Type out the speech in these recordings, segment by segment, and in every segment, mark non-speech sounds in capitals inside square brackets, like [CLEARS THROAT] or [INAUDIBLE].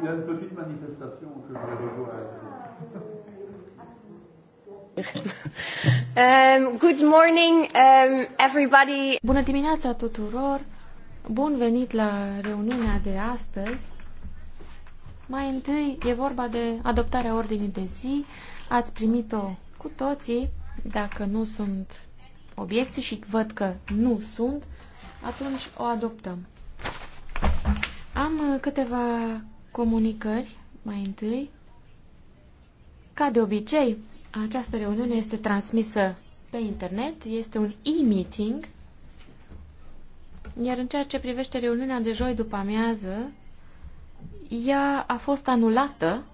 Il y a une petite manifestation que je vais rejoindre. [LAUGHS] Um, good morning, um, everybody. Bună dimineața tuturor. Bun venit la reuniunea de astăzi. Mai întâi e vorba de adoptarea ordinii de zi. Ați primit-o cu toții. Dacă nu sunt obiecții și văd că nu sunt, atunci o adoptăm. Am câteva Comunicări, mai întâi. Ca de obicei, această reuniune este transmisă pe internet, este un e-meeting, iar în ceea ce privește reuniunea de joi după amiază, ea a fost anulată.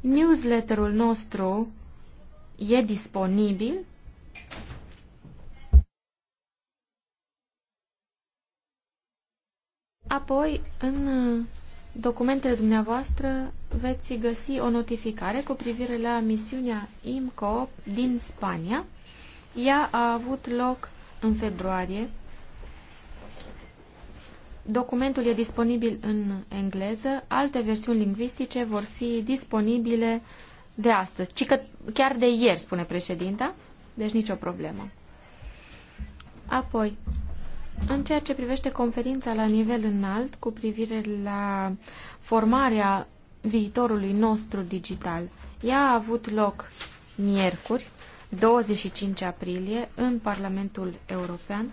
Newsletterul nostru e disponibil Apoi, în uh, documentele dumneavoastră veți găsi o notificare cu privire la misiunea IMCO din Spania. Ea a avut loc în februarie. Documentul e disponibil în engleză. Alte versiuni lingvistice vor fi disponibile de astăzi, ci că chiar de ieri, spune președinta, deci nicio problemă. Apoi, în ceea ce privește conferința la nivel înalt cu privire la formarea viitorului nostru digital, ea a avut loc miercuri, 25 aprilie, în Parlamentul European.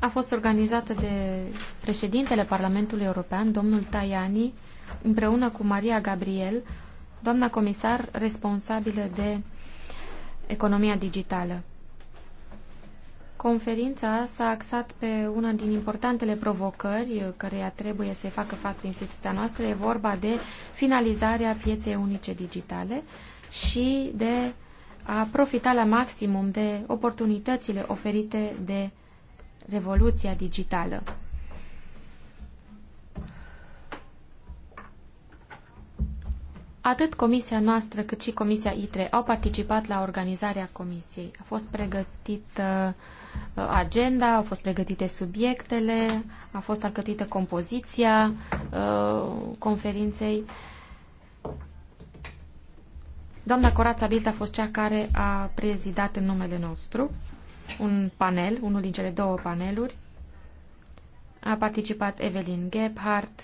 A fost organizată de președintele Parlamentului European, domnul Tajani, împreună cu Maria Gabriel, doamna comisar responsabilă de economia digitală. Conferința s-a axat pe una din importantele provocări care trebuie să facă față instituția noastră. E vorba de finalizarea pieței unice digitale și de a profita la maximum de oportunitățile oferite de revoluția digitală. Atât comisia noastră cât și comisia ITRE au participat la organizarea comisiei. A fost pregătită uh, agenda, au fost pregătite subiectele, a fost alcătuită compoziția uh, conferinței. Doamna Corața Bilt a fost cea care a prezidat în numele nostru un panel, unul din cele două paneluri. A participat Evelyn Gebhardt,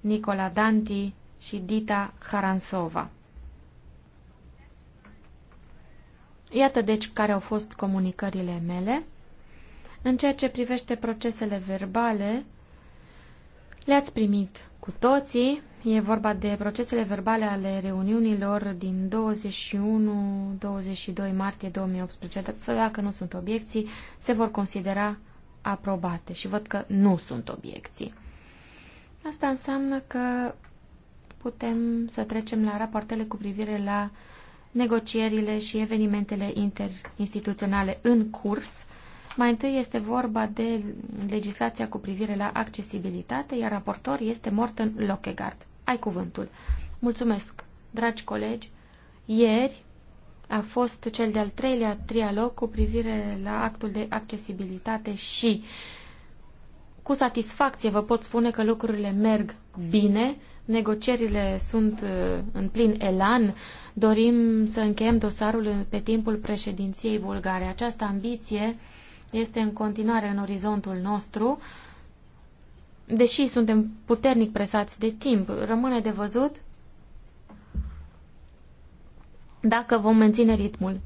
Nicola Danti, și Dita Haransova. Iată deci care au fost comunicările mele. În ceea ce privește procesele verbale, le-ați primit cu toții. E vorba de procesele verbale ale reuniunilor din 21-22 martie 2018. Dacă nu sunt obiecții, se vor considera aprobate și văd că nu sunt obiecții. Asta înseamnă că putem să trecem la rapoartele cu privire la negocierile și evenimentele interinstituționale în curs. Mai întâi este vorba de legislația cu privire la accesibilitate, iar raportor este Morten Lockegaard. Ai cuvântul. Mulțumesc, dragi colegi. Ieri a fost cel de-al treilea trialog cu privire la actul de accesibilitate și cu satisfacție vă pot spune că lucrurile merg bine. Negocierile sunt uh, în plin elan. Dorim să încheiem dosarul pe timpul președinției bulgare. Această ambiție este în continuare în orizontul nostru. Deși suntem puternic presați de timp, rămâne de văzut dacă vom menține ritmul.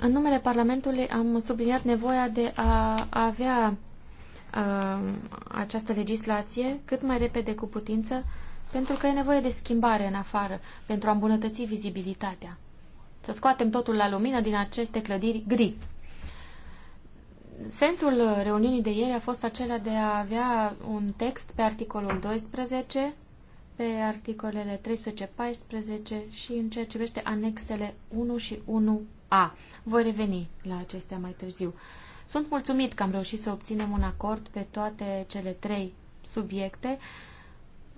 În numele Parlamentului am subliniat nevoia de a avea Um, această legislație cât mai repede cu putință, pentru că e nevoie de schimbare în afară, pentru a îmbunătăți vizibilitatea. Să scoatem totul la lumină din aceste clădiri gri. Sensul reuniunii de ieri a fost acela de a avea un text pe articolul 12, pe articolele 13-14 și în ceea ce privește anexele 1 și 1A. Voi reveni la acestea mai târziu. Sunt mulțumit că am reușit să obținem un acord pe toate cele trei subiecte.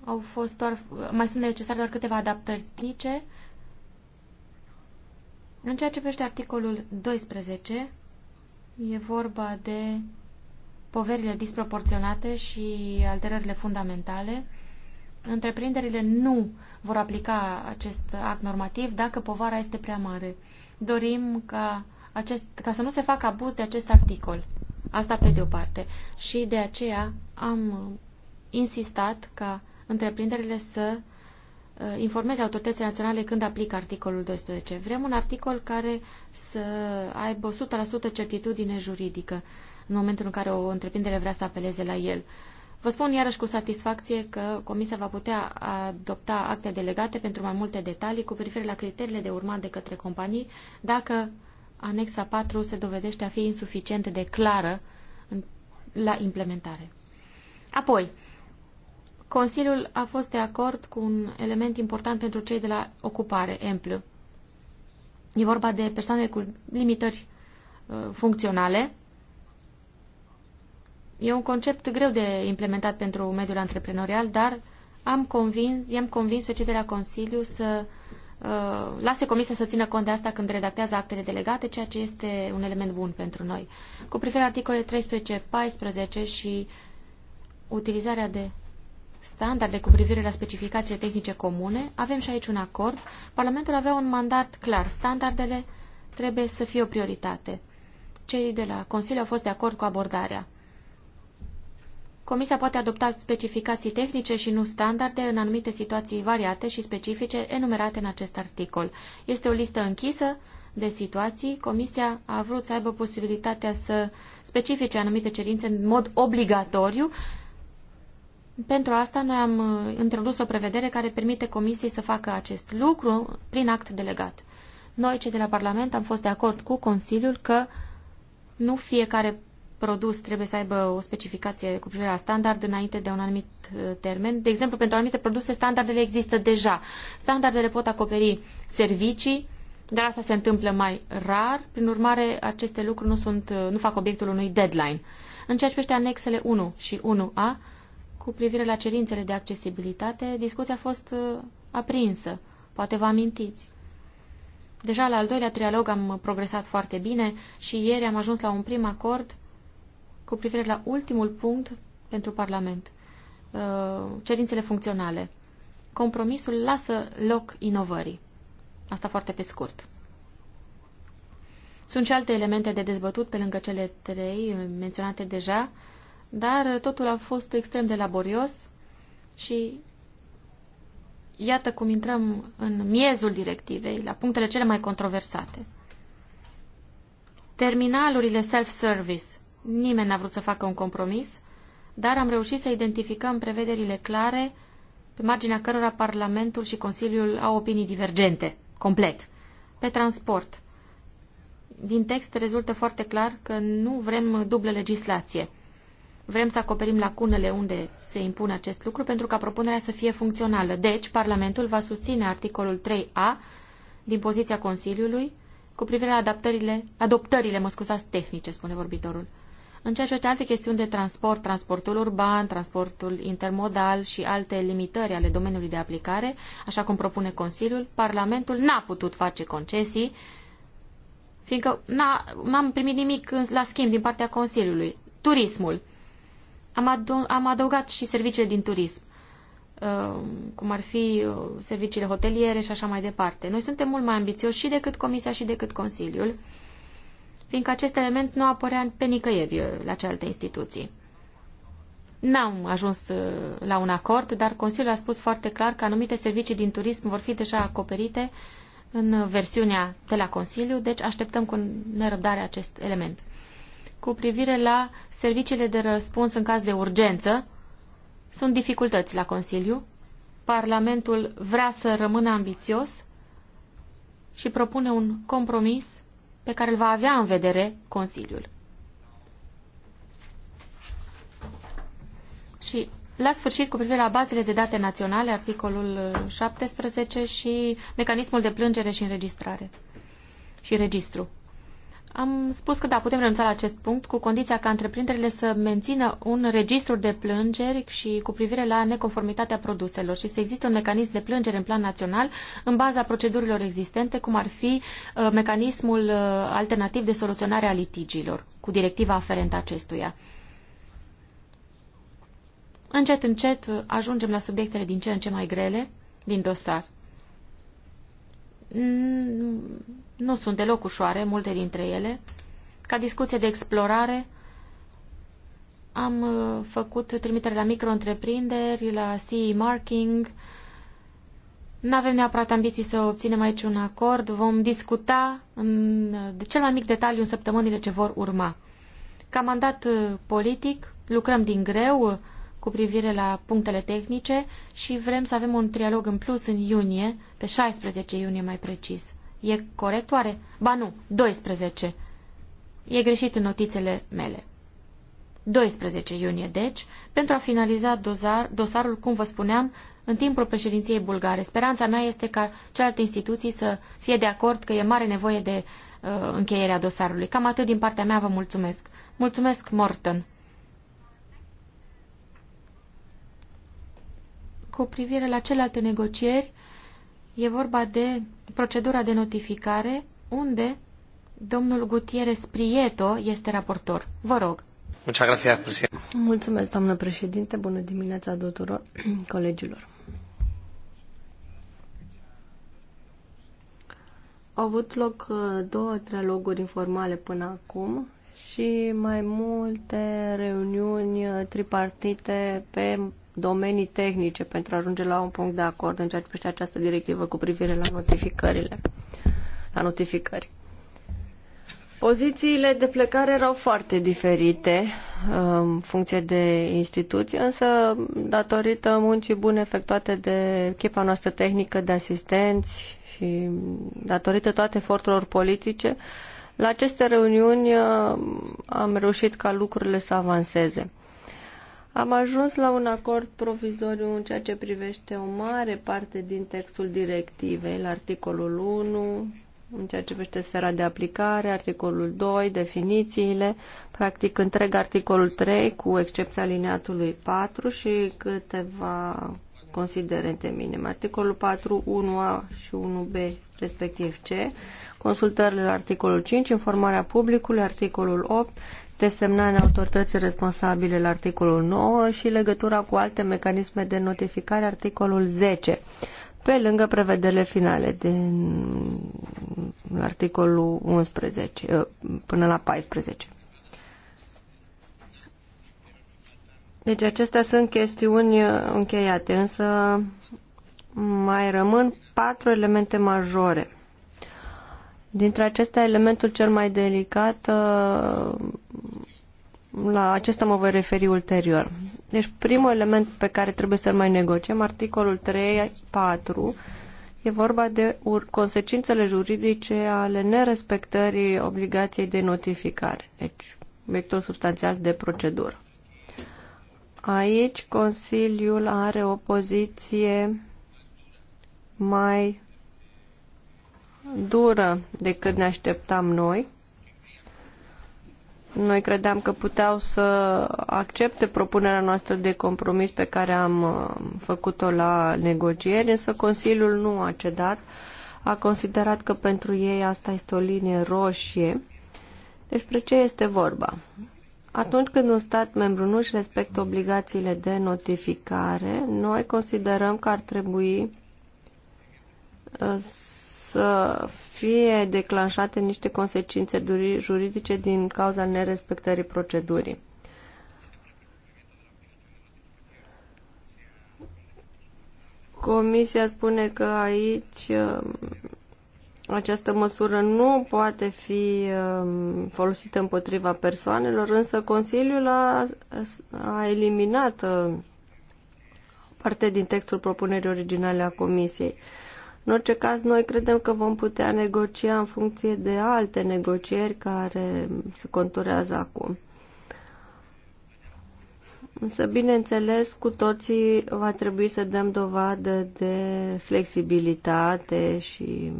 Au fost doar, mai sunt necesare doar câteva adaptări tehnice. În ceea ce privește articolul 12, e vorba de poverile disproporționate și alterările fundamentale. Întreprinderile nu vor aplica acest act normativ dacă povara este prea mare. Dorim ca acest, ca să nu se facă abuz de acest articol. Asta pe de o parte. Și de aceea am insistat ca întreprinderile să uh, informeze autoritățile naționale când aplică articolul 12. Vrem un articol care să aibă 100% certitudine juridică în momentul în care o întreprindere vrea să apeleze la el. Vă spun iarăși cu satisfacție că Comisia va putea adopta acte delegate pentru mai multe detalii cu privire la criteriile de urmat de către companii dacă anexa 4 se dovedește a fi insuficient de clară în, la implementare. Apoi, Consiliul a fost de acord cu un element important pentru cei de la ocupare, EMPLU. E vorba de persoane cu limitări uh, funcționale. E un concept greu de implementat pentru mediul antreprenorial, dar am convins, i-am convins pe cei de la Consiliu să uh, Uh, lase comisia să țină cont de asta când redactează actele delegate, ceea ce este un element bun pentru noi. Cu privire la articolele 13, 14 și utilizarea de standarde cu privire la specificațiile tehnice comune, avem și aici un acord. Parlamentul avea un mandat clar. Standardele trebuie să fie o prioritate. Cei de la Consiliu au fost de acord cu abordarea. Comisia poate adopta specificații tehnice și nu standarde în anumite situații variate și specifice enumerate în acest articol. Este o listă închisă de situații. Comisia a vrut să aibă posibilitatea să specifice anumite cerințe în mod obligatoriu. Pentru asta noi am uh, introdus o prevedere care permite Comisiei să facă acest lucru prin act delegat. Noi, cei de la Parlament, am fost de acord cu Consiliul că nu fiecare produs trebuie să aibă o specificație cu privire la standard înainte de un anumit uh, termen. De exemplu, pentru anumite produse, standardele există deja. Standardele pot acoperi servicii, dar asta se întâmplă mai rar. Prin urmare, aceste lucruri nu, sunt, uh, nu fac obiectul unui deadline. În ceea ce privește anexele 1 și 1A, cu privire la cerințele de accesibilitate, discuția a fost uh, aprinsă. Poate vă amintiți. Deja la al doilea trialog am progresat foarte bine și ieri am ajuns la un prim acord cu privire la ultimul punct pentru Parlament, uh, cerințele funcționale. Compromisul lasă loc inovării. Asta foarte pe scurt. Sunt și alte elemente de dezbătut pe lângă cele trei menționate deja, dar totul a fost extrem de laborios și iată cum intrăm în miezul directivei, la punctele cele mai controversate. Terminalurile self-service nimeni n-a vrut să facă un compromis, dar am reușit să identificăm prevederile clare pe marginea cărora Parlamentul și Consiliul au opinii divergente, complet. Pe transport, din text rezultă foarte clar că nu vrem dublă legislație. Vrem să acoperim lacunele unde se impune acest lucru pentru ca propunerea să fie funcțională. Deci, Parlamentul va susține articolul 3a din poziția Consiliului cu privire la adaptările, adoptările, mă scuzați, tehnice, spune vorbitorul. În ceea ce este alte chestiuni de transport, transportul urban, transportul intermodal și alte limitări ale domeniului de aplicare, așa cum propune Consiliul, Parlamentul n-a putut face concesii, fiindcă n-am primit nimic la schimb din partea Consiliului. Turismul. Am, adu- am adăugat și serviciile din turism uh, cum ar fi uh, serviciile hoteliere și așa mai departe. Noi suntem mult mai ambițioși și decât Comisia și decât Consiliul fiindcă acest element nu apărea pe nicăieri uh, la celelalte instituții. N-am ajuns uh, la un acord, dar Consiliul a spus foarte clar că anumite servicii din turism vor fi deja acoperite în versiunea de la Consiliu, deci așteptăm cu nerăbdare acest element. Cu privire la serviciile de răspuns în caz de urgență, sunt dificultăți la Consiliu. Parlamentul vrea să rămână ambițios și propune un compromis pe care îl va avea în vedere Consiliul. Și la sfârșit, cu privire la bazele de date naționale, articolul 17 și mecanismul de plângere și înregistrare și registru. Am spus că da, putem renunța la acest punct cu condiția ca întreprinderile să mențină un registru de plângeri și cu privire la neconformitatea produselor și să existe un mecanism de plângere în plan național în baza procedurilor existente, cum ar fi uh, mecanismul uh, alternativ de soluționare a litigiilor cu directiva aferentă acestuia. Încet, încet uh, ajungem la subiectele din ce în ce mai grele din dosar nu sunt deloc ușoare, multe dintre ele. Ca discuție de explorare, am uh, făcut trimitere la micro-întreprinderi, la CE marking. Nu avem neapărat ambiții să obținem aici un acord. Vom discuta în uh, de cel mai mic detaliu în săptămânile ce vor urma. Ca mandat uh, politic, lucrăm din greu, cu privire la punctele tehnice și vrem să avem un trialog în plus în iunie, pe 16 iunie mai precis. E corect oare? Ba nu, 12. E greșit în notițele mele. 12 iunie, deci, pentru a finaliza dozar, dosarul, cum vă spuneam, în timpul președinției bulgare. Speranța mea este ca celelalte instituții să fie de acord că e mare nevoie de uh, încheierea dosarului. Cam atât din partea mea, vă mulțumesc. Mulțumesc, Morton. cu privire la celelalte negocieri, e vorba de procedura de notificare, unde domnul Gutierrez Prieto este raportor. Vă rog. Mulțumesc, doamnă președinte. Bună dimineața tuturor [CLEARS THROAT] colegilor. Au avut loc uh, două triloguri informale până acum și mai multe reuniuni uh, tripartite pe domenii tehnice pentru a ajunge la un punct de acord în ceea ce privește această directivă cu privire la notificările, la notificări. Pozițiile de plecare erau foarte diferite um, în funcție de instituții, însă datorită muncii bune efectuate de echipa noastră tehnică de asistenți și datorită toate eforturilor politice, la aceste reuniuni um, am reușit ca lucrurile să avanseze. Am ajuns la un acord provizoriu în ceea ce privește o mare parte din textul directivei, la articolul 1, în ceea ce privește sfera de aplicare, articolul 2, definițiile, practic întreg articolul 3, cu excepția alineatului 4 și câteva considerente minime. Articolul 4, 1A și 1B, respectiv C, consultările la articolul 5, informarea publicului, articolul 8, desemnarea autorității responsabile la articolul 9 și legătura cu alte mecanisme de notificare articolul 10 pe lângă prevederile finale din articolul 11 eh, până la 14. Deci acestea sunt chestiuni eh, încheiate, însă mai rămân patru elemente majore Dintre acestea, elementul cel mai delicat, uh, la acesta mă voi referi ulterior. Deci, primul element pe care trebuie să-l mai negociem, articolul 3.4, e vorba de consecințele juridice ale nerespectării obligației de notificare, deci obiectul substanțial de procedură. Aici Consiliul are o poziție mai dură decât ne așteptam noi. Noi credeam că puteau să accepte propunerea noastră de compromis pe care am uh, făcut-o la negocieri, însă Consiliul nu a cedat. A considerat că pentru ei asta este o linie roșie. Despre ce este vorba? Atunci când un stat membru nu își respectă obligațiile de notificare, noi considerăm că ar trebui uh, să fie declanșate niște consecințe juridice din cauza nerespectării procedurii. Comisia spune că aici um, această măsură nu poate fi um, folosită împotriva persoanelor, însă Consiliul a, a eliminat uh, parte din textul propunerii originale a Comisiei. În orice caz, noi credem că vom putea negocia în funcție de alte negocieri care se conturează acum. Însă, bineînțeles, cu toții va trebui să dăm dovadă de flexibilitate și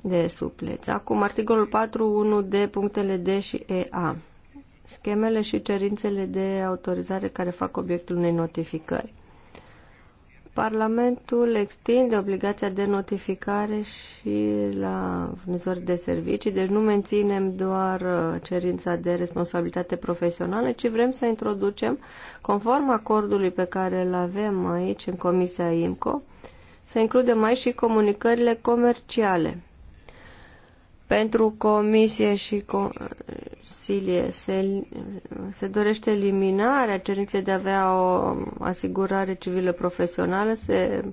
de supleț. Acum, articolul 4.1 de punctele D și EA. Schemele și cerințele de autorizare care fac obiectul unei notificări. Parlamentul extinde obligația de notificare și la furnizori de servicii, deci nu menținem doar uh, cerința de responsabilitate profesională, ci vrem să introducem, conform acordului pe care îl avem aici în Comisia IMCO, să includem aici și comunicările comerciale pentru comisie și, Silie se, se dorește eliminarea cerinței de a avea o asigurare civilă profesională, se,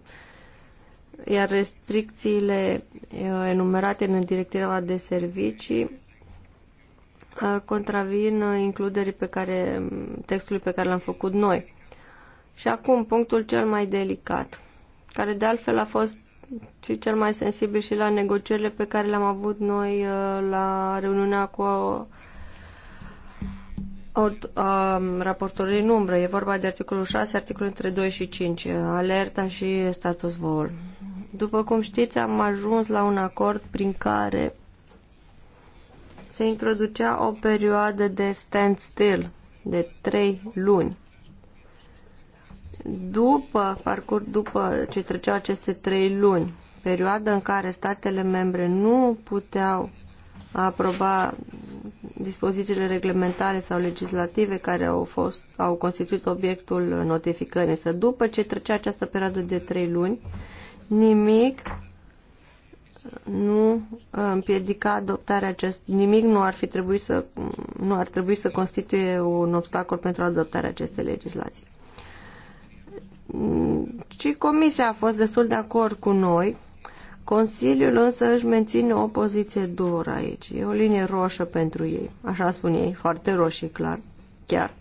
iar restricțiile enumerate în directiva de servicii contravin includerii pe care, textului pe care l-am făcut noi. Și acum, punctul cel mai delicat, care de altfel a fost și cel mai sensibil și la negocierile pe care le-am avut noi la reuniunea cu Ord, um, raportorului în umbră. E vorba de articolul 6, articolul între 2 și 5, alerta și status vol. După cum știți, am ajuns la un acord prin care se introducea o perioadă de standstill de 3 luni. După, parcurs, după ce treceau aceste 3 luni, perioada în care statele membre nu puteau aproba dispozițiile reglementare sau legislative care au, fost, au constituit obiectul notificării. Însă după ce trecea această perioadă de trei luni, nimic nu împiedica adoptarea acest nimic nu ar fi trebuit să nu ar trebui să constituie un obstacol pentru adoptarea acestei legislații. Și comisia a fost destul de acord cu noi Consiliul însă își menține o poziție dură aici. E o linie roșă pentru ei. Așa spun ei, foarte roșie, clar, chiar,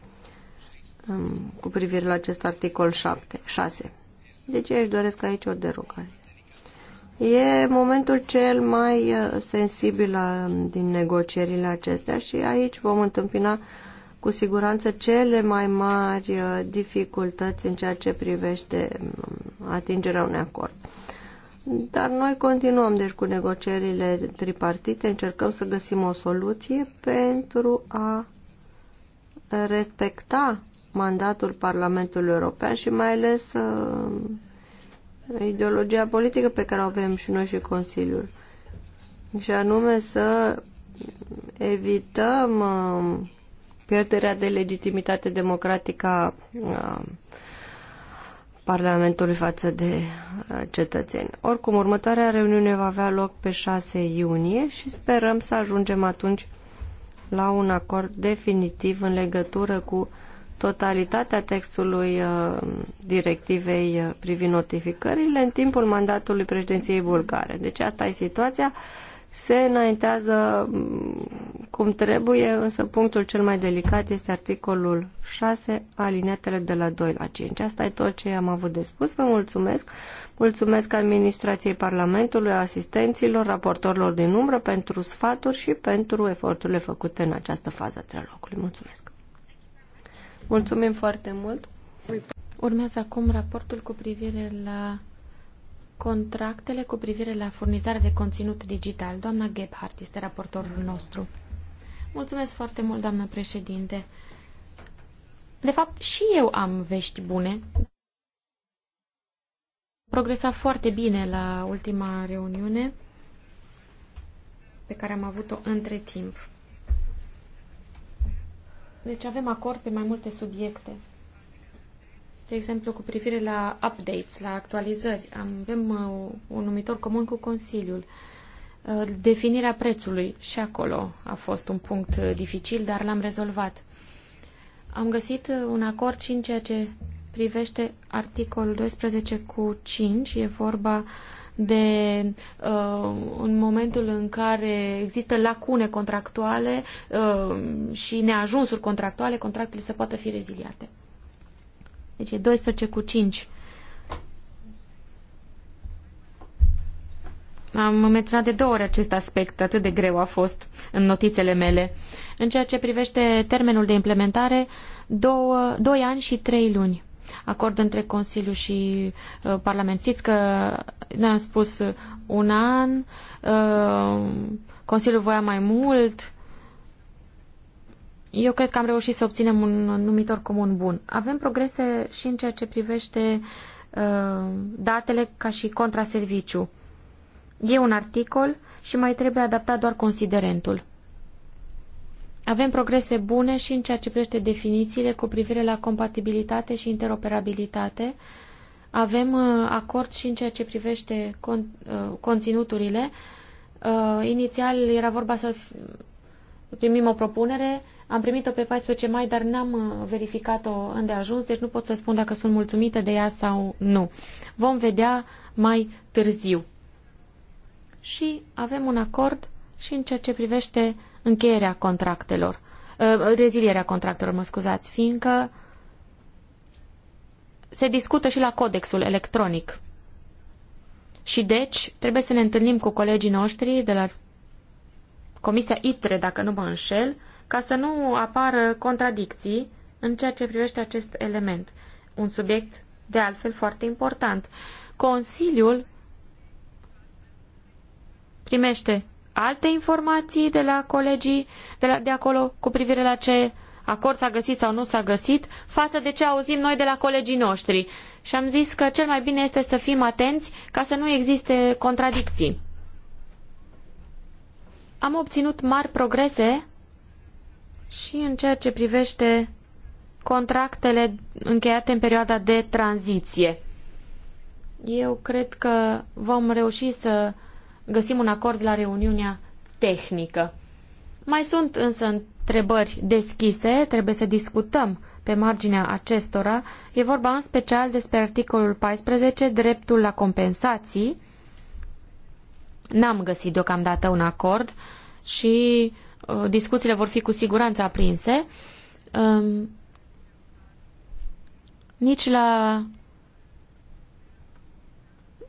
cu privire la acest articol 7, 6. Deci ei își doresc aici o derogare. E momentul cel mai uh, sensibil uh, din negocierile acestea și aici vom întâmpina cu siguranță cele mai mari uh, dificultăți în ceea ce privește um, atingerea unui acord. Dar noi continuăm deci cu negocierile tripartite, încercăm să găsim o soluție pentru a respecta mandatul Parlamentului European și mai ales uh, ideologia politică pe care o avem și noi și Consiliul. Și anume să evităm uh, pierderea de legitimitate democratică a uh, Parlamentului față de uh, cetățeni. Oricum, următoarea reuniune va avea loc pe 6 iunie și sperăm să ajungem atunci la un acord definitiv în legătură cu totalitatea textului uh, directivei uh, privind notificările în timpul mandatului președinției bulgare. Deci asta e situația se înaintează mm, cum trebuie, însă punctul cel mai delicat este articolul 6, alineatele de la 2 la 5. Asta e tot ce am avut de spus. Vă mulțumesc. Mulțumesc administrației Parlamentului, asistenților, raportorilor din umbră pentru sfaturi și pentru eforturile făcute în această fază a trilogului. Mulțumesc. Mulțumim foarte mult. Urmează acum raportul cu privire la contractele cu privire la furnizarea de conținut digital. Doamna Gebhardt este raportorul nostru. Mulțumesc foarte mult, doamnă președinte. De fapt, și eu am vești bune. Progresa foarte bine la ultima reuniune pe care am avut-o între timp. Deci avem acord pe mai multe subiecte de exemplu, cu privire la updates, la actualizări. Avem uh, un numitor comun cu Consiliul. Uh, definirea prețului și acolo a fost un punct uh, dificil, dar l-am rezolvat. Am găsit un acord și în ceea ce privește articolul 12 cu 5. E vorba de uh, în momentul în care există lacune contractuale uh, și neajunsuri contractuale, contractele se poată fi reziliate. Deci e 12 cu 5. Am menționat de două ori acest aspect, atât de greu a fost în notițele mele. În ceea ce privește termenul de implementare, două, doi ani și trei luni. Acord între Consiliu și uh, Parlament. Știți că ne am spus uh, un an, uh, Consiliul voia mai mult, eu cred că am reușit să obținem un numitor comun bun. Avem progrese și în ceea ce privește uh, datele ca și contraserviciu. E un articol și mai trebuie adaptat doar considerentul. Avem progrese bune și în ceea ce privește definițiile cu privire la compatibilitate și interoperabilitate. Avem uh, acord și în ceea ce privește con, uh, conținuturile. Uh, inițial era vorba să primim o propunere, am primit-o pe 14 mai, dar n-am uh, verificat-o îndeajuns, deci nu pot să spun dacă sunt mulțumită de ea sau nu. Vom vedea mai târziu. Și avem un acord și în ceea ce privește încheierea contractelor, uh, rezilierea contractelor, mă scuzați, fiindcă se discută și la codexul electronic. Și deci trebuie să ne întâlnim cu colegii noștri de la Comisia ITRE, dacă nu mă înșel, ca să nu apară contradicții în ceea ce privește acest element, un subiect de altfel foarte important. Consiliul primește alte informații de la colegii de, la, de acolo cu privire la ce acord s-a găsit sau nu s-a găsit față de ce auzim noi de la colegii noștri. Și am zis că cel mai bine este să fim atenți ca să nu existe contradicții. Am obținut mari progrese și în ceea ce privește contractele încheiate în perioada de tranziție. Eu cred că vom reuși să găsim un acord la reuniunea tehnică. Mai sunt însă întrebări deschise, trebuie să discutăm pe marginea acestora. E vorba în special despre articolul 14, dreptul la compensații. N-am găsit deocamdată un acord și Uh, discuțiile vor fi cu siguranță aprinse. Um, nici la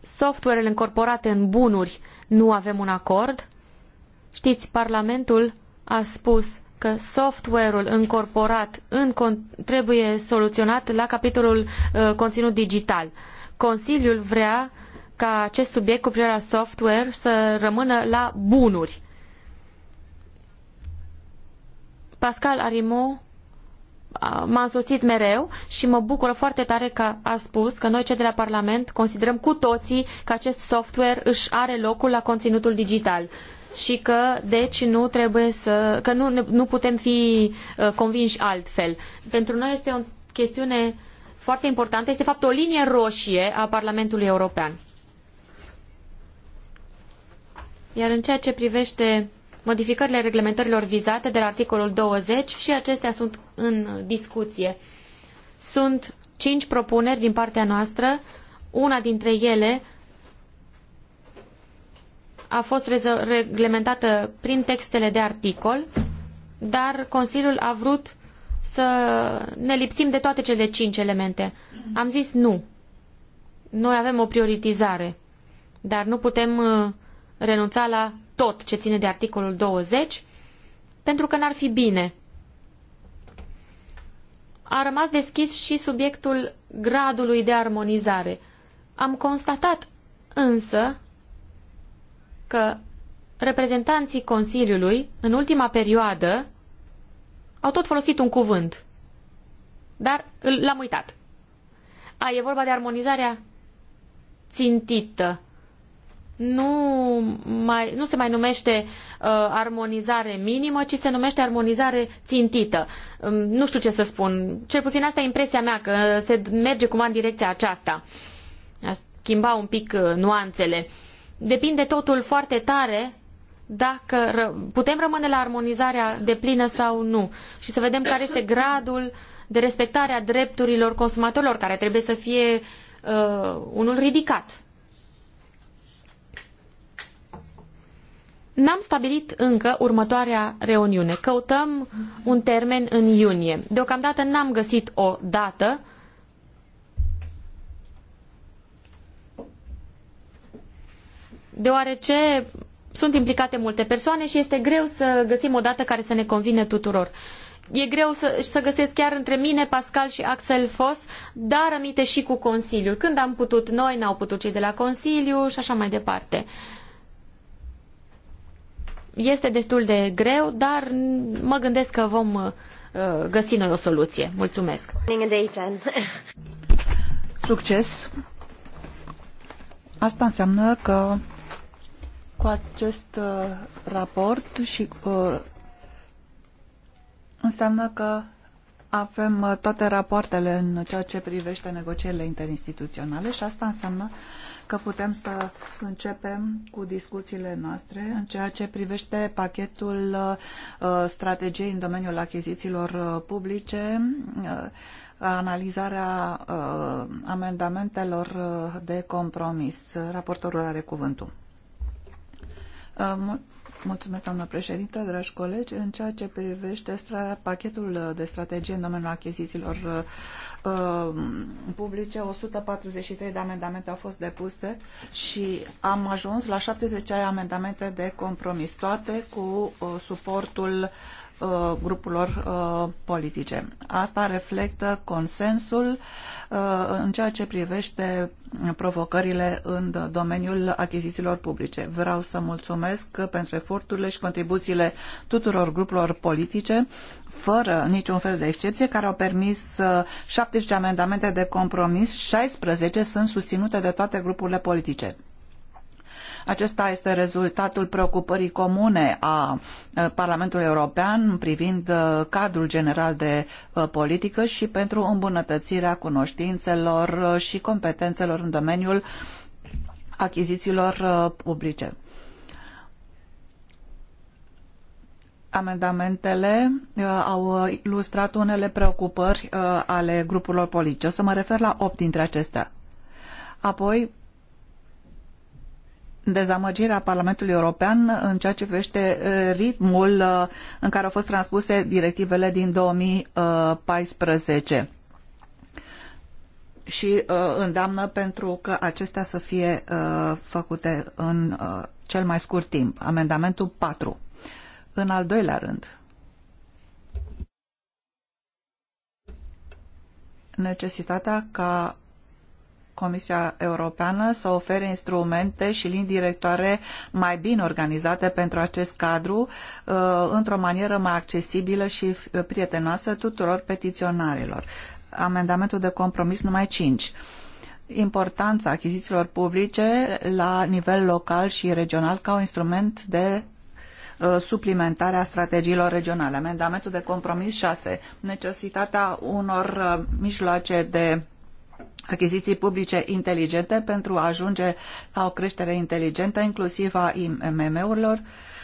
softwarele încorporate în bunuri nu avem un acord. Știți, Parlamentul a spus că software-ul încorporat în trebuie soluționat la capitolul uh, conținut digital. Consiliul vrea ca acest subiect cu privire la software să rămână la bunuri. Pascal Arimont m-a însoțit mereu și mă bucură foarte tare că a spus că noi cei de la Parlament considerăm cu toții că acest software își are locul la conținutul digital și că deci nu trebuie să că nu, nu putem fi uh, convinși altfel. Pentru noi este o chestiune foarte importantă, este de fapt o linie roșie a Parlamentului European. Iar în ceea ce privește modificările reglementărilor vizate de la articolul 20 și acestea sunt în discuție. Sunt cinci propuneri din partea noastră, una dintre ele a fost reglementată prin textele de articol, dar Consiliul a vrut să ne lipsim de toate cele cinci elemente. Am zis nu. Noi avem o prioritizare, dar nu putem uh, renunța la tot ce ține de articolul 20, pentru că n-ar fi bine. A rămas deschis și subiectul gradului de armonizare. Am constatat însă că reprezentanții Consiliului, în ultima perioadă, au tot folosit un cuvânt, dar l-am uitat. A, e vorba de armonizarea țintită nu, mai, nu se mai numește uh, armonizare minimă, ci se numește armonizare țintită. Um, nu știu ce să spun. Cel puțin asta e impresia mea, că se merge cumva în direcția aceasta. A schimba un pic uh, nuanțele. Depinde totul foarte tare dacă ră- putem rămâne la armonizarea de plină sau nu. Și să vedem care este gradul de respectare a drepturilor consumatorilor, care trebuie să fie uh, unul ridicat. N-am stabilit încă următoarea reuniune. Căutăm un termen în iunie. Deocamdată n-am găsit o dată. Deoarece sunt implicate multe persoane și este greu să găsim o dată care să ne convine tuturor. E greu să, să găsesc chiar între mine, Pascal și Axel Foss, dar aminte și cu Consiliul. Când am putut noi, n-au putut cei de la Consiliu și așa mai departe. Uh, este destul de greu, dar mă gândesc că vom uh, găsi noi o soluție. Mulțumesc! Succes! Asta înseamnă că cu acest uh, raport și cu... Uh, înseamnă că avem toate rapoartele în ceea ce privește negocierile interinstituționale și asta înseamnă că putem să începem cu discuțiile noastre în ceea ce privește pachetul uh, strategiei în domeniul achizițiilor uh, publice, uh, analizarea amendamentelor de compromis. Raportorul are cuvântul. Uh, mulțumesc, doamnă președintă, dragi colegi. În ceea ce privește pachetul uh, de strategie în domeniul achizițiilor uh, uh publice, 143 de amendamente au fost depuse și am ajuns la 70 amendamente de compromis, toate cu uh, suportul uh, grupurilor politice. Asta reflectă consensul în ceea ce privește provocările în domeniul achizițiilor publice. Vreau să mulțumesc pentru eforturile și contribuțiile tuturor grupurilor politice, fără niciun fel de excepție, care au permis 17 uh, amendamente de compromis, 16 sunt susținute de toate grupurile politice. Acesta este rezultatul preocupării comune a Parlamentului European privind cadrul general de politică și pentru îmbunătățirea cunoștințelor și competențelor în domeniul achizițiilor publice. amendamentele au ilustrat unele preocupări ale grupurilor politice. O să mă refer la opt dintre acestea. Apoi, dezamăgirea Parlamentului European în ceea ce privește ritmul în care au fost transpuse directivele din 2014 și îndamnă pentru că acestea să fie făcute în cel mai scurt timp. Amendamentul 4. În al doilea rând, necesitatea ca Comisia Europeană să ofere instrumente și linii directoare mai bine organizate pentru acest cadru, uh, într-o manieră mai accesibilă și uh, prietenoasă tuturor petiționarilor. Amendamentul de compromis numai 5 importanța achizițiilor publice la nivel local și regional ca un instrument de uh, suplimentare a strategiilor regionale. Amendamentul de compromis 6. Necesitatea unor mijloace de achiziții publice inteligente pentru a ajunge la o creștere inteligentă, inclusiv a IMM-urilor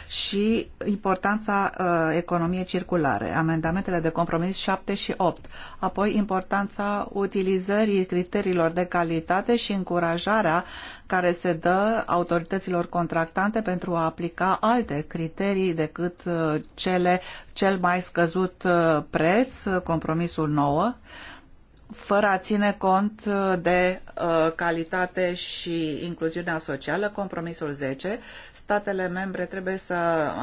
și importanța uh, economiei circulare, amendamentele de compromis 7 și 8, apoi importanța utilizării criteriilor de calitate și încurajarea care se dă autorităților contractante pentru a aplica alte criterii decât uh, cele cel mai scăzut uh, preț, uh, compromisul 9, fără a ține cont uh, de uh, calitate și incluziunea socială, compromisul 10, statele membre trebuie să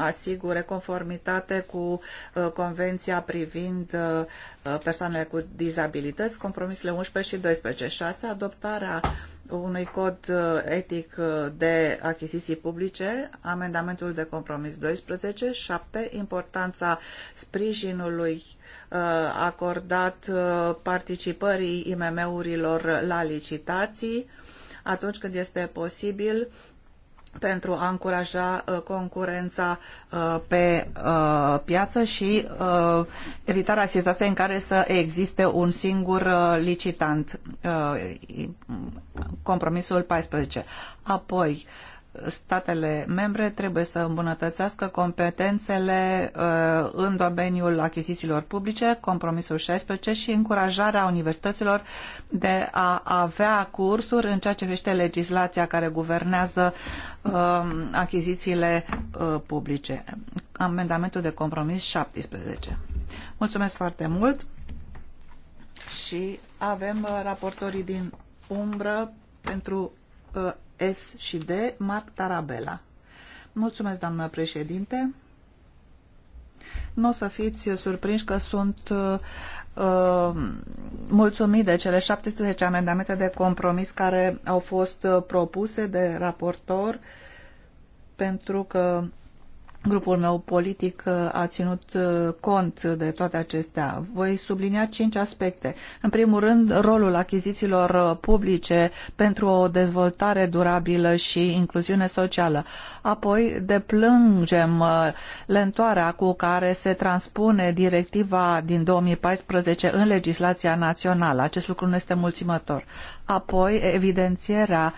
asigure conformitate cu uh, convenția privind uh, uh persoanele cu dizabilități, compromisurile 11 și 12, 6, adoptarea unui cod uh, etic de achiziții publice, amendamentul de compromis 12, 7, importanța sprijinului Uh, acordat uh, participării IMM-urilor la licitații atunci când este posibil pentru a încuraja uh, concurența pe piață și evitarea situației în care să existe un singur licitant, compromisul 14. Apoi, statele membre trebuie să îmbunătățească competențele uh, în domeniul achizițiilor publice, compromisul 16 și încurajarea universităților de a avea cursuri în ceea ce privește legislația care guvernează uh, achizițiile uh, publice. Amendamentul de compromis 17. Mulțumesc foarte mult și avem raportorii din umbră pentru S și D, Marc Tarabella. Mulțumesc, doamnă președinte. Nu o să fiți surprinși că sunt uh, uh mulțumit de cele 17 amendamente de compromis care au fost uh, propuse de raportor pentru că Grupul meu politic uh, a ținut uh, cont de toate acestea. Voi sublinia cinci aspecte. În primul rând, rolul achizițiilor uh, publice pentru o dezvoltare durabilă și incluziune socială. Apoi, deplângem lentoarea cu care se transpune directiva din 2014 în legislația națională. Acest lucru nu este mulțumător. Apoi, evidențierea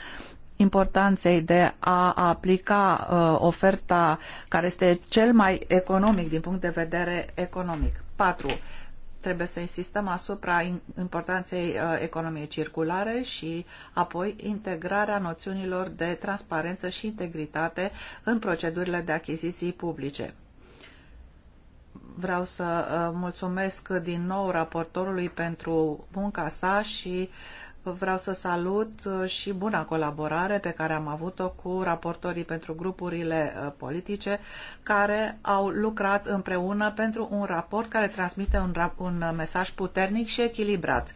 importanței de a aplica uh, oferta care este cel mai economic din punct de vedere economic. 4. Trebuie să insistăm asupra importanței uh, economiei circulare și apoi integrarea noțiunilor de transparență și integritate în procedurile de achiziții publice vreau să uh, mulțumesc din nou raportorului pentru munca sa și Vreau să salut uh, și buna colaborare pe care am avut-o cu raportorii pentru grupurile uh, politice care au lucrat împreună pentru un raport care transmite un, rap un uh, mesaj puternic și echilibrat.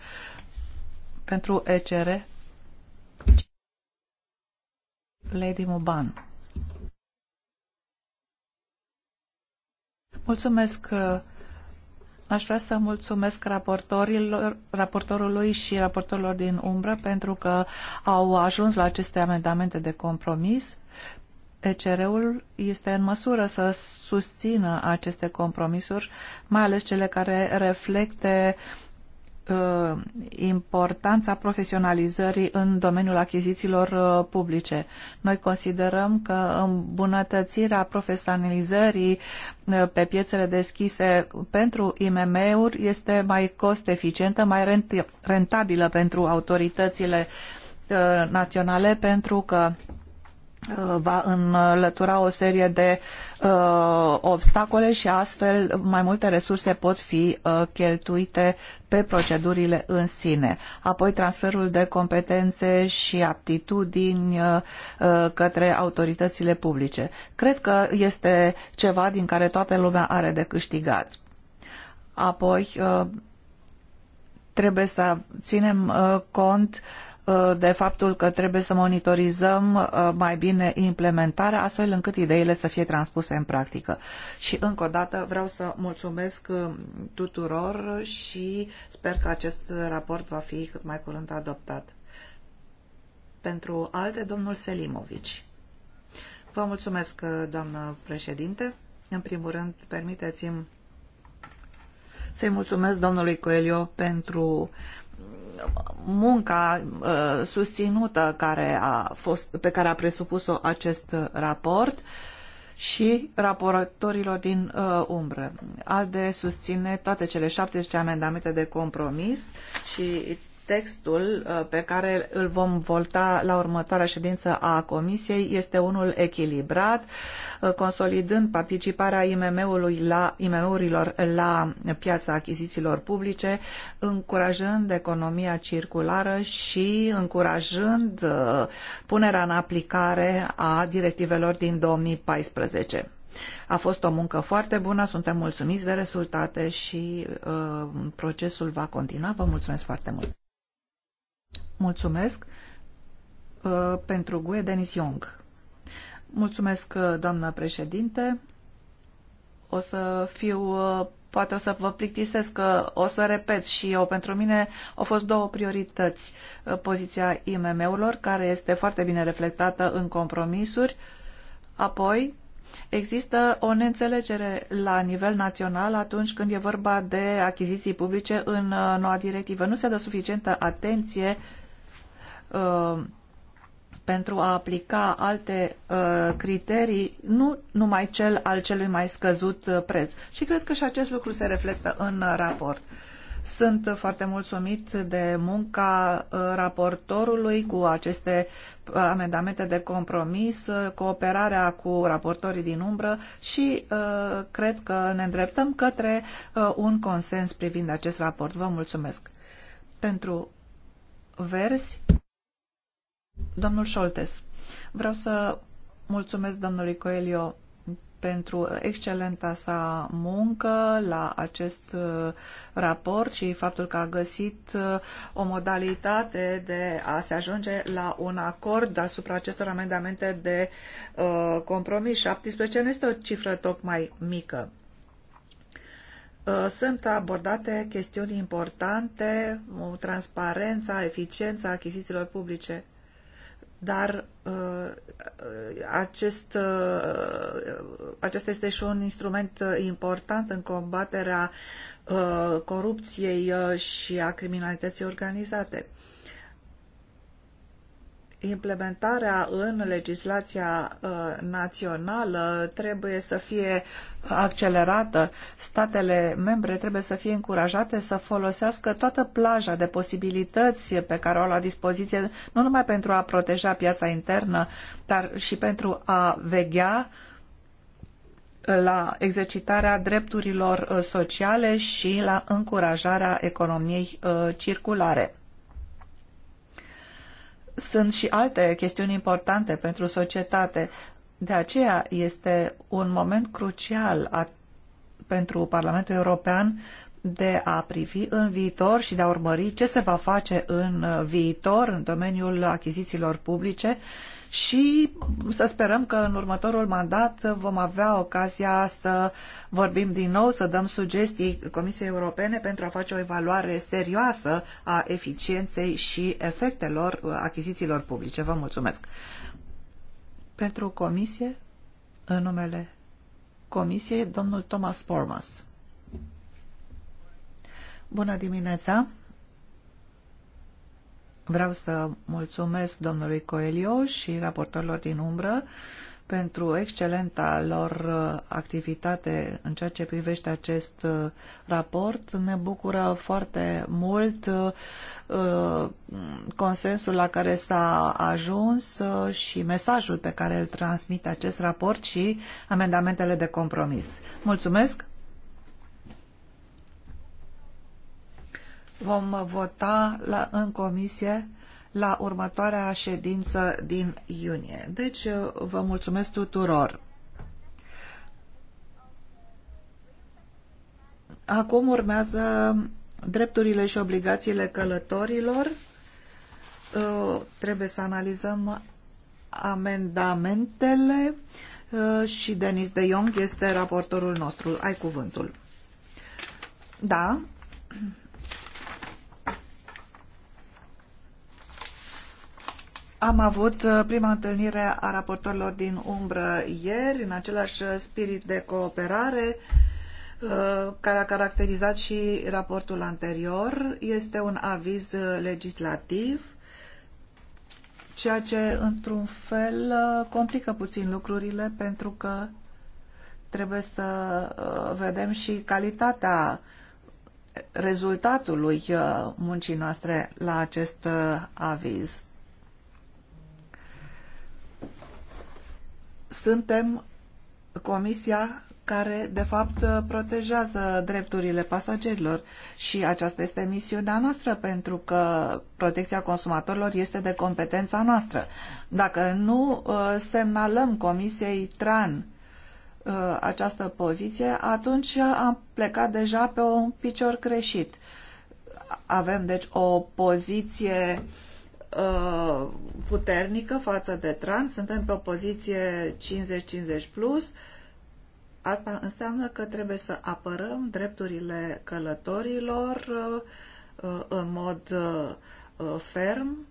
Pentru ECR, Lady Muban. Mulțumesc Aș vrea să mulțumesc raportorilor, raportorului și raportorilor din umbră pentru că au ajuns la aceste amendamente de compromis. ECR-ul este în măsură să susțină aceste compromisuri, mai ales cele care reflecte uh, Uh, importanța profesionalizării în domeniul achizițiilor uh, publice. Noi considerăm că îmbunătățirea profesionalizării uh, pe piețele deschise pentru IMM-uri este mai cost eficientă, mai rentabilă pentru autoritățile naționale pentru că Uh, va înlătura o serie de uh, obstacole și astfel mai multe resurse pot fi uh, cheltuite pe procedurile în sine. Apoi transferul de competențe și aptitudini uh, uh către autoritățile publice. Cred că este ceva din care toată lumea are de câștigat. Apoi uh, trebuie să ținem cont uh, Uh, de faptul că trebuie să monitorizăm uh, mai bine implementarea, astfel încât ideile să fie transpuse în practică. Și încă o dată vreau să mulțumesc uh, tuturor și sper că acest raport va fi cât mai curând adoptat. Pentru alte, domnul Selimovici. Vă mulțumesc, doamnă președinte. În primul rând, permiteți-mi să-i mulțumesc domnului Coelho pentru munca uh, susținută care a fost, pe care a presupus-o acest raport și raportorilor din uh, umbră. ALDE susține toate cele 70 amendamente de compromis și textul uh, pe care îl vom volta la următoarea ședință a Comisiei este unul echilibrat, uh, consolidând participarea IMM-ului la, IMM-urilor la piața achizițiilor publice, încurajând economia circulară și încurajând uh, punerea în aplicare a directivelor din 2014. A fost o muncă foarte bună, suntem mulțumiți de rezultate și uh, procesul va continua. Vă mulțumesc foarte mult! Mulțumesc uh, pentru GUE, Denis Young. Mulțumesc, uh, doamnă președinte. O să fiu, uh, poate o să vă plictisesc că o să repet și eu. Pentru mine au fost două priorități. Poziția IMM-urilor, care este foarte bine reflectată în compromisuri, apoi Există o neînțelegere la nivel național atunci când e vorba de achiziții publice în noua directivă. Nu se dă suficientă atenție uh, Uh, pentru a aplica alte uh, criterii, nu numai cel al celui mai scăzut uh, preț. Și cred că și acest lucru se reflectă în uh, raport. Sunt foarte mulțumit de munca uh, raportorului cu aceste uh, amendamente de compromis, cooperarea cu raportorii din umbră și cred că ne îndreptăm către un consens privind acest raport. Vă mulțumesc pentru verzi Domnul Scholtes, vreau să mulțumesc domnului Coelio pentru excelenta sa muncă la acest uh, raport și faptul că a găsit uh, o modalitate de a se ajunge la un acord asupra acestor amendamente de uh, compromis. 17 nu este o cifră tocmai mică. sunt abordate chestiuni importante, transparența, eficiența achizițiilor publice dar uh, uh, acest, uh, acesta este și un instrument important în combaterea corupției și a criminalității organizate implementarea în legislația uh, națională trebuie să fie accelerată. Statele membre trebuie să fie încurajate să folosească toată plaja de posibilități pe care o au la dispoziție, nu numai pentru a proteja piața internă, dar și pentru a veghea uh, la exercitarea drepturilor uh, sociale și la încurajarea economiei circulare sunt și alte chestiuni importante pentru societate. De aceea este un moment crucial pentru Parlamentul European de a privi în viitor și de a urmări ce se va face în viitor în domeniul achizițiilor publice și să sperăm că în următorul mandat vom avea ocazia să vorbim din nou, să dăm sugestii Comisiei Europene pentru a face o evaluare serioasă a eficienței și efectelor achizițiilor publice. Vă mulțumesc. Pentru Comisie, în numele Comisiei, domnul Thomas Pormas. Bună dimineața! Vreau să mulțumesc domnului Coelio și raportorilor din umbră pentru excelenta lor uh, activitate în ceea ce privește acest uh, raport. Ne bucură foarte mult uh, consensul la care s-a ajuns și mesajul pe care îl transmite acest raport și amendamentele de compromis. Mulțumesc! Vom vota la, în comisie la următoarea ședință din iunie. Deci, vă mulțumesc tuturor. Acum urmează drepturile și obligațiile călătorilor. Uh, trebuie să analizăm amendamentele uh, și Denis de Jong este raportorul nostru. Ai cuvântul. Da. Am avut uh, prima întâlnire a raportorilor din umbră ieri, în același spirit de cooperare uh, care a caracterizat și raportul anterior. Este un aviz uh, legislativ, ceea ce, într-un fel, complică puțin lucrurile, pentru că trebuie să vedem și calitatea rezultatului muncii noastre la acest aviz. suntem comisia care, de fapt, protejează drepturile pasagerilor și aceasta este misiunea noastră pentru că protecția consumatorilor este de competența noastră. Dacă nu uh, semnalăm Comisiei TRAN uh, această poziție, atunci am plecat deja pe un picior creșit. Avem, deci, o poziție uh, Uh, puternică față de trans, suntem pe o poziție 50-50 plus, asta înseamnă că trebuie să apărăm drepturile călătorilor uh, în mod uh, ferm.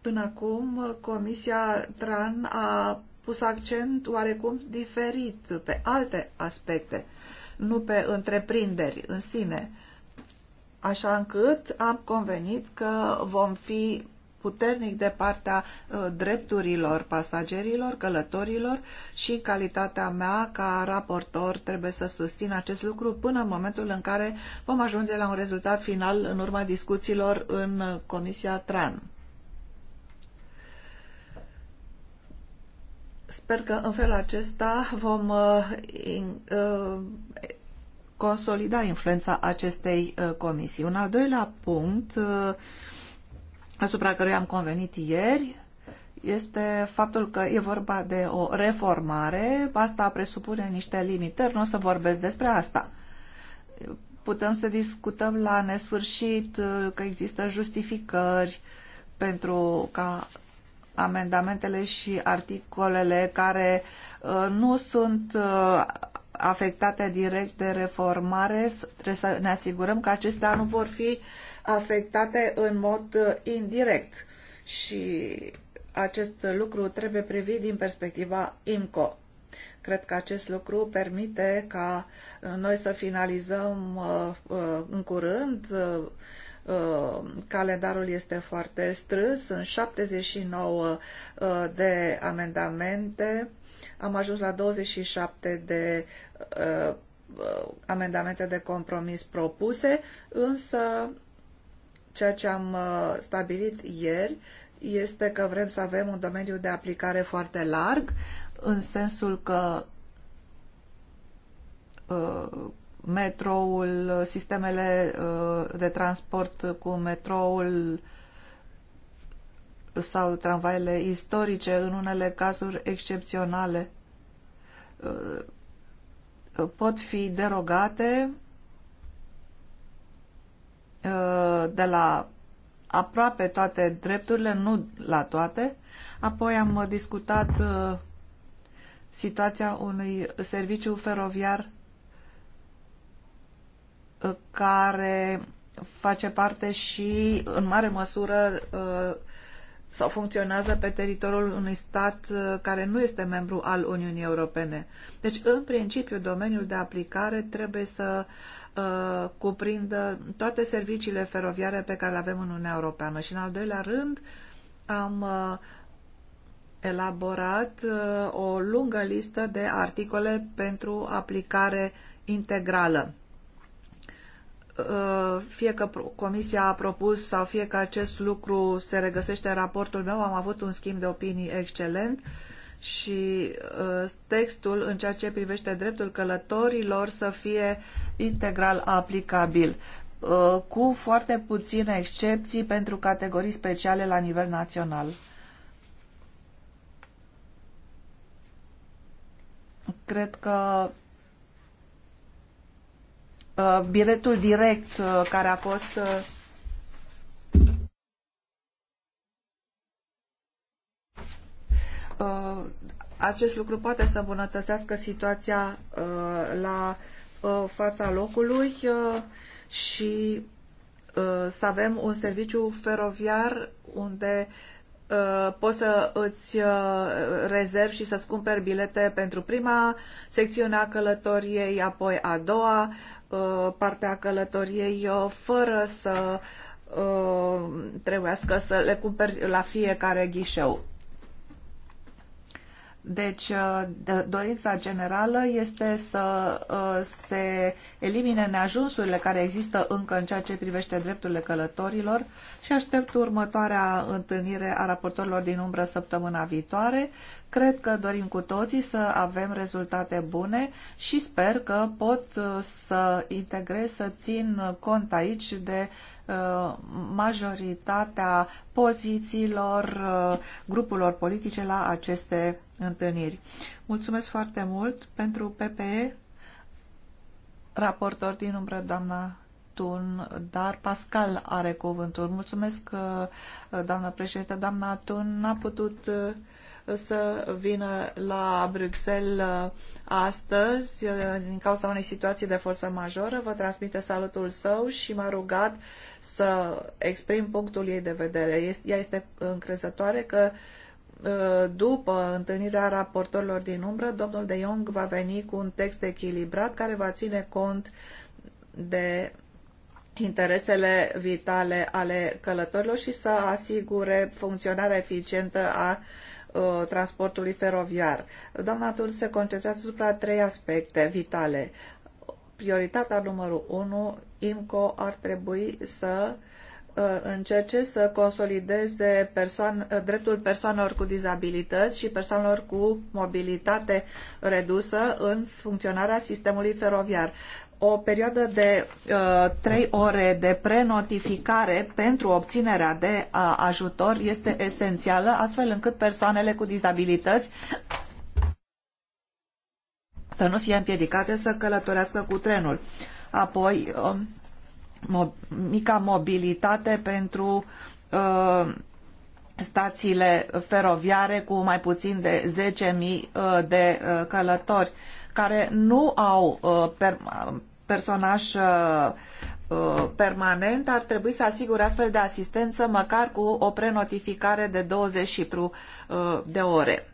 Până acum, Comisia TRAN a pus accent oarecum diferit pe alte aspecte, nu pe întreprinderi în sine. Uh, așa încât am convenit că vom fi puternic de partea uh, drepturilor pasagerilor, călătorilor și calitatea mea ca raportor trebuie să susțin acest lucru până în momentul în care vom ajunge la un rezultat final în urma discuțiilor în uh, Comisia TRAN. Sper că în felul acesta vom uh, consolida influența acestei uh, comisii. Un al doilea punct uh, asupra căruia am convenit ieri este faptul că e vorba de o reformare, asta presupune niște limitări, nu o să vorbesc despre asta. Putem să discutăm la nesfârșit uh, că există justificări pentru ca amendamentele și articolele care nu sunt afectate direct de reformare, trebuie să ne asigurăm că acestea nu vor fi afectate în mod uh, indirect și acest lucru trebuie privit din perspectiva IMCO. Cred că acest lucru permite ca uh, noi să finalizăm uh, în curând calendarul este foarte strâns, sunt 79 de amendamente am ajuns la 27 de uh, uh, amendamente de compromis propuse, însă ceea ce am uh, stabilit ieri este că vrem să avem un domeniu de aplicare foarte larg, în sensul că uh, metroul, sistemele uh, de transport cu metroul sau tramvaiele istorice, în unele cazuri excepționale, uh, pot fi derogate uh, de la aproape toate drepturile, nu la toate. Apoi am discutat uh, situația unui serviciu feroviar care face parte și, în mare măsură, sau funcționează pe teritoriul unui stat uh, care nu este membru al Uniunii Europene. Deci, în principiu, domeniul de aplicare trebuie să uh, cuprindă toate serviciile feroviare pe care le avem în Uniunea Europeană. Și, în al doilea rând, am uh, elaborat uh, o lungă listă de articole pentru aplicare integrală. Uh, fie că Comisia a propus sau fie că acest lucru se regăsește în raportul meu, am avut un schimb de opinii excelent și uh, textul în ceea ce privește dreptul călătorilor să fie integral aplicabil uh, cu foarte puține excepții pentru categorii speciale la nivel național. Cred că Uh, biletul direct uh, care a fost uh, acest lucru poate să îmbunătățească situația la fața locului și să avem un serviciu feroviar unde poți să îți rezervi și să-ți cumperi bilete pentru prima secțiune a călătoriei, apoi a doua, Uh, partea călătoriei uh, fără să uh, trebuiască să le cumperi la fiecare ghișeu. Deci, uh, dorința generală este să uh, se elimine neajunsurile care există încă în ceea ce privește drepturile călătorilor și aștept următoarea întâlnire a raportorilor din umbră săptămâna viitoare. Cred că dorim cu toții să avem rezultate bune și sper că pot uh, să integrez, să țin cont aici de Uh, majoritatea pozițiilor uh, grupurilor politice la aceste întâlniri. Mulțumesc foarte mult pentru PPE, raportor din umbră, doamna Tun, dar Pascal are cuvântul. Mulțumesc, uh, doamna președinte. Doamna Tun n-a putut uh, să vină la Bruxelles uh, astăzi uh, din cauza unei situații de forță majoră. Vă transmite salutul său și m-a rugat să exprim punctul ei de vedere. Ea este încrezătoare că uh, după întâlnirea raportorilor din umbră, domnul de Jong va veni cu un text echilibrat care va ține cont de interesele vitale ale călătorilor și să asigure funcționarea eficientă a Uh, transportului feroviar. Doamna Tur se concentrează asupra trei aspecte vitale. Prioritatea numărul 1, IMCO ar trebui să uh, încerce să consolideze persoan- uh, dreptul persoanelor cu dizabilități și persoanelor cu mobilitate redusă în funcționarea sistemului feroviar o perioadă de uh, trei uh, ore de prenotificare pentru obținerea de uh, ajutor este esențială, astfel încât persoanele cu dizabilități să nu fie împiedicate să călătorească cu trenul. Apoi, uh, mo mica mobilitate pentru uh, stațiile feroviare cu mai puțin de 10.000 uh, de călători care nu au personaj uh, uh, permanent ar trebui să asigure astfel de asistență măcar cu o prenotificare de 24 uh, de ore.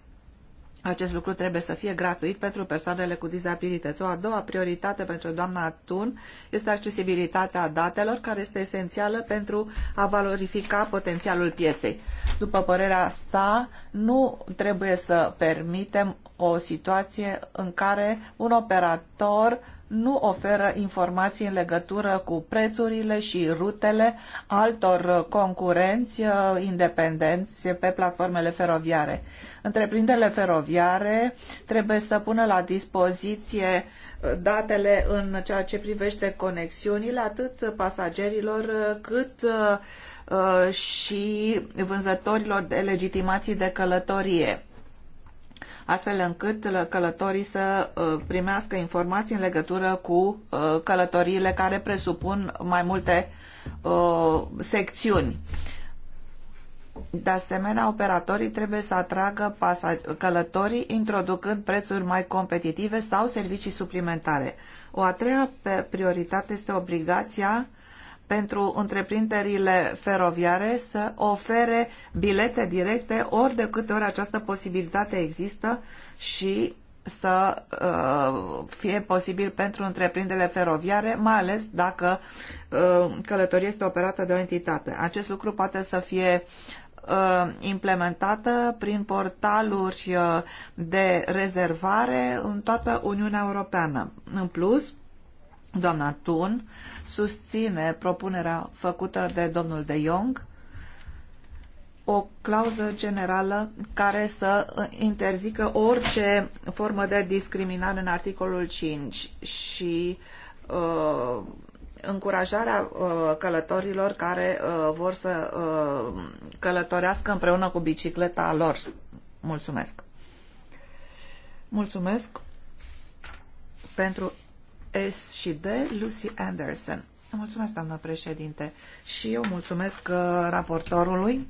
Acest lucru trebuie să fie gratuit pentru persoanele cu dizabilități. O a doua prioritate pentru doamna Tun este accesibilitatea datelor, care este esențială pentru a valorifica potențialul pieței. După părerea sa, nu trebuie să permitem o situație în care un operator nu oferă informații în legătură cu prețurile și rutele altor concurenți uh, independenți pe platformele feroviare. Întreprinderile feroviare trebuie să pună la dispoziție uh, datele în ceea ce privește conexiunile atât pasagerilor uh, cât și vânzătorilor de legitimații de călătorie astfel încât călătorii să uh, primească informații în legătură cu uh, călătoriile care presupun mai multe uh, secțiuni. De asemenea, operatorii trebuie să atragă călătorii introducând prețuri mai competitive sau servicii suplimentare. O a treia prioritate este obligația uh, pentru întreprinderile feroviare să ofere bilete directe ori de câte ori această posibilitate există și să uh, fie posibil pentru întreprinderile feroviare, mai ales dacă uh, călătoria este operată de o entitate. Acest lucru poate să fie uh, implementată prin portaluri uh, de rezervare în toată Uniunea Europeană. În plus, Doamna Thun susține propunerea făcută de domnul de Jong o clauză generală care să interzică orice formă de discriminare în articolul 5 și uh, încurajarea uh, călătorilor care uh, vor să uh, călătorească împreună cu bicicleta lor. Mulțumesc! Mulțumesc pentru S și D, Lucy Anderson. Mulțumesc, doamnă președinte, și eu mulțumesc uh, raportorului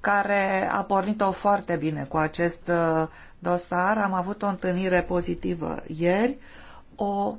care a pornit-o foarte bine cu acest uh, dosar. Am avut o întâlnire pozitivă ieri, o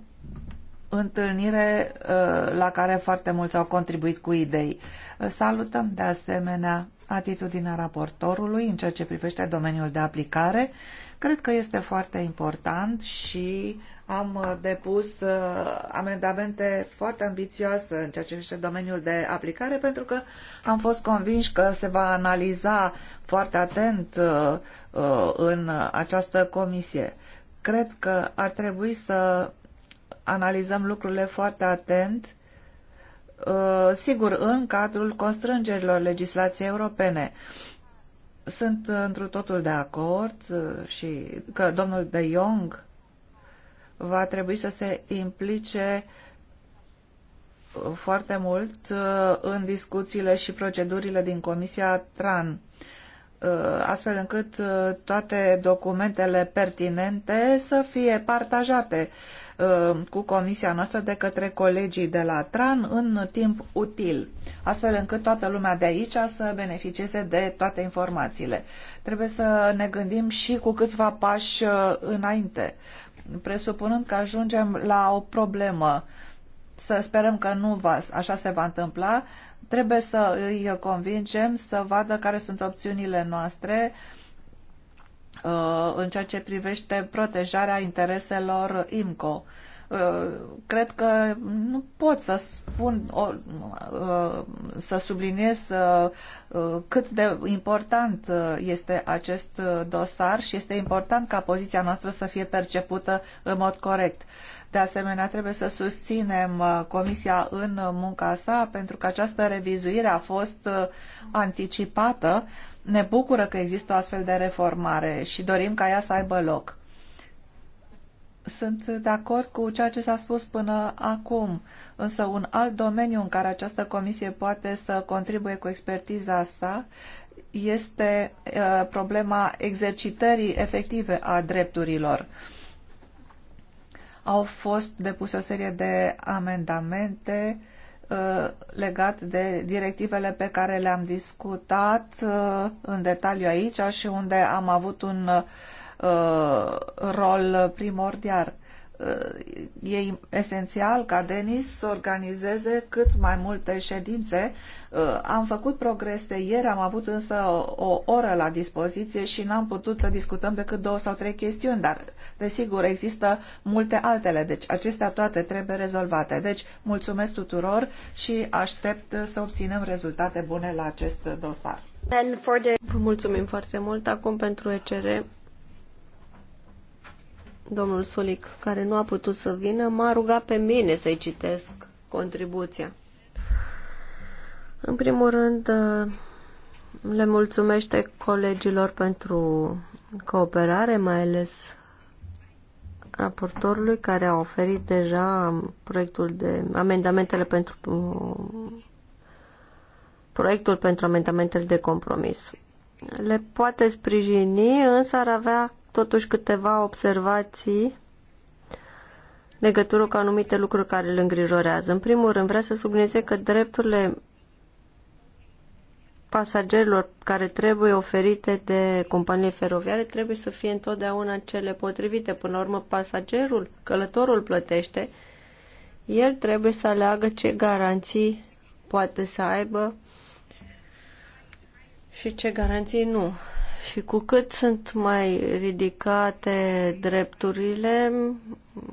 întâlnire uh, la care foarte mulți au contribuit cu idei. Salutăm de asemenea atitudinea raportorului în ceea ce privește domeniul de aplicare. Cred că este foarte important și am uh, depus uh, amendamente foarte ambițioase în ceea ce privește domeniul de aplicare pentru că am fost convinși că se va analiza foarte atent uh, în această comisie. Cred că ar trebui să analizăm lucrurile foarte atent sigur, în cadrul constrângerilor legislației europene. Sunt întru totul de acord și că domnul de Jong va trebui să se implice uh, foarte mult uh, în discuțiile și procedurile din Comisia TRAN, uh, astfel încât toate documentele pertinente să fie partajate cu comisia noastră de către colegii de la TRAN în timp util, astfel încât toată lumea de aici să beneficieze de toate informațiile. Trebuie să ne gândim și cu câțiva pași înainte presupunând că ajungem la o problemă, să sperăm că nu va, așa se va întâmpla, trebuie să îi convingem să vadă care sunt opțiunile noastre uh, în ceea ce privește protejarea intereselor IMCO. Uh, cred că nu pot să spun, o, uh, să subliniez uh, cât de important este acest dosar și este important ca poziția noastră să fie percepută în mod corect. De asemenea, trebuie să susținem Comisia în munca sa pentru că această revizuire a fost anticipată. Ne bucură că există o astfel de reformare și dorim ca ea să aibă loc sunt de acord cu ceea ce s-a spus până acum, însă un alt domeniu în care această comisie poate să contribuie cu expertiza sa este uh, problema exercitării efective a drepturilor. Au fost depuse o serie de amendamente uh, legat de directivele pe care le-am discutat uh, în detaliu aici și unde am avut un uh, Uh, rol primordial. Uh, e esențial ca Denis să organizeze cât mai multe ședințe. Uh, am făcut progrese ieri, am avut însă o oră la dispoziție și n-am putut să discutăm decât două sau trei chestiuni, dar desigur există multe altele, deci acestea toate trebuie rezolvate. Deci mulțumesc tuturor și aștept să obținem rezultate bune la acest dosar. Vă mulțumim foarte mult acum pentru ECR domnul Sulic, care nu a putut să vină, m-a rugat pe mine să-i citesc contribuția. În primul rând, uh, le mulțumește colegilor pentru cooperare, mai ales raportorului care a oferit deja proiectul de amendamentele pentru proiectul pentru amendamentele de compromis. Le poate sprijini, însă ar avea totuși câteva observații legătură cu anumite lucruri care îl îngrijorează. În primul rând, vreau să subliniez că drepturile pasagerilor care trebuie oferite de companii feroviare trebuie să fie întotdeauna cele potrivite. Până la urmă, pasagerul, călătorul plătește, el trebuie să aleagă ce garanții poate să aibă și ce garanții nu. Și cu cât sunt mai ridicate drepturile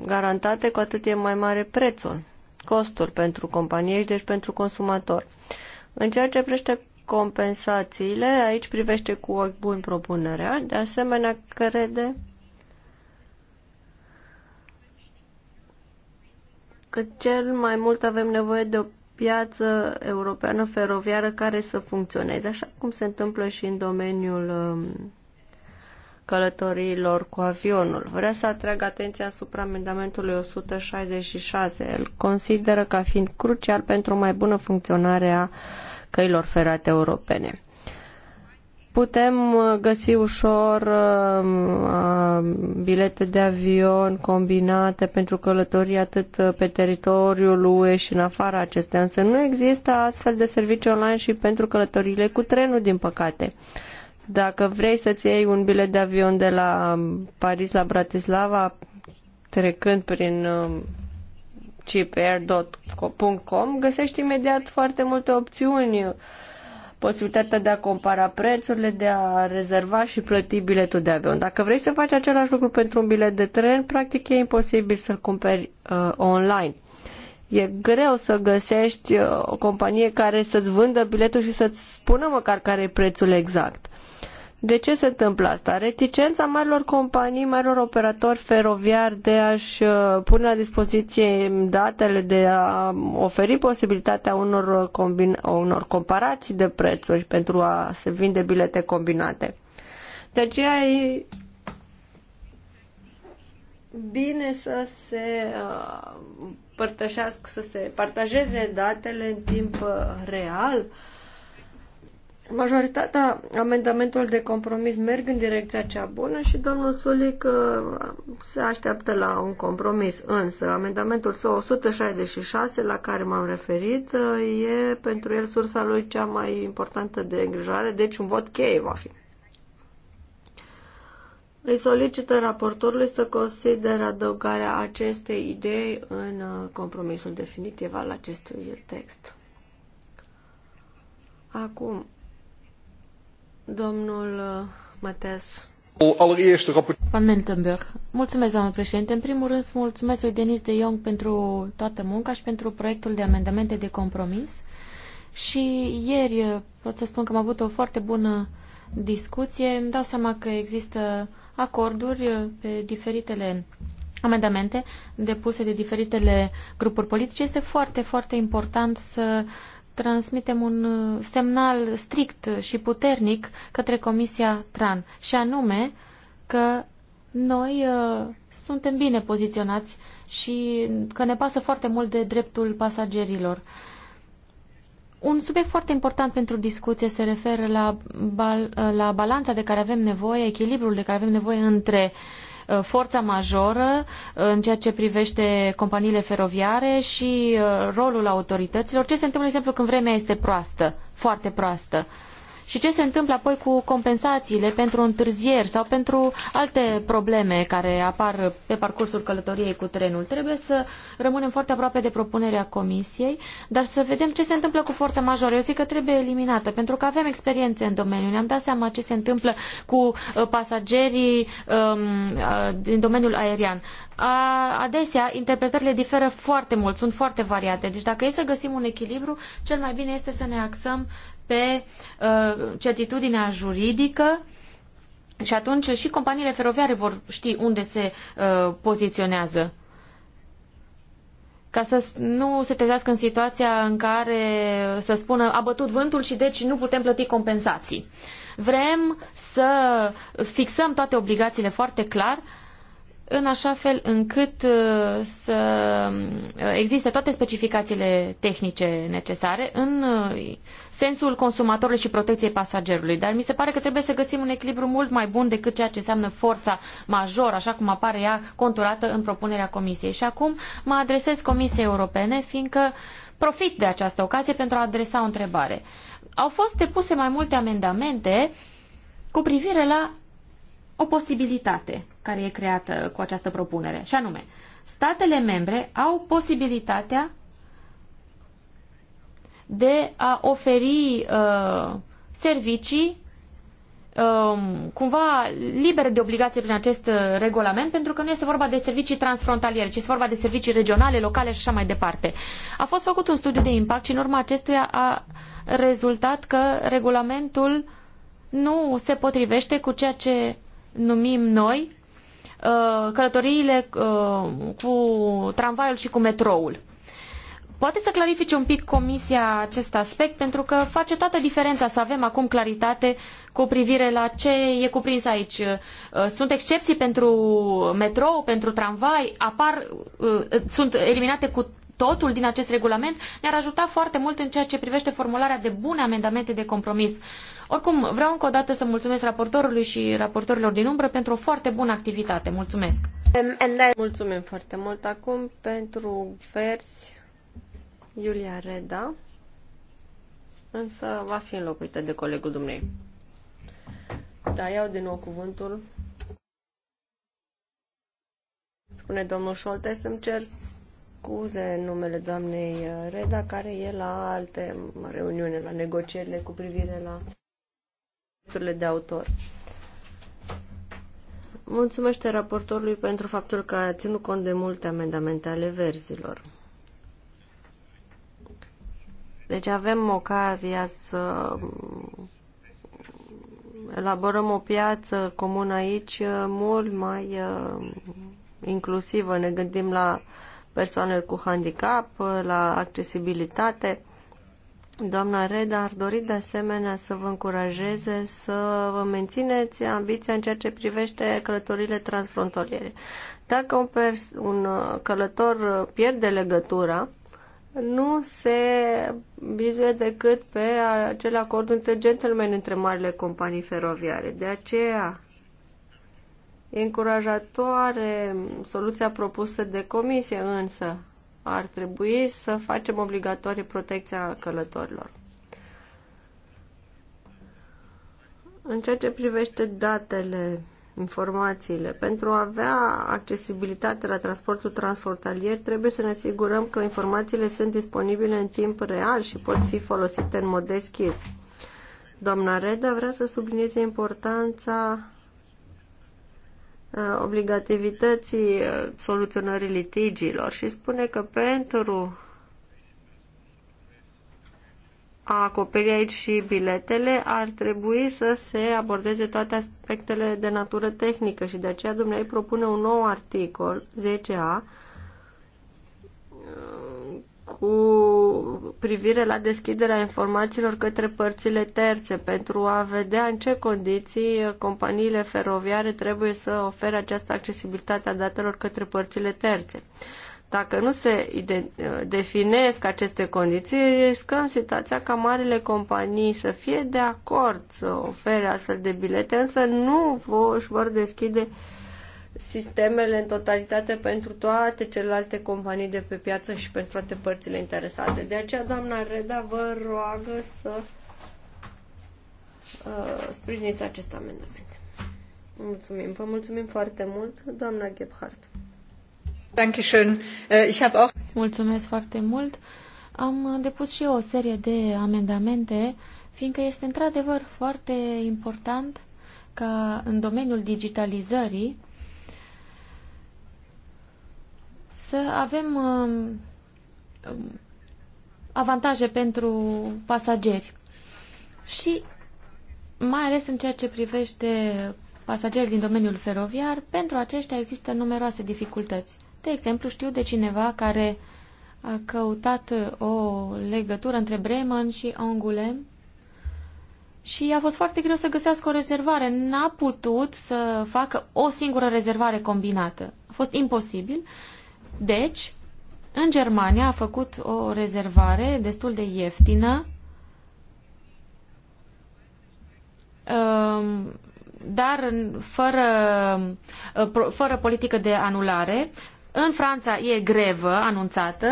garantate, cu atât e mai mare prețul, costul pentru companie și deci pentru consumator. În ceea ce prește compensațiile, aici privește cu ochi buni propunerea, de asemenea crede că cel mai mult avem nevoie de o piață europeană feroviară care să funcționeze, așa cum se întâmplă și în domeniul um, călătoriilor cu avionul. Vrea să atrag atenția asupra amendamentului 166. El consideră ca fiind crucial pentru o mai bună funcționare a căilor ferate europene putem uh, găsi ușor uh, uh, bilete de avion combinate pentru călătorii atât pe teritoriul UE și în afara acestea, însă nu există astfel de servicii online și pentru călătorile cu trenul, din păcate. Dacă vrei să-ți iei un bilet de avion de la um, Paris la Bratislava, trecând prin um, cheapair.com, găsești imediat foarte multe opțiuni posibilitatea de a compara prețurile, de a rezerva și plăti biletul de avion. Dacă vrei să faci același lucru pentru un bilet de tren, practic e imposibil să-l cumperi uh, online. E greu să găsești uh, o companie care să-ți vândă biletul și să-ți spună măcar care e prețul exact. De ce se întâmplă asta? Reticența marilor companii, marilor operatori feroviari de a-și uh, pune la dispoziție datele, de a oferi posibilitatea unor, combina- unor comparații de prețuri pentru a se vinde bilete combinate. De aceea e bine să se uh, părtășească, să se partajeze datele în timp uh, real uh, Majoritatea amendamentelor de compromis merg în direcția cea bună și domnul Sulic uh, se așteaptă la un compromis. Însă, amendamentul său 166, la care m-am referit, uh, e pentru el sursa lui cea mai importantă de îngrijorare, deci un vot cheie va fi. Îi solicită raportorului să considere adăugarea acestei idei în uh, compromisul definitiv al acestui text. Acum, Domnul uh, Mateas. Mulțumesc, doamnă președinte. În primul rând, mulțumesc lui Denis de Jong pentru toată munca și pentru proiectul de amendamente de compromis. Și ieri uh, pot să spun că am avut o foarte bună discuție. Îmi dau seama că există acorduri uh, pe diferitele amendamente depuse de diferitele grupuri politice. Este foarte, foarte important să uh, transmitem un uh, semnal strict și puternic către Comisia TRAN, și anume că noi uh, suntem bine poziționați și că ne pasă foarte mult de dreptul pasagerilor. Un subiect foarte important pentru discuție se referă la, bal, la balanța de care avem nevoie, echilibrul de care avem nevoie între uh, Uh, forța majoră uh, în ceea ce privește companiile feroviare și uh, rolul autorităților. Ce se întâmplă, de exemplu, când vremea este proastă, foarte proastă? și ce se întâmplă apoi cu compensațiile pentru întârzieri sau pentru alte probleme care apar pe parcursul călătoriei cu trenul. Trebuie să rămânem foarte aproape de propunerea comisiei, dar să vedem ce se întâmplă cu forța majoră. Eu zic că trebuie eliminată, pentru că avem experiențe în domeniu. Ne-am dat seama ce se întâmplă cu uh, pasagerii um, uh, din domeniul aerian. Adesea, interpretările diferă foarte mult, sunt foarte variate. Deci dacă e să găsim un echilibru, cel mai bine este să ne axăm pe uh, certitudinea juridică și atunci și companiile feroviare vor ști unde se uh, poziționează. Ca să nu se trezească în situația în care să spună a bătut vântul și deci nu putem plăti compensații. Vrem să fixăm toate obligațiile foarte clar uh, în așa fel încât uh, să uh, existe toate specificațiile tehnice necesare în uh, sensul consumatorului și protecției pasagerului. Dar mi se pare că trebuie să găsim un echilibru mult mai bun decât ceea ce înseamnă forța major, așa cum apare ea conturată în propunerea Comisiei. Și acum mă adresez Comisiei Europene, fiindcă profit de această ocazie pentru a adresa o întrebare. Au fost depuse mai multe amendamente cu privire la o posibilitate care e creată cu această propunere, și anume, statele membre au posibilitatea de a oferi uh, servicii um, cumva libere de obligație prin acest uh, regulament, pentru că nu este vorba de servicii transfrontaliere, ci este vorba de servicii regionale, locale și așa mai departe. A fost făcut un studiu de impact și în urma acestuia a rezultat că regulamentul nu se potrivește cu ceea ce numim noi uh, călătoriile uh, cu tramvaiul și cu metroul. Poate să clarifice un pic Comisia acest aspect, pentru că face toată diferența să avem acum claritate cu privire la ce e cuprins aici. Uh, sunt excepții pentru metrou, pentru tramvai, apar, sunt eliminate cu totul din acest regulament, ne-ar ajuta foarte mult în ceea ce privește formularea de bune amendamente de compromis. Oricum, vreau încă o dată să mulțumesc raportorului și raportorilor din umbră pentru o foarte bună activitate. Mulțumesc! Mulțumim foarte mult acum pentru verzi Iulia Reda, însă va fi înlocuită de colegul dumnei. Da, iau din nou cuvântul. Spune domnul Șolte, să-mi cer scuze în numele doamnei Reda, care e la alte reuniune, la negocierile cu privire la drepturile de autor. Mulțumește raportorului pentru faptul că a ținut cont de multe amendamente ale verzilor. Deci avem ocazia să elaborăm o piață comună aici mult mai uh, inclusivă. Ne gândim la persoanele cu handicap, la accesibilitate. Doamna Reda ar dori de asemenea să vă încurajeze să vă mențineți ambiția în ceea ce privește călătorile transfrontaliere. Dacă un, un uh, călător pierde legătura, nu se vizuie decât pe acel acord între gentlemen între marile companii feroviare. De aceea e încurajatoare soluția propusă de comisie, însă ar trebui să facem obligatorie protecția călătorilor. În ceea ce privește datele, informațiile, pentru a avea accesibilitate la transportul transfrontalier, trebuie să ne asigurăm că informațiile sunt disponibile în timp real și pot fi folosite în mod deschis. Doamna Reda vrea să sublinieze importanța Uh, obligativității uh, soluționării litigiilor și spune că pentru a acoperi aici și biletele, ar trebui să se abordeze toate aspectele de natură tehnică și de aceea dumneavoastră propune un nou articol 10a cu privire la deschiderea informațiilor către părțile terțe pentru a vedea în ce condiții companiile feroviare trebuie să ofere această accesibilitate a datelor către părțile terțe. Dacă nu se definesc aceste condiții, riscăm situația ca marile companii să fie de acord să ofere astfel de bilete, însă nu își vor deschide uh, sistemele în totalitate pentru toate celelalte companii de pe piață și pentru toate părțile interesate. De aceea, doamna Reda, vă roagă să uh, sprijiniți acest amendament. Mulțumim. Vă mulțumim foarte mult, doamna Gebhardt. Äh, Mulțumesc foarte mult. Am depus și eu o serie de amendamente, fiindcă este într-adevăr foarte important ca în domeniul digitalizării să avem um, um, avantaje pentru pasageri. Și mai ales în ceea ce privește pasageri din domeniul feroviar, pentru aceștia există numeroase dificultăți. De exemplu, știu de cineva care a căutat uh, o legătură între Bremen și Angoulême și a fost foarte greu să găsească o rezervare. N-a putut să facă o singură rezervare combinată. A fost imposibil deci, în Germania a făcut o rezervare destul de ieftină, ehm, dar fără, ă, fără politică de anulare. În Franța e grevă anunțată,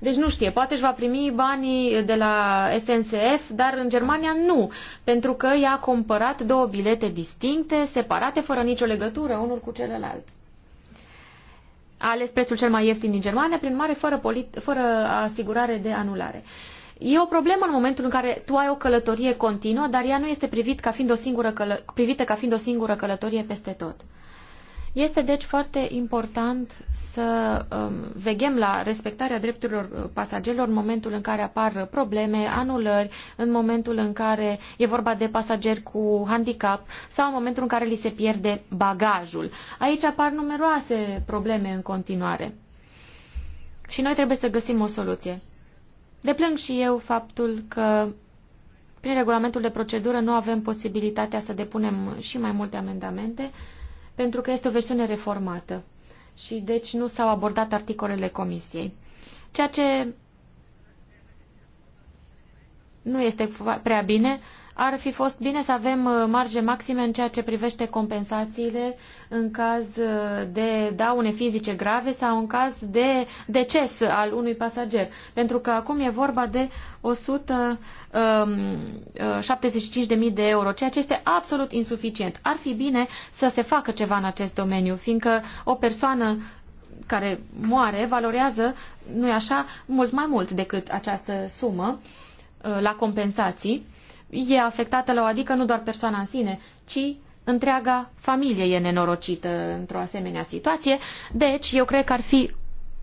deci nu știe, poate își va primi banii de la SNCF, dar în Germania nu, pentru că i-a cumpărat două bilete distincte, separate, fără nicio legătură unul cu celălalt a ales prețul cel mai ieftin din Germania, prin mare fără, polit- fără asigurare de anulare. E o problemă în momentul în care tu ai o călătorie continuă, dar ea nu este privit ca fiind o singură călă- privită ca fiind o singură călătorie peste tot. Este deci foarte important să um, veghem la respectarea drepturilor uh, pasagerilor în momentul în care apar probleme, anulări, în momentul în care e vorba de pasageri cu handicap sau în momentul în care li se pierde bagajul. Aici apar numeroase probleme în continuare. Și noi trebuie să găsim o soluție. Deplâng și eu faptul că prin regulamentul de procedură nu avem posibilitatea să depunem și mai multe amendamente, pentru că este o versiune reformată și deci nu s-au abordat articolele comisiei. Ceea ce nu este prea bine, ar fi fost bine să avem uh, marge maxime în ceea ce privește compensațiile în caz uh, de daune fizice grave sau în caz de deces al unui pasager. Pentru că acum e vorba de 175.000 um, uh, de euro, ceea ce este absolut insuficient. Ar fi bine să se facă ceva în acest domeniu, fiindcă o persoană care moare valorează, nu-i așa, mult mai mult decât această sumă la compensații e afectată la o adică nu doar persoana în sine, ci întreaga familie e nenorocită într-o asemenea situație. Deci, eu cred că ar fi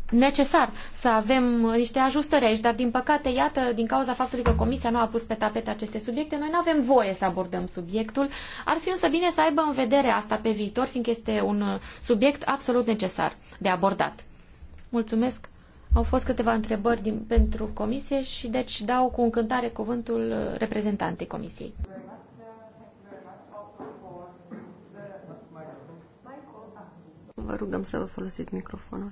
necesar să avem niște ajustări aici, dar din păcate, iată, din cauza faptului că Comisia nu a pus pe tapet aceste subiecte, noi nu avem voie să abordăm subiectul. Ar fi însă bine să aibă în vedere asta pe viitor, fiindcă este un subiect absolut necesar de abordat. Mulțumesc, au fost câteva întrebări din, pentru comisie și deci dau cu încântare cuvântul reprezentantei comisiei. Vă rugăm să vă folosiți microfonul.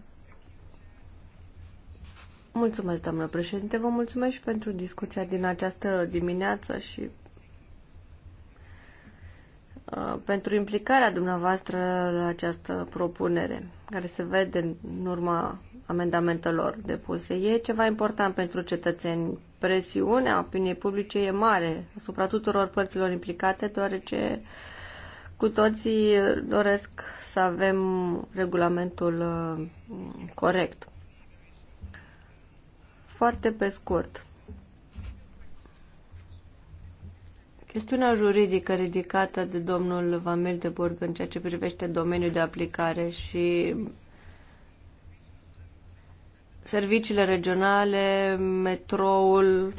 Mulțumesc, doamnă președinte, vă mulțumesc și pentru discuția din această dimineață și uh, pentru implicarea dumneavoastră la această propunere, care se vede în urma amendamentelor depuse. E ceva important pentru cetățeni. Presiunea opiniei publice e mare asupra tuturor părților implicate, deoarece cu toții doresc să avem regulamentul uh, corect. Foarte pe scurt. Chestiunea juridică ridicată de domnul Vamil de Burg în ceea ce privește domeniul de aplicare și serviciile regionale, metroul.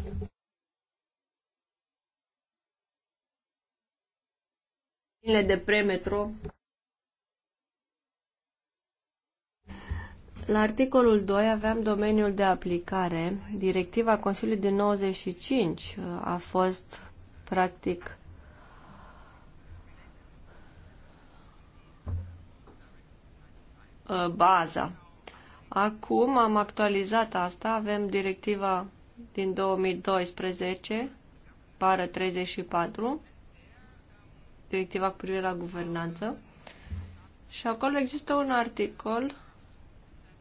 de premetro. La articolul 2 aveam domeniul de aplicare. Directiva Consiliului din 95 uh, a fost practic uh, baza Acum am actualizat asta, avem directiva din 2012, pară 34, directiva cu privire la guvernanță. Și acolo există un articol,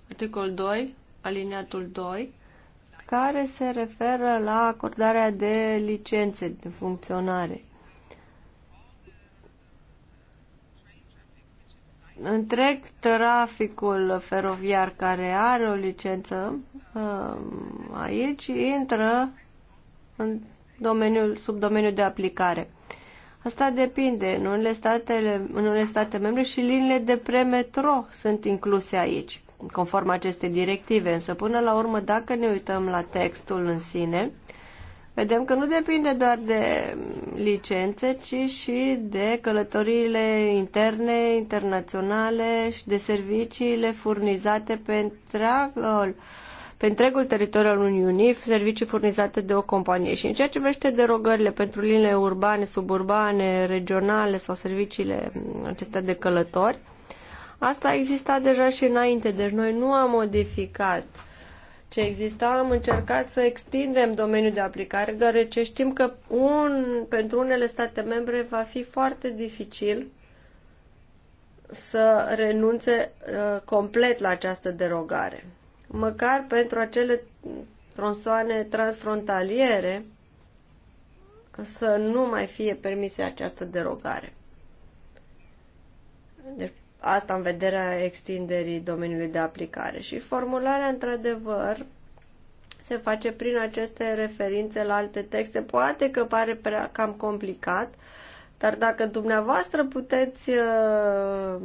articol 2, aliniatul 2, care se referă la acordarea de licențe de funcționare. întreg traficul feroviar care are o licență um, aici intră în domeniul, sub domeniul de aplicare. Asta depinde. În unele, statele, în unele state membre și liniile de premetro sunt incluse aici, conform acestei directive. Însă, până la urmă, dacă ne uităm la textul în sine, uh, vedem că nu depinde doar de licențe, ci și de călătoriile interne, internaționale și de serviciile furnizate pe întreagul pe întregul teritoriu al Uniunii, servicii furnizate de o companie. Și în ceea ce privește derogările pentru linile urbane, suburbane, regionale sau serviciile acestea de călători, asta exista deja și înainte, deci noi nu am modificat uh, ce exista, am încercat să extindem domeniul de aplicare, deoarece știm că un, pentru unele state membre va fi foarte dificil să renunțe uh, complet la această derogare. Măcar pentru acele tronsoane transfrontaliere să nu mai fie permise această derogare. Deci Asta în vederea extinderii domeniului de aplicare. Și formularea, într-adevăr, se face prin aceste referințe la alte texte. Poate că pare prea, cam complicat, dar dacă dumneavoastră puteți uh,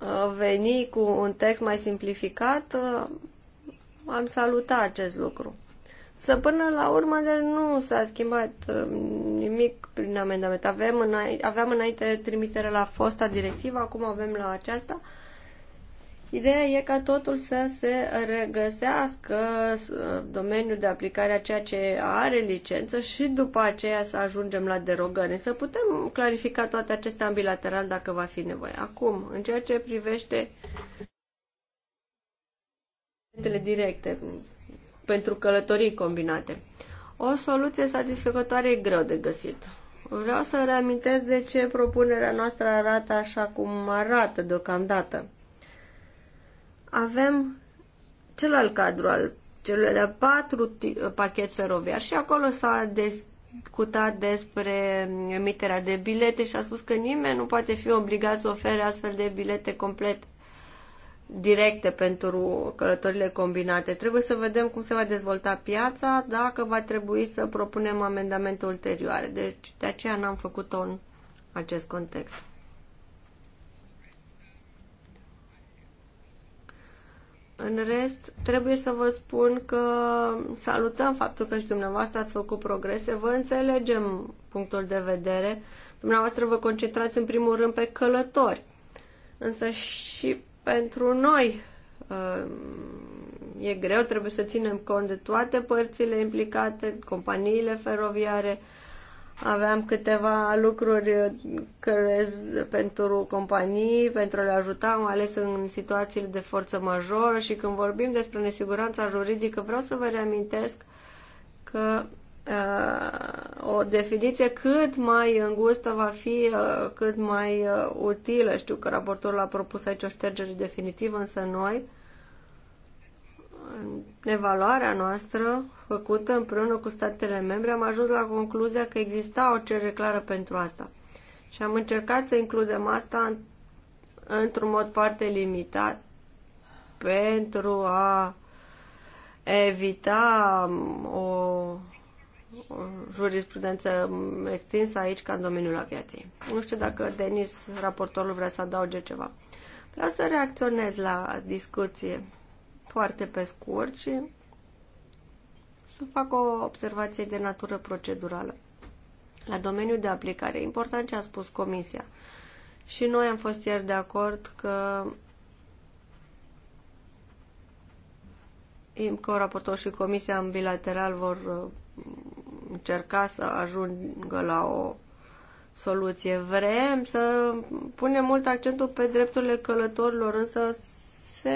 uh veni cu un text mai simplificat, uh, am salutat acest lucru. Să până la urmă dar nu s-a schimbat um, nimic prin amendament. Avem înainte, aveam înainte trimitere la fosta directivă, acum avem la aceasta. Ideea e ca totul să se regăsească uh, domeniul de aplicare a ceea ce are licență și după aceea să ajungem la derogări. Să putem clarifica toate acestea în bilateral dacă va fi nevoie. Acum, în ceea ce privește directe, pentru călătorii combinate. O soluție satisfăcătoare e greu de găsit. Vreau să reamintesc de ce propunerea noastră arată așa cum arată deocamdată. Avem celălalt cadru al celui de patru pachet feroviar și acolo s-a discutat despre emiterea de bilete și a spus că nimeni nu poate fi obligat să ofere astfel de bilete complet directe pentru călătorile combinate. Trebuie să vedem cum se va dezvolta piața, dacă va trebui să propunem amendamente ulterioare. Deci de aceea n-am făcut-o în acest context. În rest, trebuie să vă spun că salutăm faptul că și dumneavoastră ați făcut progrese, vă înțelegem punctul de vedere. Dumneavoastră vă concentrați în primul rând pe călători, însă și pentru noi. Uh, e greu, trebuie să ținem cont de toate părțile implicate, companiile feroviare. Aveam câteva lucruri uh, care, pentru companii, pentru a le ajuta, mai ales în situațiile de forță majoră și când vorbim despre nesiguranța juridică, vreau să vă reamintesc că Uh, o definiție cât mai îngustă va fi, uh, cât mai uh, utilă. Știu că raportorul a propus aici o ștergere definitivă, însă noi, în evaluarea noastră, făcută împreună cu statele membre, am ajuns la concluzia că exista o cerere clară pentru asta. Și am încercat să includem asta într-un mod foarte limitat pentru a evita um, o o jurisprudență extinsă aici ca în domeniul aviației. Nu știu dacă Denis, raportorul, vrea să adauge ceva. Vreau să reacționez la discuție foarte pe scurt și să fac o observație de natură procedurală. La domeniul de aplicare, e important ce a spus Comisia. Și noi am fost ieri de acord că că raportor și Comisia în bilateral vor uh, încerca să ajungă la o soluție. Vrem să punem mult accentul pe drepturile călătorilor, însă se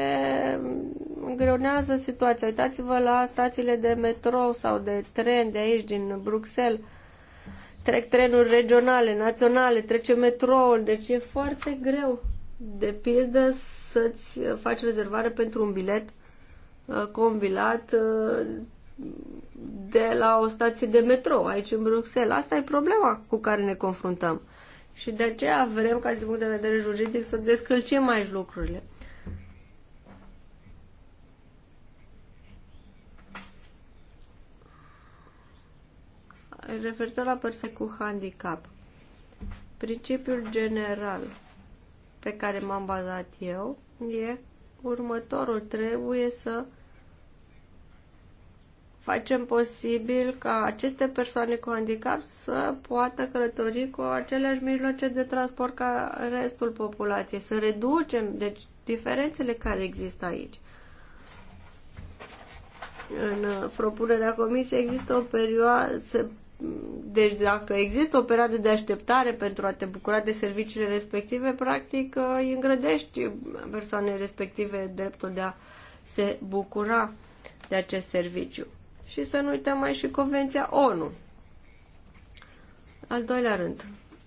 îngreunează situația. Uitați-vă la stațiile de metrou sau de tren de aici, din Bruxelles. Trec trenuri regionale, naționale, trece metroul, deci e foarte greu. De pildă să-ți faci rezervare pentru un bilet uh, combilat uh, de la o stație de metrou aici în Bruxelles. Asta e problema cu care ne confruntăm. Și de aceea vrem ca din punct de vedere juridic să descălcem aici lucrurile. referitor la persoane cu handicap, principiul general pe care m-am bazat eu e următorul. Trebuie să uh, facem posibil ca aceste persoane cu handicap să poată călători cu aceleași mijloace de transport ca restul populației, să reducem deci, diferențele care există aici. În uh, propunerea comisiei există o perioadă, se, deci dacă există o perioadă de așteptare pentru a te bucura de serviciile respective, practic uh, îi îngrădești persoanele respective dreptul de a se bucura de acest serviciu și să nu uităm mai și Convenția ONU. Al doilea rând,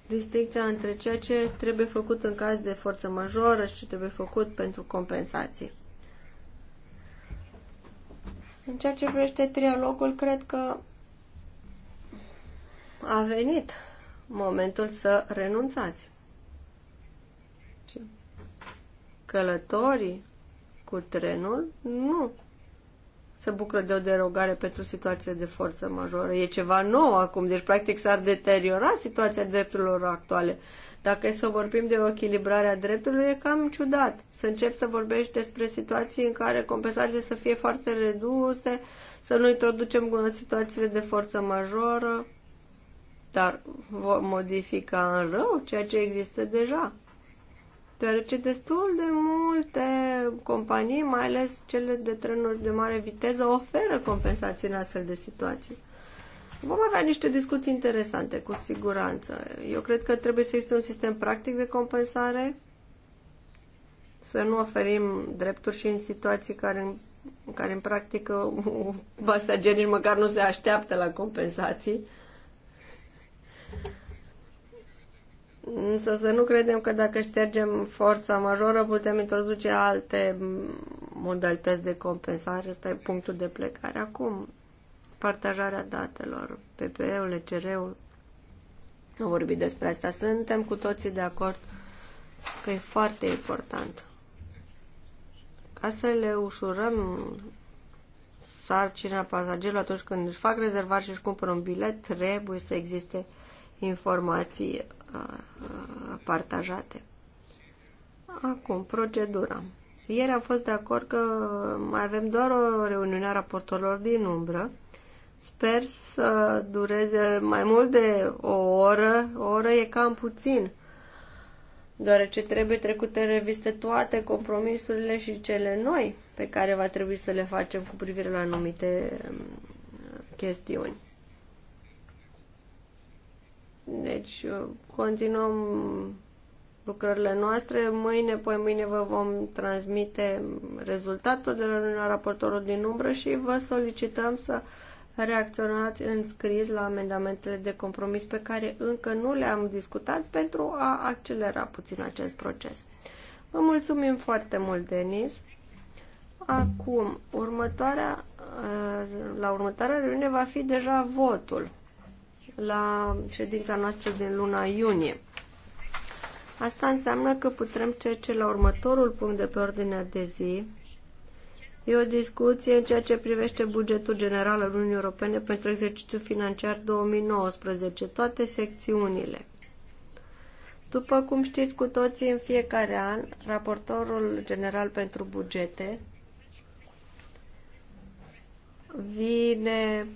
distinția între ceea ce trebuie făcut în caz de forță majoră și ce trebuie făcut pentru compensație În ceea ce privește trialogul, cred că a venit momentul să renunțați. Călătorii cu trenul nu se bucură de o derogare pentru situația de forță majoră. E ceva nou acum, deci practic s-ar deteriora situația drepturilor actuale. Dacă e să vorbim de o echilibrare a drepturilor, e cam ciudat să încep să vorbești despre situații în care compensațiile să fie foarte reduse, să nu introducem situațiile de forță majoră, dar vor modifica în rău ceea ce există deja deoarece destul de multe companii, mai ales cele de trenuri de mare viteză, oferă compensații în astfel de situații. Vom avea niște discuții interesante, cu siguranță. Eu cred că trebuie să existe un sistem practic de compensare, să nu oferim drepturi și în situații care, în care în practică [LAUGHS] pasagerii nici măcar nu se așteaptă la compensații. Însă să nu credem că dacă ștergem forța majoră putem introduce alte modalități de compensare. Asta e punctul de plecare. Acum, partajarea datelor, PPE-ul, ECR-ul, nu vorbi despre asta. Suntem cu toții de acord că e foarte important. Ca să le ușurăm sarcina pasagerilor atunci când își fac rezervare și își cumpără un bilet, trebuie să existe informații partajate. Acum, procedura. Ieri am fost de acord că mai avem doar o reuniune a raportorilor din umbră. Sper să dureze mai mult de o oră. O oră e cam puțin, deoarece trebuie trecute în reviste toate compromisurile și cele noi pe care va trebui să le facem cu privire la anumite mm, chestiuni. Deci, uh, continuăm lucrările noastre. Mâine, poi mâine vă vom transmite rezultatul de la raportorul din umbră și vă solicităm să reacționați în scris la amendamentele de compromis pe care încă nu le-am discutat pentru a accelera puțin acest proces. Vă mulțumim foarte mult, Denis. Acum, următoarea, uh, la următoarea reuniune va fi deja votul la ședința noastră din luna iunie. Asta înseamnă că putem trece la următorul punct de pe ordinea de zi. E o discuție în ceea ce privește bugetul general al Uniunii Europene pentru exercițiul financiar 2019, toate secțiunile. După cum știți cu toții, în fiecare an, raportorul general pentru bugete vine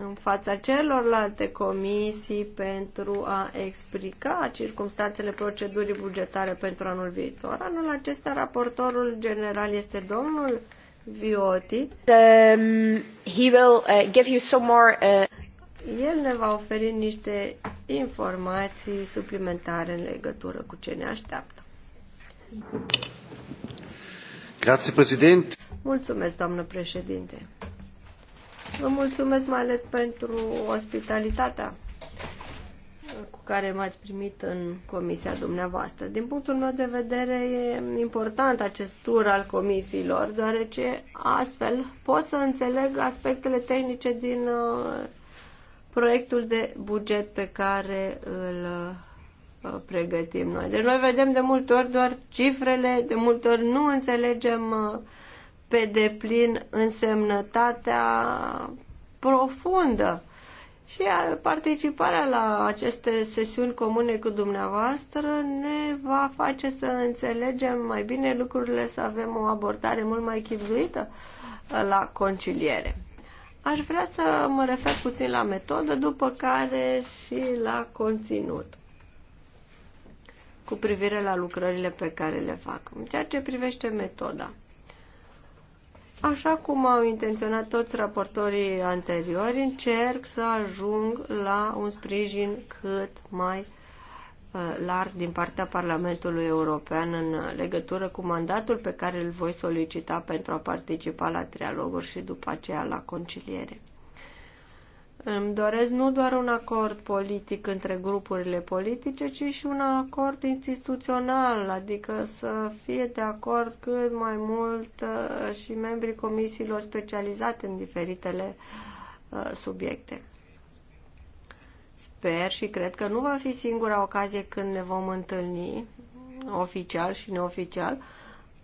în fața celorlalte comisii pentru a explica circumstanțele procedurii bugetare pentru anul viitor. Anul acesta raportorul general este domnul Vioti. Um, he will uh, give you some more uh... El ne va oferi niște informații suplimentare în legătură cu ce ne așteaptă. Grazie, Mulțumesc, doamnă președinte. Vă mulțumesc mai ales pentru ospitalitatea cu care m-ați primit în comisia dumneavoastră. Din punctul meu de vedere e important acest tur al comisiilor, deoarece astfel pot să înțeleg aspectele tehnice din uh, proiectul de buget pe care îl uh, pregătim noi. Deci noi vedem de multe ori doar cifrele, de multe ori nu înțelegem uh, pe deplin însemnătatea profundă și participarea la aceste sesiuni comune cu dumneavoastră ne va face să înțelegem mai bine lucrurile, să avem o abordare mult mai chipzuită uh, la conciliere. Aș vrea să mă refer puțin la metodă, după care și la conținut cu privire la lucrările pe care le fac. În ceea ce privește metoda. Așa cum au intenționat toți raportorii anteriori, încerc să ajung la un sprijin cât mai uh, larg din partea Parlamentului European în legătură cu mandatul pe care îl voi solicita pentru a participa la trialoguri și după aceea la conciliere. Îmi doresc nu doar un acord politic între grupurile politice, ci și un acord instituțional, adică să fie de acord cât mai mult uh, și membrii comisiilor specializate în diferitele uh, subiecte. Sper și cred că nu va fi singura ocazie când ne vom întâlni oficial și neoficial,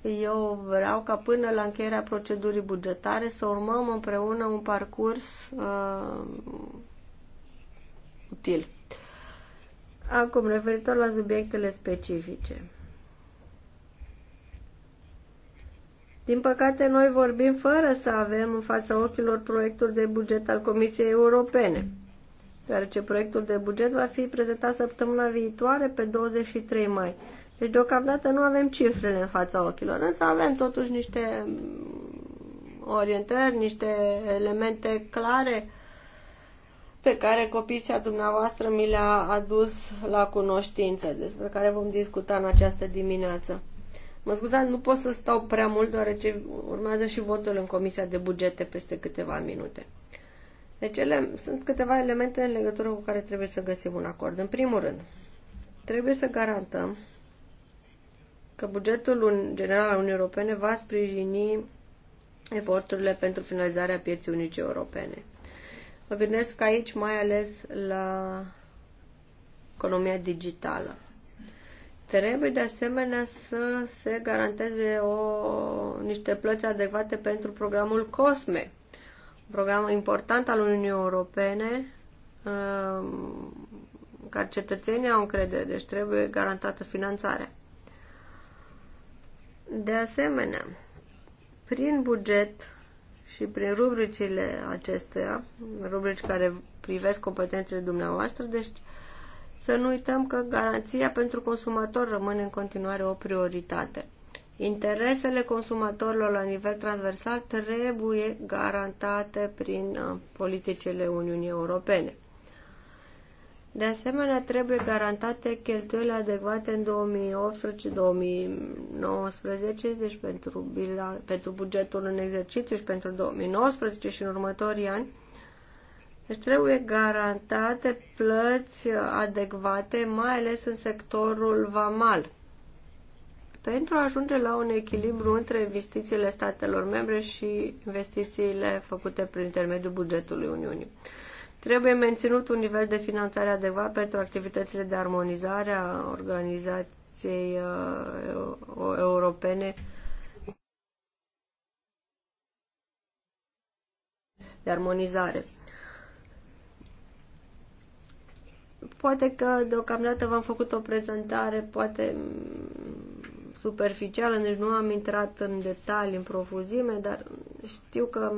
eu vreau ca până la încheierea procedurii bugetare să urmăm împreună un parcurs uh, util. Acum, referitor la subiectele specifice. Din păcate, noi vorbim fără să avem în fața ochilor proiectul de buget al Comisiei Europene, deoarece proiectul de buget va fi prezentat săptămâna viitoare, pe 23 mai. Deci deocamdată nu avem cifrele în fața ochilor, însă avem totuși niște mm, orientări, niște elemente clare pe care copiția dumneavoastră mi le-a adus la cunoștință, despre care vom discuta în această dimineață. Mă scuzați, nu pot să stau prea mult, deoarece urmează și votul în Comisia de Bugete peste câteva minute. Deci ele, sunt câteva elemente în legătură cu care trebuie să găsim un acord. În primul rând, trebuie să garantăm că bugetul general al Uniunii Europene va sprijini eforturile pentru finalizarea pieții unice europene. Mă gândesc aici mai ales la economia digitală. Trebuie de asemenea să se garanteze o, niște plăți adecvate pentru programul COSME, un program important al Uniunii Europene, um, care cetățenii au încredere, deci trebuie garantată finanțarea. De asemenea, prin buget și prin rubricile acestea, rubrici care privesc competențele dumneavoastră, deci să nu uităm că garanția pentru consumator rămâne în continuare o prioritate. Interesele consumatorilor la nivel transversal trebuie garantate prin uh, politicile Uniunii Europene. De asemenea, trebuie garantate cheltuielile adecvate în 2018-2019, deci pentru, bila, pentru bugetul în exercițiu și pentru 2019 și în următorii ani. Deci trebuie garantate plăți adecvate, mai ales în sectorul vamal, pentru a ajunge la un echilibru între investițiile statelor membre și investițiile făcute prin intermediul bugetului Uniunii. Trebuie menținut un nivel de finanțare adecvat pentru activitățile de armonizare a organizației uh, europene de armonizare. Poate că deocamdată v-am făcut o prezentare, poate superficială, deci nu am intrat în detalii, în profuzime, dar știu că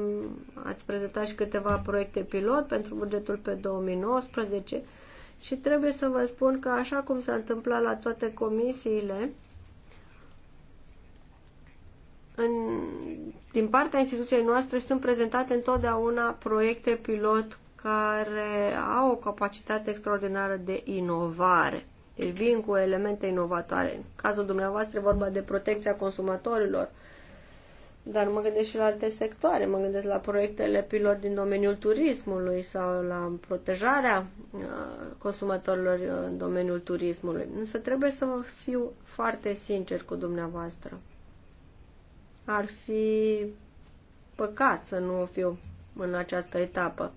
ați prezentat și câteva proiecte pilot pentru bugetul pe 2019 și trebuie să vă spun că așa cum s-a întâmplat la toate comisiile, în, din partea instituției noastre sunt prezentate întotdeauna proiecte pilot care au o capacitate extraordinară de inovare. Deci vin cu elemente inovatoare. În cazul dumneavoastră vorba de protecția consumatorilor, dar mă gândesc și la alte sectoare. Mă gândesc la proiectele pilot din domeniul turismului sau la protejarea uh, consumatorilor uh, în domeniul turismului. Însă trebuie să fiu foarte sincer cu dumneavoastră. Ar fi păcat să nu o fiu în această etapă.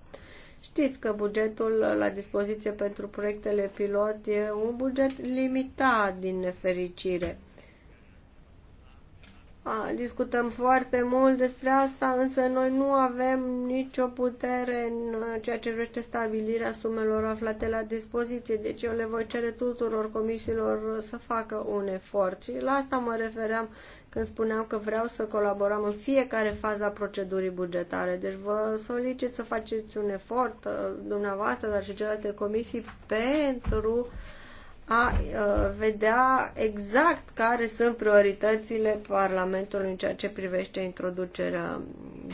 Știți că bugetul la dispoziție pentru proiectele pilot e un buget limitat, din nefericire. A, discutăm foarte mult despre asta, însă noi nu avem nicio putere în ceea ce vrește stabilirea sumelor aflate la dispoziție, deci eu le voi cere tuturor comisiilor să facă un efort și la asta mă refeream când spuneam că vreau să colaborăm în fiecare fază a procedurii bugetare. Deci vă solicit să faceți un efort, uh, dumneavoastră, dar și celelalte comisii, pentru a uh, vedea exact care sunt prioritățile Parlamentului în ceea ce privește introducerea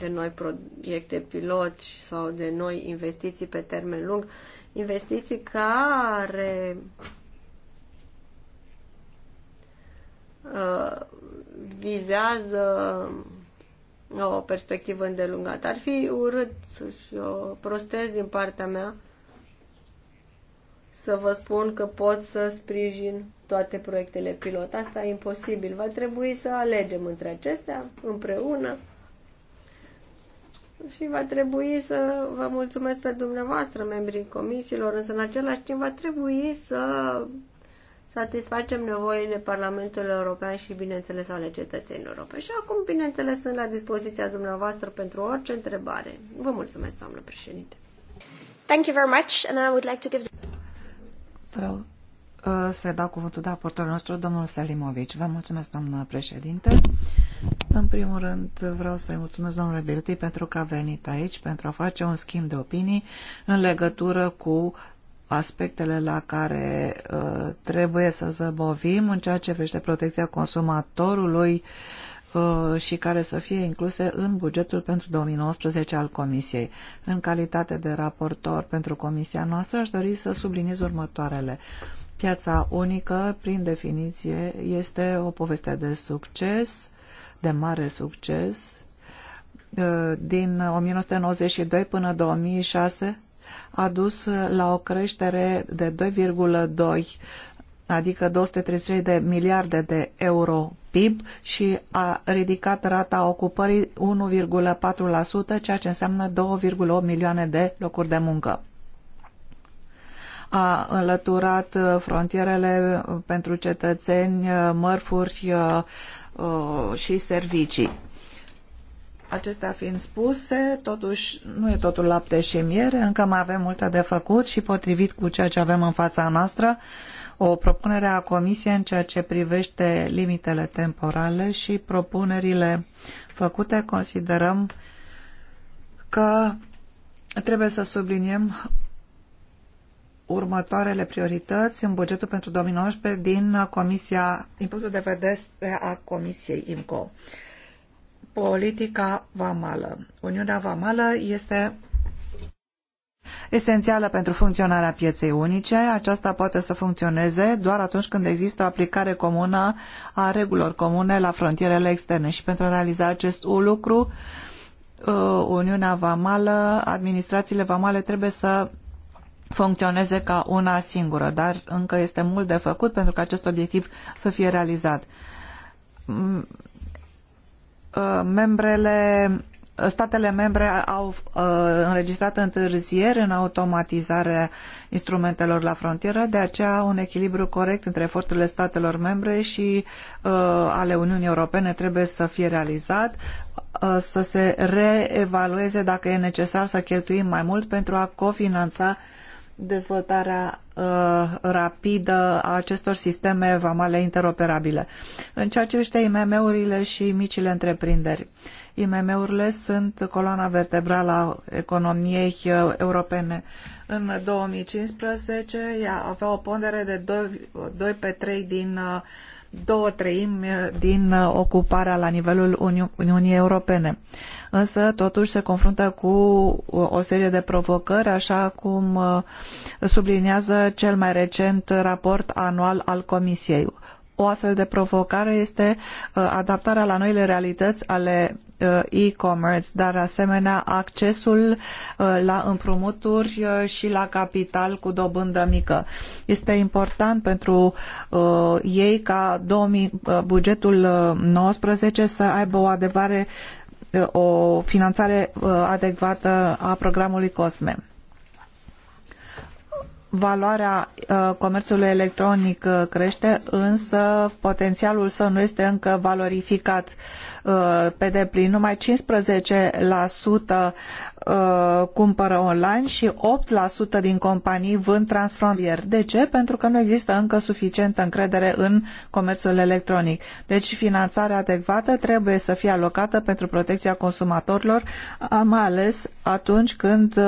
de noi proiecte pilot sau de noi investiții pe termen lung, investiții care uh, vizează uh, o perspectivă îndelungată. Ar fi urât și o uh, prostez din partea mea să vă spun că pot să sprijin toate proiectele pilot. Asta e imposibil. Va trebui să alegem între acestea împreună și va trebui să vă mulțumesc pe dumneavoastră, membrii comisiilor, însă în același timp va trebui să satisfacem nevoile Parlamentului European și, bineînțeles, ale cetățenilor europeni. Și acum, bineînțeles, sunt la dispoziția dumneavoastră pentru orice întrebare. Vă mulțumesc, doamnă președinte. Thank you very much, and I would like to give... Vreau uh, să dau cuvântul de raportorul nostru, domnul Salimovic. Vă mulțumesc, doamnă președinte. În primul rând, vreau să-i mulțumesc domnului Bilti pentru că a venit aici pentru a face un schimb de opinii în legătură cu aspectele la care uh, trebuie să zăbovim în ceea ce privește protecția consumatorului uh, și care să fie incluse în bugetul pentru 2019 al Comisiei. În calitate de raportor pentru Comisia noastră, aș dori să subliniez următoarele. Piața unică, prin definiție, este o poveste de succes, de mare succes. Uh, din 1992 până 2006, a dus uh, la o creștere de 2,2, adică 233 de miliarde de euro PIB și a ridicat rata ocupării 1,4%, ceea ce înseamnă 2,8 milioane de locuri de muncă a înlăturat uh, frontierele uh, pentru cetățeni, mărfuri și servicii. Acestea fiind spuse, totuși nu e totul lapte și miere, încă mai avem multe de făcut și potrivit cu ceea ce avem în fața noastră, o propunere a Comisiei în ceea ce privește limitele temporale și propunerile făcute, considerăm că trebuie să subliniem următoarele priorități în bugetul pentru 2019 din Comisia, din punctul de vedere a Comisiei IMCO politica vamală. Uniunea vamală este esențială pentru funcționarea pieței unice. Aceasta poate să funcționeze doar atunci când există o aplicare comună a regulilor comune la frontierele externe și pentru a realiza acest lucru uh, Uniunea Vamală, administrațiile vamale trebuie să funcționeze ca una singură, dar încă este mult de făcut pentru ca acest obiectiv să fie realizat mm, Uh, membrele uh, statele membre au uh, înregistrat întârzieri în automatizarea instrumentelor la frontieră, de aceea un echilibru corect între eforturile statelor membre și uh, ale Uniunii Europene trebuie să fie realizat, uh, să se reevalueze dacă e necesar să cheltuim mai mult pentru a cofinanța uh, dezvoltarea uh, rapidă a acestor sisteme vamale interoperabile. În ceea ce privește IMM-urile și micile întreprinderi, IMM-urile sunt coloana vertebrală a economiei uh, europene. În 2015 ea avea o pondere de 2, 2 pe 3 din uh, două treimi din uh, ocuparea la nivelul Uni Uniunii Europene. Însă, totuși, se confruntă cu uh, o serie de provocări, așa cum uh, subliniază cel mai recent raport anual al Comisiei. O astfel de provocare este adaptarea la noile realități ale Uh, e-commerce, dar asemenea accesul uh, la împrumuturi uh, și la capital cu dobândă mică. Este important pentru ei ca 2000, bugetul 19 să aibă o adevare o finanțare adecvată a programului COSME valoarea uh, comerțului electronic uh, crește, însă potențialul său nu este încă valorificat uh, pe deplin. Numai 15% cumpără online și 8% din companii vând transfrontalier. De ce? Pentru că nu există încă suficientă încredere în comerțul electronic. Deci finanțarea adecvată trebuie să fie alocată pentru protecția consumatorilor, mai ales atunci când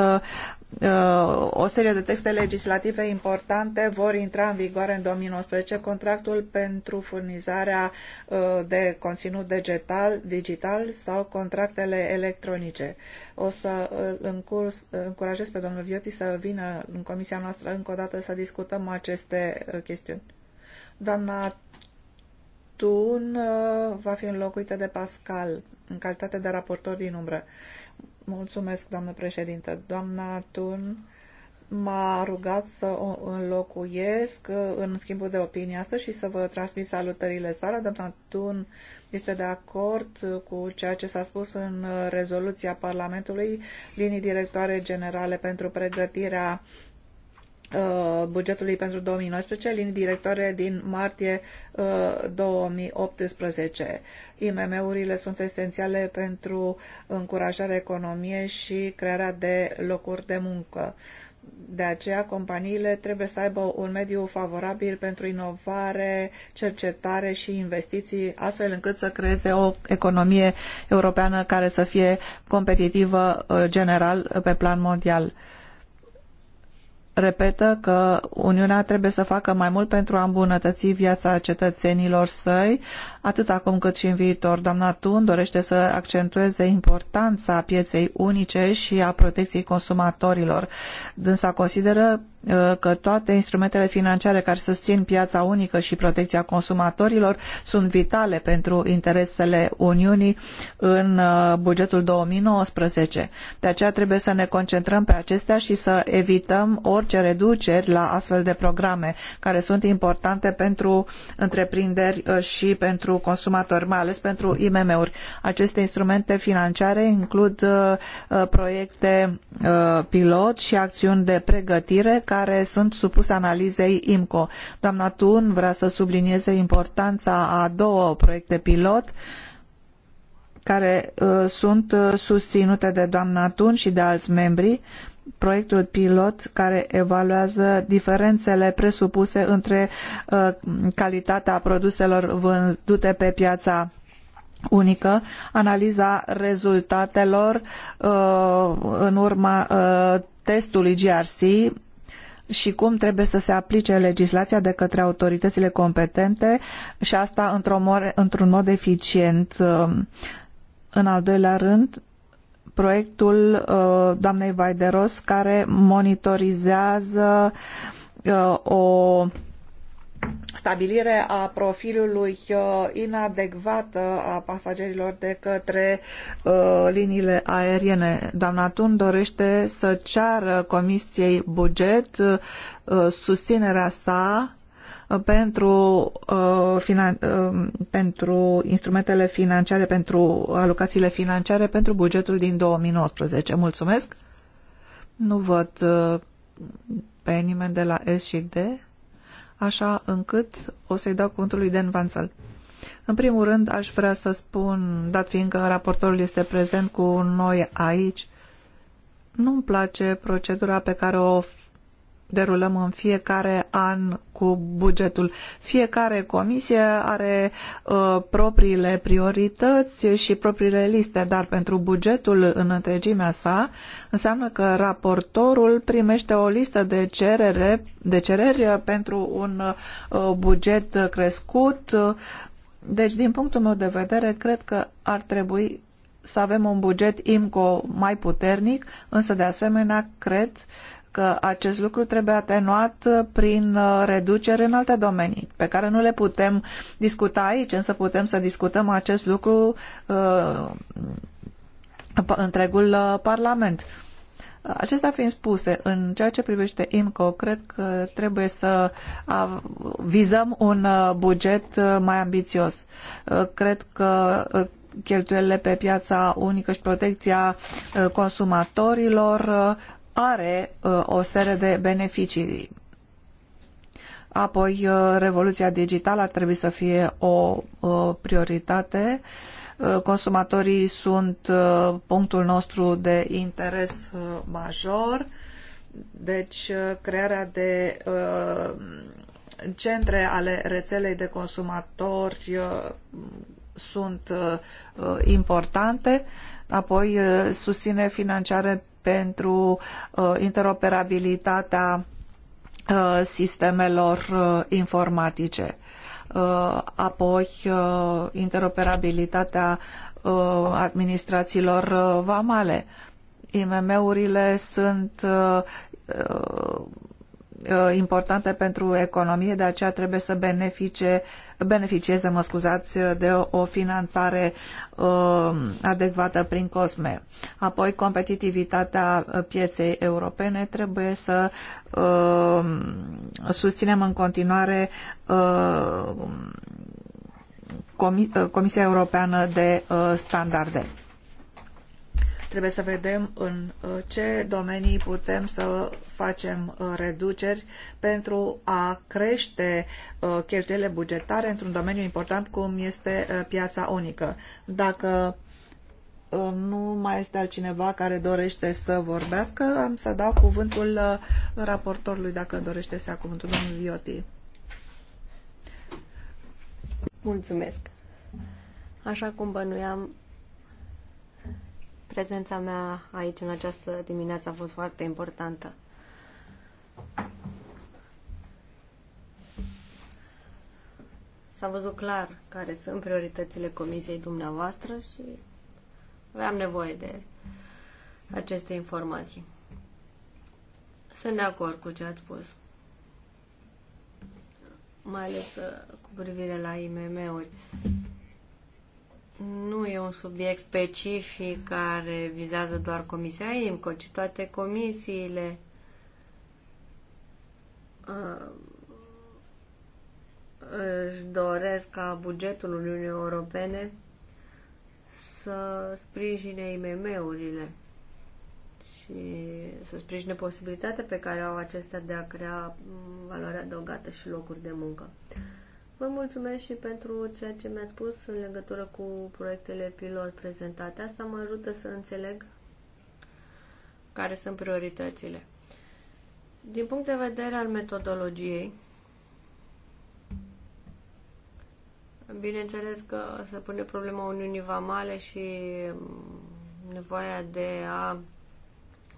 o serie de texte legislative importante vor intra în vigoare în 2019. Contractul pentru furnizarea uh, de conținut digital, digital sau contractele electronice. O să îl încurajez pe domnul Vioti să vină în comisia noastră încă o dată să discutăm aceste uh, chestiuni. Doamna Tun uh, va fi înlocuită de Pascal în calitate de raportor din umbră. Mulțumesc, doamnă președinte. Doamna Tun m-a rugat să o înlocuiesc uh, în schimbul de opinie astăzi și să vă transmit salutările sale. Doamna Tun este de acord uh, cu ceea ce s-a spus în uh, rezoluția Parlamentului, linii directoare generale pentru pregătirea Uh, bugetului pentru 2019, linii directoare din martie 2018. Uh, IMM-urile sunt esențiale pentru încurajarea economiei și crearea de locuri de muncă. De aceea, companiile trebuie să aibă un mediu favorabil pentru inovare, cercetare și investiții, astfel încât să creeze o economie europeană care să fie competitivă uh, general pe plan mondial repetă că Uniunea trebuie să facă mai mult pentru a îmbunătăți viața cetățenilor săi, atât acum cât și în viitor. Doamna Tun dorește să accentueze importanța pieței unice și a protecției consumatorilor. Dânsa consideră uh, că toate instrumentele financiare care susțin piața unică și protecția consumatorilor sunt vitale pentru interesele Uniunii în uh, bugetul 2019. De aceea trebuie să ne concentrăm pe acestea și să evităm ori orice reduceri la astfel de programe care sunt importante pentru întreprinderi uh, și pentru consumatori, mai ales pentru IMM-uri. Aceste instrumente financiare includ uh, uh, proiecte pilot și acțiuni de pregătire care sunt supuse analizei IMCO. Doamna Tun vrea să sublinieze importanța a două proiecte pilot care sunt susținute de doamna Tun și de alți membri proiectul pilot care evaluează diferențele presupuse între uh, calitatea produselor vândute pe piața unică, analiza rezultatelor uh, în urma uh, testului GRC și cum trebuie să se aplice legislația de către autoritățile competente și asta într-un mod eficient. În al doilea rând, proiectul uh, doamnei Vaideros care monitorizează uh, o stabilire a profilului uh, inadecvat a pasagerilor de către liniile aeriene. Doamna Tun dorește să ceară Comisiei Buget susținerea sa Uh, pentru, uh, finan... Uh, pentru instrumentele financiare, pentru alocațiile financiare, pentru bugetul din 2019. Mulțumesc! Nu văd pe nimeni de la S și D, așa încât o să-i dau cuvântul lui Dan Vansel. În primul rând, aș vrea să spun, dat fiindcă raportorul este prezent cu noi aici, nu-mi place procedura pe care o derulăm în fiecare an cu bugetul. Fiecare comisie are uh, propriile priorități și propriile liste, dar pentru bugetul în întregimea sa înseamnă că raportorul primește o listă de, cerere, de cereri pentru un uh, buget crescut. Deci, din punctul meu de vedere, cred că ar trebui să avem un buget IMCO mai puternic, însă de asemenea cred uh, că acest lucru trebuie atenuat prin uh, reduceri în alte domenii, pe care nu le putem discuta aici, însă putem să discutăm acest lucru uh, întregul uh, Parlament. Acestea fiind spuse, în ceea ce privește IMCO, cred că trebuie să vizăm un uh, buget mai ambițios. Cred că cheltuielile pe piața unică și protecția consumatorilor are uh, o serie de beneficii. Apoi, uh, revoluția digitală ar trebui să fie o uh, prioritate. Consumatorii sunt punctul nostru de interes major, deci crearea de centre ale rețelei de consumatori sunt importante, apoi susținere financiară pentru uh, interoperabilitatea uh, sistemelor uh, informatice. Apoi, interoperabilitatea administrațiilor vamale. IMM-urile sunt Uh, importante pentru economie, de aceea trebuie să beneficie, beneficieze, mă scuzați, de o, o finanțare uh, adecvată prin COSME. Apoi, competitivitatea pieței europene trebuie să uh, susținem în continuare uh, uh Comisia Europeană de uh, Standarde Trebuie să vedem în uh, ce domenii putem să facem uh, reduceri pentru a crește uh, cheltuielile bugetare într-un domeniu important cum este piața unică. Dacă nu mai este altcineva care dorește să vorbească, am să dau cuvântul raportorului dacă dorește să ia cuvântul domnul Vioti. Mulțumesc. Așa cum bănuiam, Prezența mea aici în această dimineață a fost foarte importantă. S-a văzut clar care sunt prioritățile comisiei dumneavoastră și aveam nevoie de aceste informații. Sunt de acord cu ce ați spus. Mai ales uh, cu privire la IMM-uri nu e un subiect specific care vizează doar Comisia IMCO, ci toate comisiile uh, își doresc ca bugetul Uniunii Europene să sprijine IMM-urile și să sprijine posibilitatea pe care au acestea de a crea valoare adăugată și locuri de muncă. Vă mulțumesc și pentru ceea ce mi-ați spus în legătură cu proiectele pilot prezentate. Asta mă ajută să înțeleg care sunt prioritățile. Din punct de vedere al metodologiei, bineînțeles că se pune problema Uniunii Vamale și nevoia de a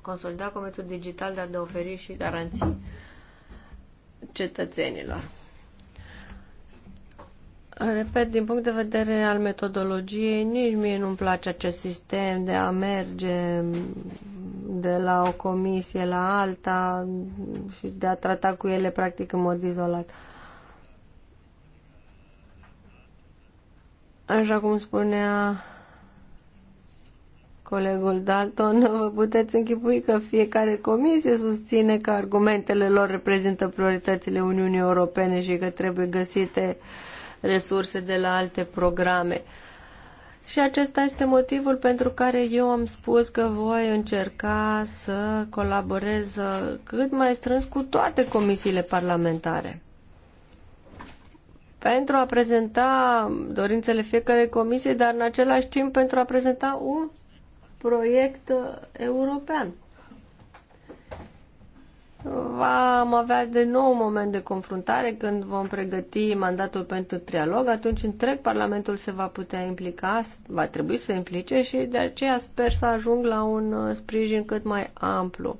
consolida comerțul digital, dar de a oferi și garanții cetățenilor. Repet, din punct de vedere al metodologiei, nici mie nu-mi place acest sistem de a merge de la o comisie la alta și de a trata cu ele practic în mod izolat. Așa cum spunea colegul Dalton, [LAUGHS] vă puteți închipui că fiecare comisie susține că argumentele lor reprezintă prioritățile Uniunii Europene și că trebuie găsite uh, resurse de la alte programe. Și acesta este motivul pentru care eu am spus că voi încerca să colaborez uh, cât mai strâns cu toate comisiile parlamentare. Pentru a prezenta dorințele fiecarei comisii, dar în același timp pentru a prezenta un proiect uh, european. Vom avea de nou un moment de confruntare când vom pregăti mandatul pentru trialog, atunci întreg Parlamentul se va putea implica, va trebui să se implice și de aceea sper să ajung la un uh, sprijin cât mai amplu.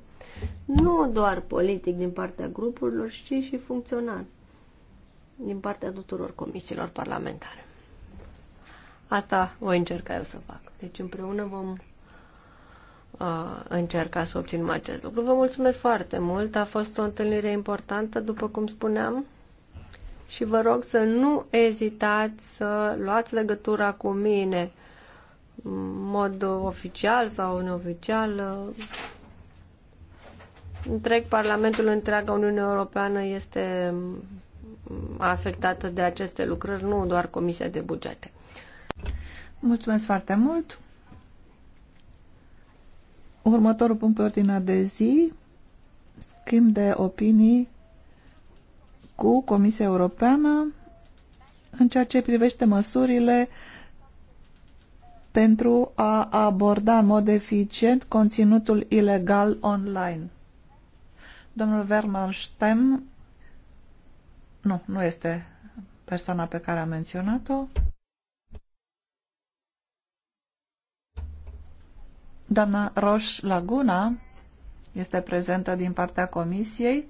Nu doar politic din partea grupurilor, ci și funcțional din partea tuturor comisiilor parlamentare. Asta voi încerca eu să fac. Deci împreună vom încerca să obținem acest lucru. Vă mulțumesc foarte mult, a fost o întâlnire importantă, după cum spuneam, și vă rog să nu ezitați să luați legătura cu mine în mod oficial sau neoficial. Ă, întreg Parlamentul, întreaga Uniune Europeană este afectată de aceste lucrări, nu doar Comisia de Bugete. Mulțumesc foarte mult! Următorul punct pe ordinea de zi, schimb de opinii cu Comisia Europeană în ceea ce privește măsurile pentru a aborda în mod eficient conținutul ilegal online. Domnul Werner Stem nu, nu este persoana pe care am menționat-o. Doamna Roș Laguna este prezentă din partea comisiei.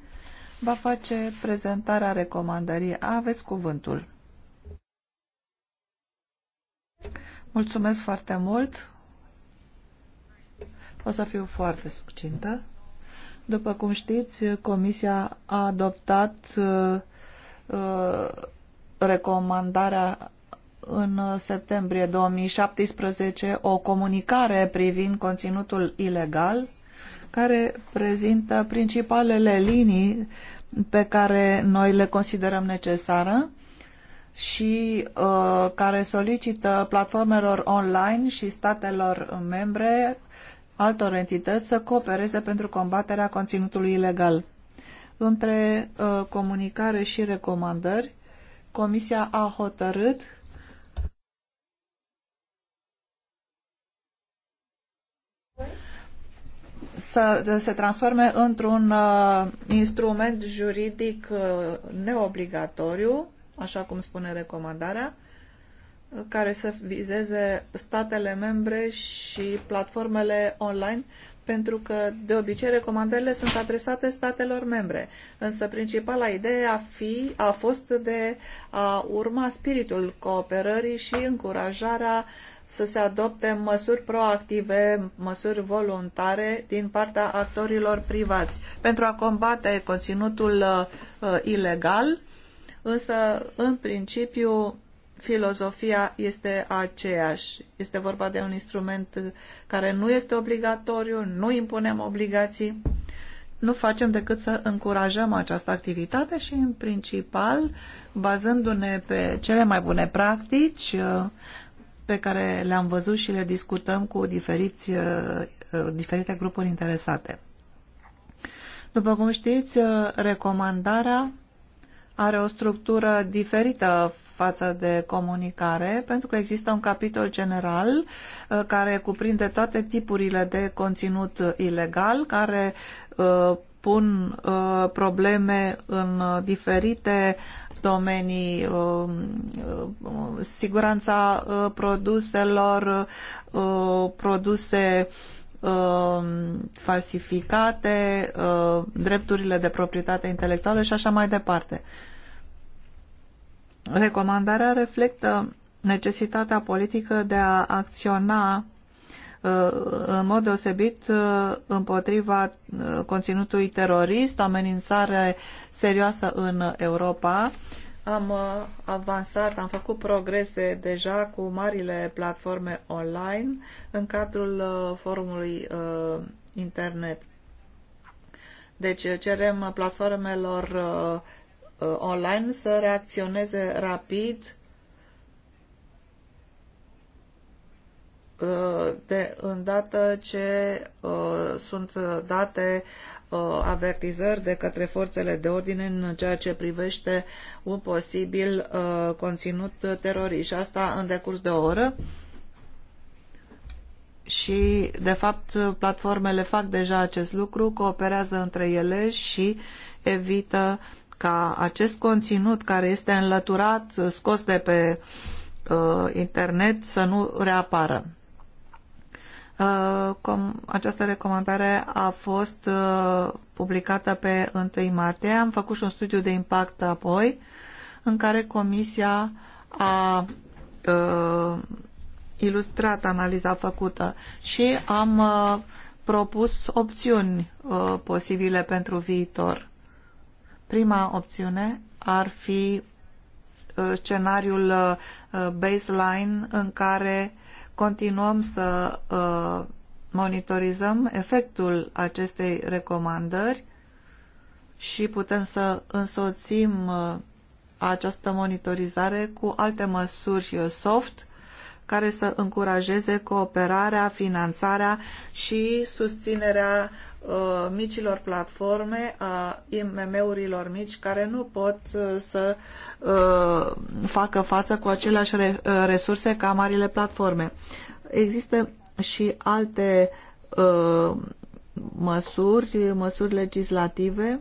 Va face prezentarea recomandării. Aveți cuvântul. Mulțumesc foarte mult. O să fiu foarte succintă. După cum știți, Comisia a adoptat uh, uh recomandarea în septembrie 2017 o comunicare privind conținutul ilegal care prezintă principalele linii pe care noi le considerăm necesară și uh, care solicită platformelor online și statelor membre altor entități să coopereze pentru combaterea conținutului ilegal. Între uh, comunicare și recomandări, Comisia a hotărât să se transforme într-un uh, instrument juridic uh, neobligatoriu, așa cum spune recomandarea, uh, care să vizeze statele membre și platformele online, pentru că de obicei recomandările sunt adresate statelor membre. Însă principala idee a, fi, a fost de a urma spiritul cooperării și încurajarea uh, să se adopte măsuri proactive, măsuri voluntare din partea actorilor privați pentru a combate conținutul uh, ilegal, însă, în principiu, filozofia este aceeași. Este vorba de un instrument care nu este obligatoriu, nu impunem obligații, nu facem decât să încurajăm această activitate și, în principal, bazându-ne pe cele mai bune practici, uh, pe care le-am văzut și le discutăm cu diferiți, uh, uh, diferite grupuri interesate. După cum știți, uh, recomandarea are o structură diferită față de comunicare, pentru că există un capitol general care cuprinde toate tipurile de conținut ilegal, care pun probleme în diferite domenii, um, um, siguranța uh, produselor, uh, produse um, falsificate, uh, drepturile de proprietate intelectuală și așa mai departe. Recomandarea reflectă necesitatea politică de a acționa Uh, în mod deosebit uh, împotriva uh, conținutului terorist, amenințare serioasă în Europa. Am avansat, am făcut progrese deja cu marile platforme online în cadrul forumului internet. Deci cerem platformelor online să reacționeze rapid Uh, de îndată ce uh, sunt date uh, avertizări de către forțele de ordine în ceea ce privește un posibil conținut terorist. Și asta în decurs de o oră și, de fapt, platformele fac deja acest lucru, cooperează între ele și evită ca acest conținut care este înlăturat, scos de pe uh, internet, să nu reapară. Uh, această recomandare a fost uh, publicată pe 1 martie. Am făcut și un studiu de impact apoi, în care Comisia a uh, ilustrat analiza făcută și am propus opțiuni posibile pentru viitor. Prima opțiune ar fi scenariul baseline în care continuăm să uh, monitorizăm efectul acestei recomandări și putem să însoțim uh, această monitorizare cu alte măsuri uh, soft care să încurajeze cooperarea, finanțarea și susținerea Uh, micilor platforme, a IMM-urilor mici care nu pot uh, să uh, facă față cu aceleași resurse ca marile platforme. Există și alte măsuri, măsuri legislative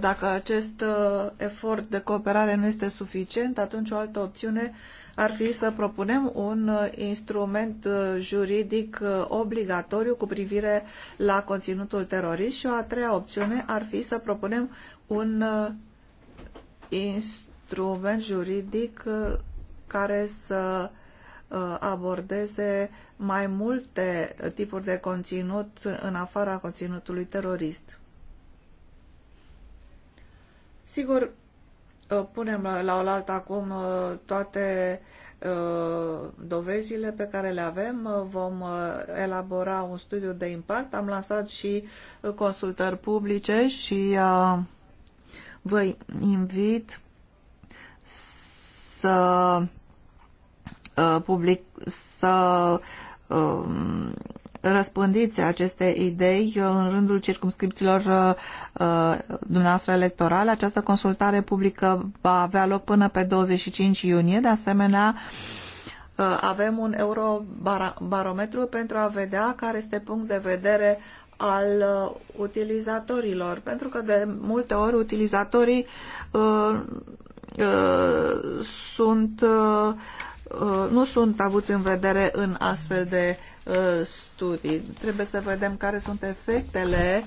Dacă acest uh, efort de cooperare nu este suficient, atunci o altă opțiune ar fi să propunem un uh, instrument uh, juridic obligatoriu cu privire la conținutul terorist și o a treia opțiune ar fi să propunem un instrument juridic care să abordeze mai multe tipuri de conținut în afara conținutului terorist. Sigur, uh, punem la oaltă acum uh, toate uh, dovezile pe care le avem. Vom elabora un studiu de impact. Am lansat și consultări publice și vă invit să public, să um, răspândiți aceste idei uh, în rândul circumscripțiilor uh, uh, dumneavoastră electorale. Această consultare publică va avea loc până pe 25 iunie. De asemenea, avem un eurobarometru pentru a vedea care este punct de vedere al utilizatorilor, pentru că de multe ori utilizatorii uh, sunt, nu sunt avuți în vedere în astfel de Uh, studii. Trebuie să vedem care sunt efectele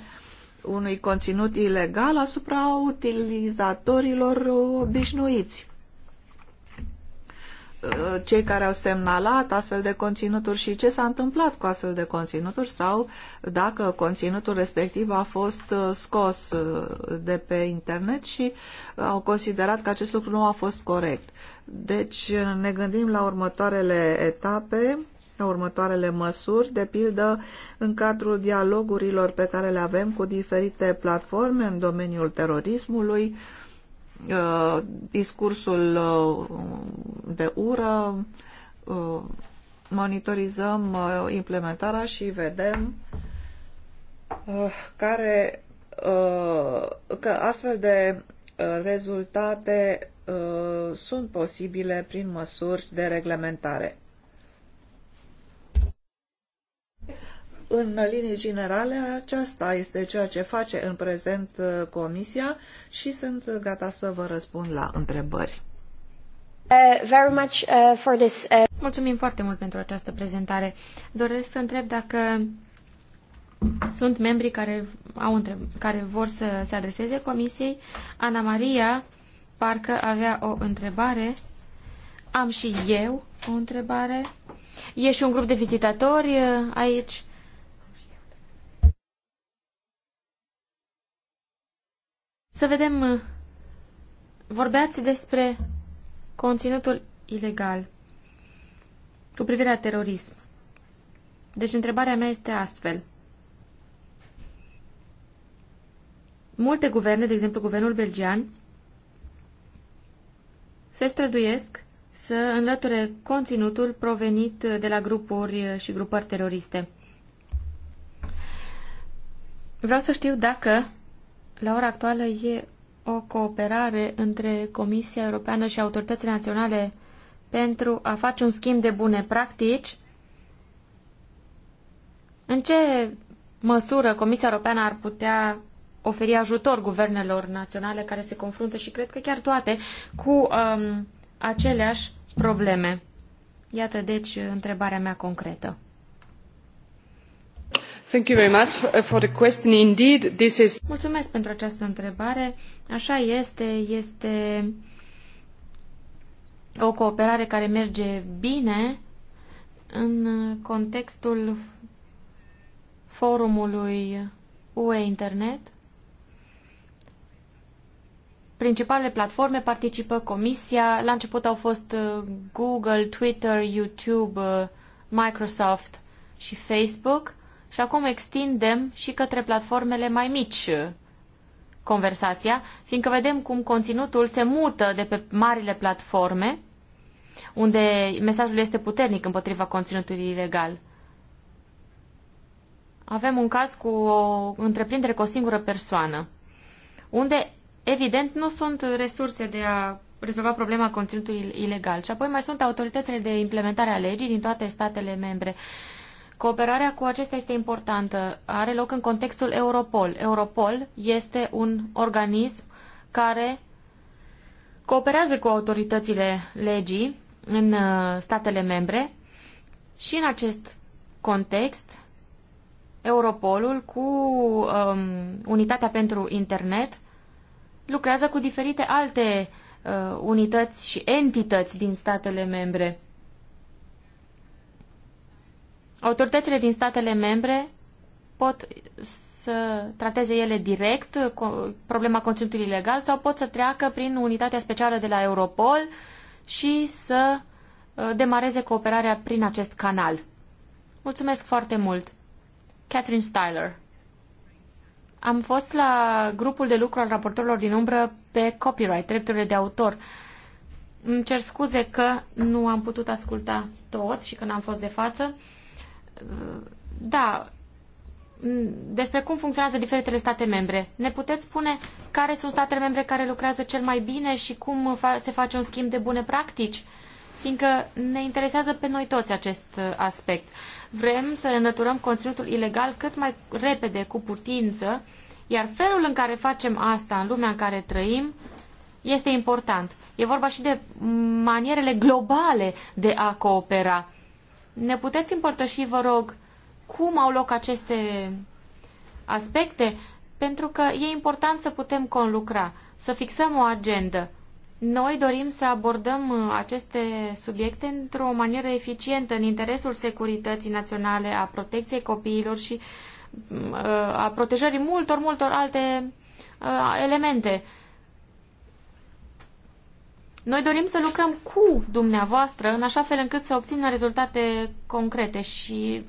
unui conținut ilegal asupra utilizatorilor obișnuiți. Uh, cei care au semnalat astfel de conținuturi și ce s-a întâmplat cu astfel de conținuturi sau dacă conținutul respectiv a fost uh, scos de pe internet și au considerat că acest lucru nu a fost corect. Deci ne gândim la următoarele etape la următoarele măsuri, de pildă în cadrul dialogurilor pe care le avem cu diferite platforme în domeniul terorismului, uh, discursul uh, de ură, uh, monitorizăm implementarea și vedem care că astfel de rezultate sunt posibile prin măsuri de reglementare. În linii generale, aceasta este ceea ce face în prezent uh, Comisia și sunt gata să vă răspund la întrebări. Uh, very much, uh, for this, uh... Mulțumim foarte mult pentru această prezentare. Doresc să întreb dacă sunt membri care, au întreb, care vor să se adreseze Comisiei. Ana Maria parcă avea o întrebare. Am și eu o întrebare. E și un grup de vizitatori uh, aici. Să vedem, uh, vorbeați despre conținutul ilegal cu privire la terorism. Deci întrebarea mea este astfel. Multe guverne, de exemplu guvernul belgian, se străduiesc să înlăture conținutul provenit de la grupuri și grupări teroriste. Vreau să știu dacă la ora actuală e o cooperare între Comisia Europeană și autoritățile naționale pentru a face un schimb de bune practici. În ce măsură Comisia Europeană ar putea oferi ajutor guvernelor naționale care se confruntă și cred că chiar toate cu um, aceleași probleme? Iată deci întrebarea mea concretă. Mulțumesc pentru această întrebare. Așa este, este o cooperare care merge bine în contextul forumului UE Internet. Principalele platforme participă Comisia. La început au fost uh, Google, Twitter, YouTube, uh, Microsoft și Facebook – și acum extindem și către platformele mai mici uh, conversația, fiindcă vedem cum conținutul se mută de pe marile platforme, unde mesajul este puternic împotriva conținutului ilegal. Avem un caz cu o întreprindere cu o singură persoană, unde, evident, nu sunt resurse de a rezolva problema conținutului ilegal. Și apoi mai sunt autoritățile de implementare a legii din toate statele membre. Uh, Cooperarea cu acesta este importantă. Are loc în contextul Europol. Europol este un organism care cooperează cu autoritățile legii în uh, statele membre și în acest context Europolul cu um, Unitatea pentru Internet lucrează cu diferite alte uh, unități și entități din statele membre. Autoritățile din statele membre pot să trateze ele direct problema conținutului ilegal sau pot să treacă prin unitatea specială de la Europol și să uh, demareze cooperarea prin acest canal. Mulțumesc foarte mult! Catherine Styler Am fost la grupul de lucru al raportorilor din umbră pe copyright, drepturile de autor. Îmi cer scuze că nu am putut asculta tot și că n-am fost de față da, despre cum funcționează diferitele state membre. Ne puteți spune care sunt statele membre care lucrează cel mai bine și cum se face un schimb de bune practici? Fiindcă ne interesează pe noi toți acest uh, aspect. Vrem să înlăturăm conținutul ilegal cât mai repede, cu putință, iar felul în care facem asta în lumea în care trăim este important. E vorba și de manierele globale de a coopera ne puteți împărtăși, vă rog, cum au loc aceste aspecte? Pentru că e important să putem conlucra, să fixăm o agendă. Noi dorim să abordăm uh, aceste subiecte într-o manieră eficientă, în interesul securității naționale, a protecției copiilor și mm, uh, a protejării multor, multor alte uh, elemente. Noi dorim să lucrăm cu dumneavoastră în așa fel încât să obținem rezultate concrete și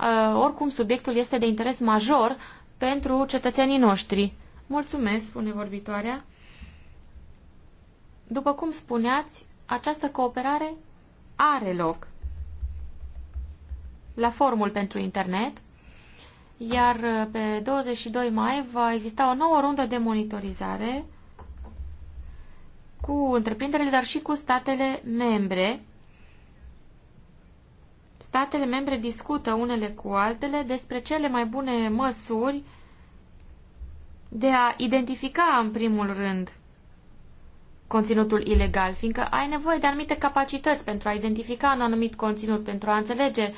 uh, oricum subiectul este de interes major pentru cetățenii noștri. Mulțumesc, spune vorbitoarea. După cum spuneați, această cooperare are loc la formul pentru internet, iar uh, pe 22 mai va exista o nouă rundă de monitorizare cu întreprinderile, dar și cu statele membre. Statele membre discută unele cu altele despre cele mai bune măsuri de a identifica, în primul rând, conținutul ilegal, fiindcă ai nevoie de anumite capacități pentru a identifica un anumit conținut, pentru a înțelege uh,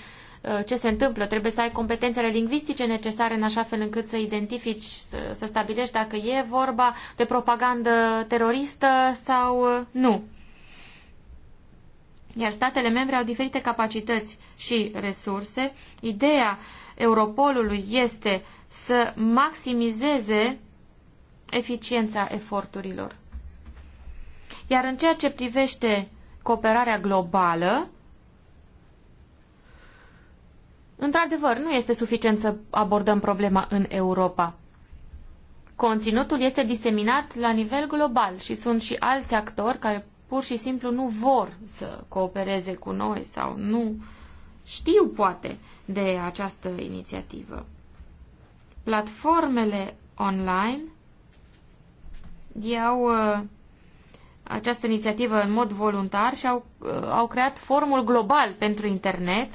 Uh, ce se întâmplă. Trebuie să ai competențele lingvistice necesare în așa fel încât să identifici, să, să stabilești dacă e vorba de propagandă teroristă sau uh, nu. Iar statele membre au diferite capacități și resurse. Ideea Europolului este să maximizeze eficiența eforturilor. Iar în ceea ce privește cooperarea globală, Într-adevăr, nu este suficient să abordăm problema în Europa. Conținutul este diseminat la nivel global și sunt și alți actori care pur și simplu nu vor să coopereze cu noi sau nu știu, poate, de această inițiativă. Platformele online iau uh, această inițiativă în mod voluntar și au, uh, au creat formul global pentru internet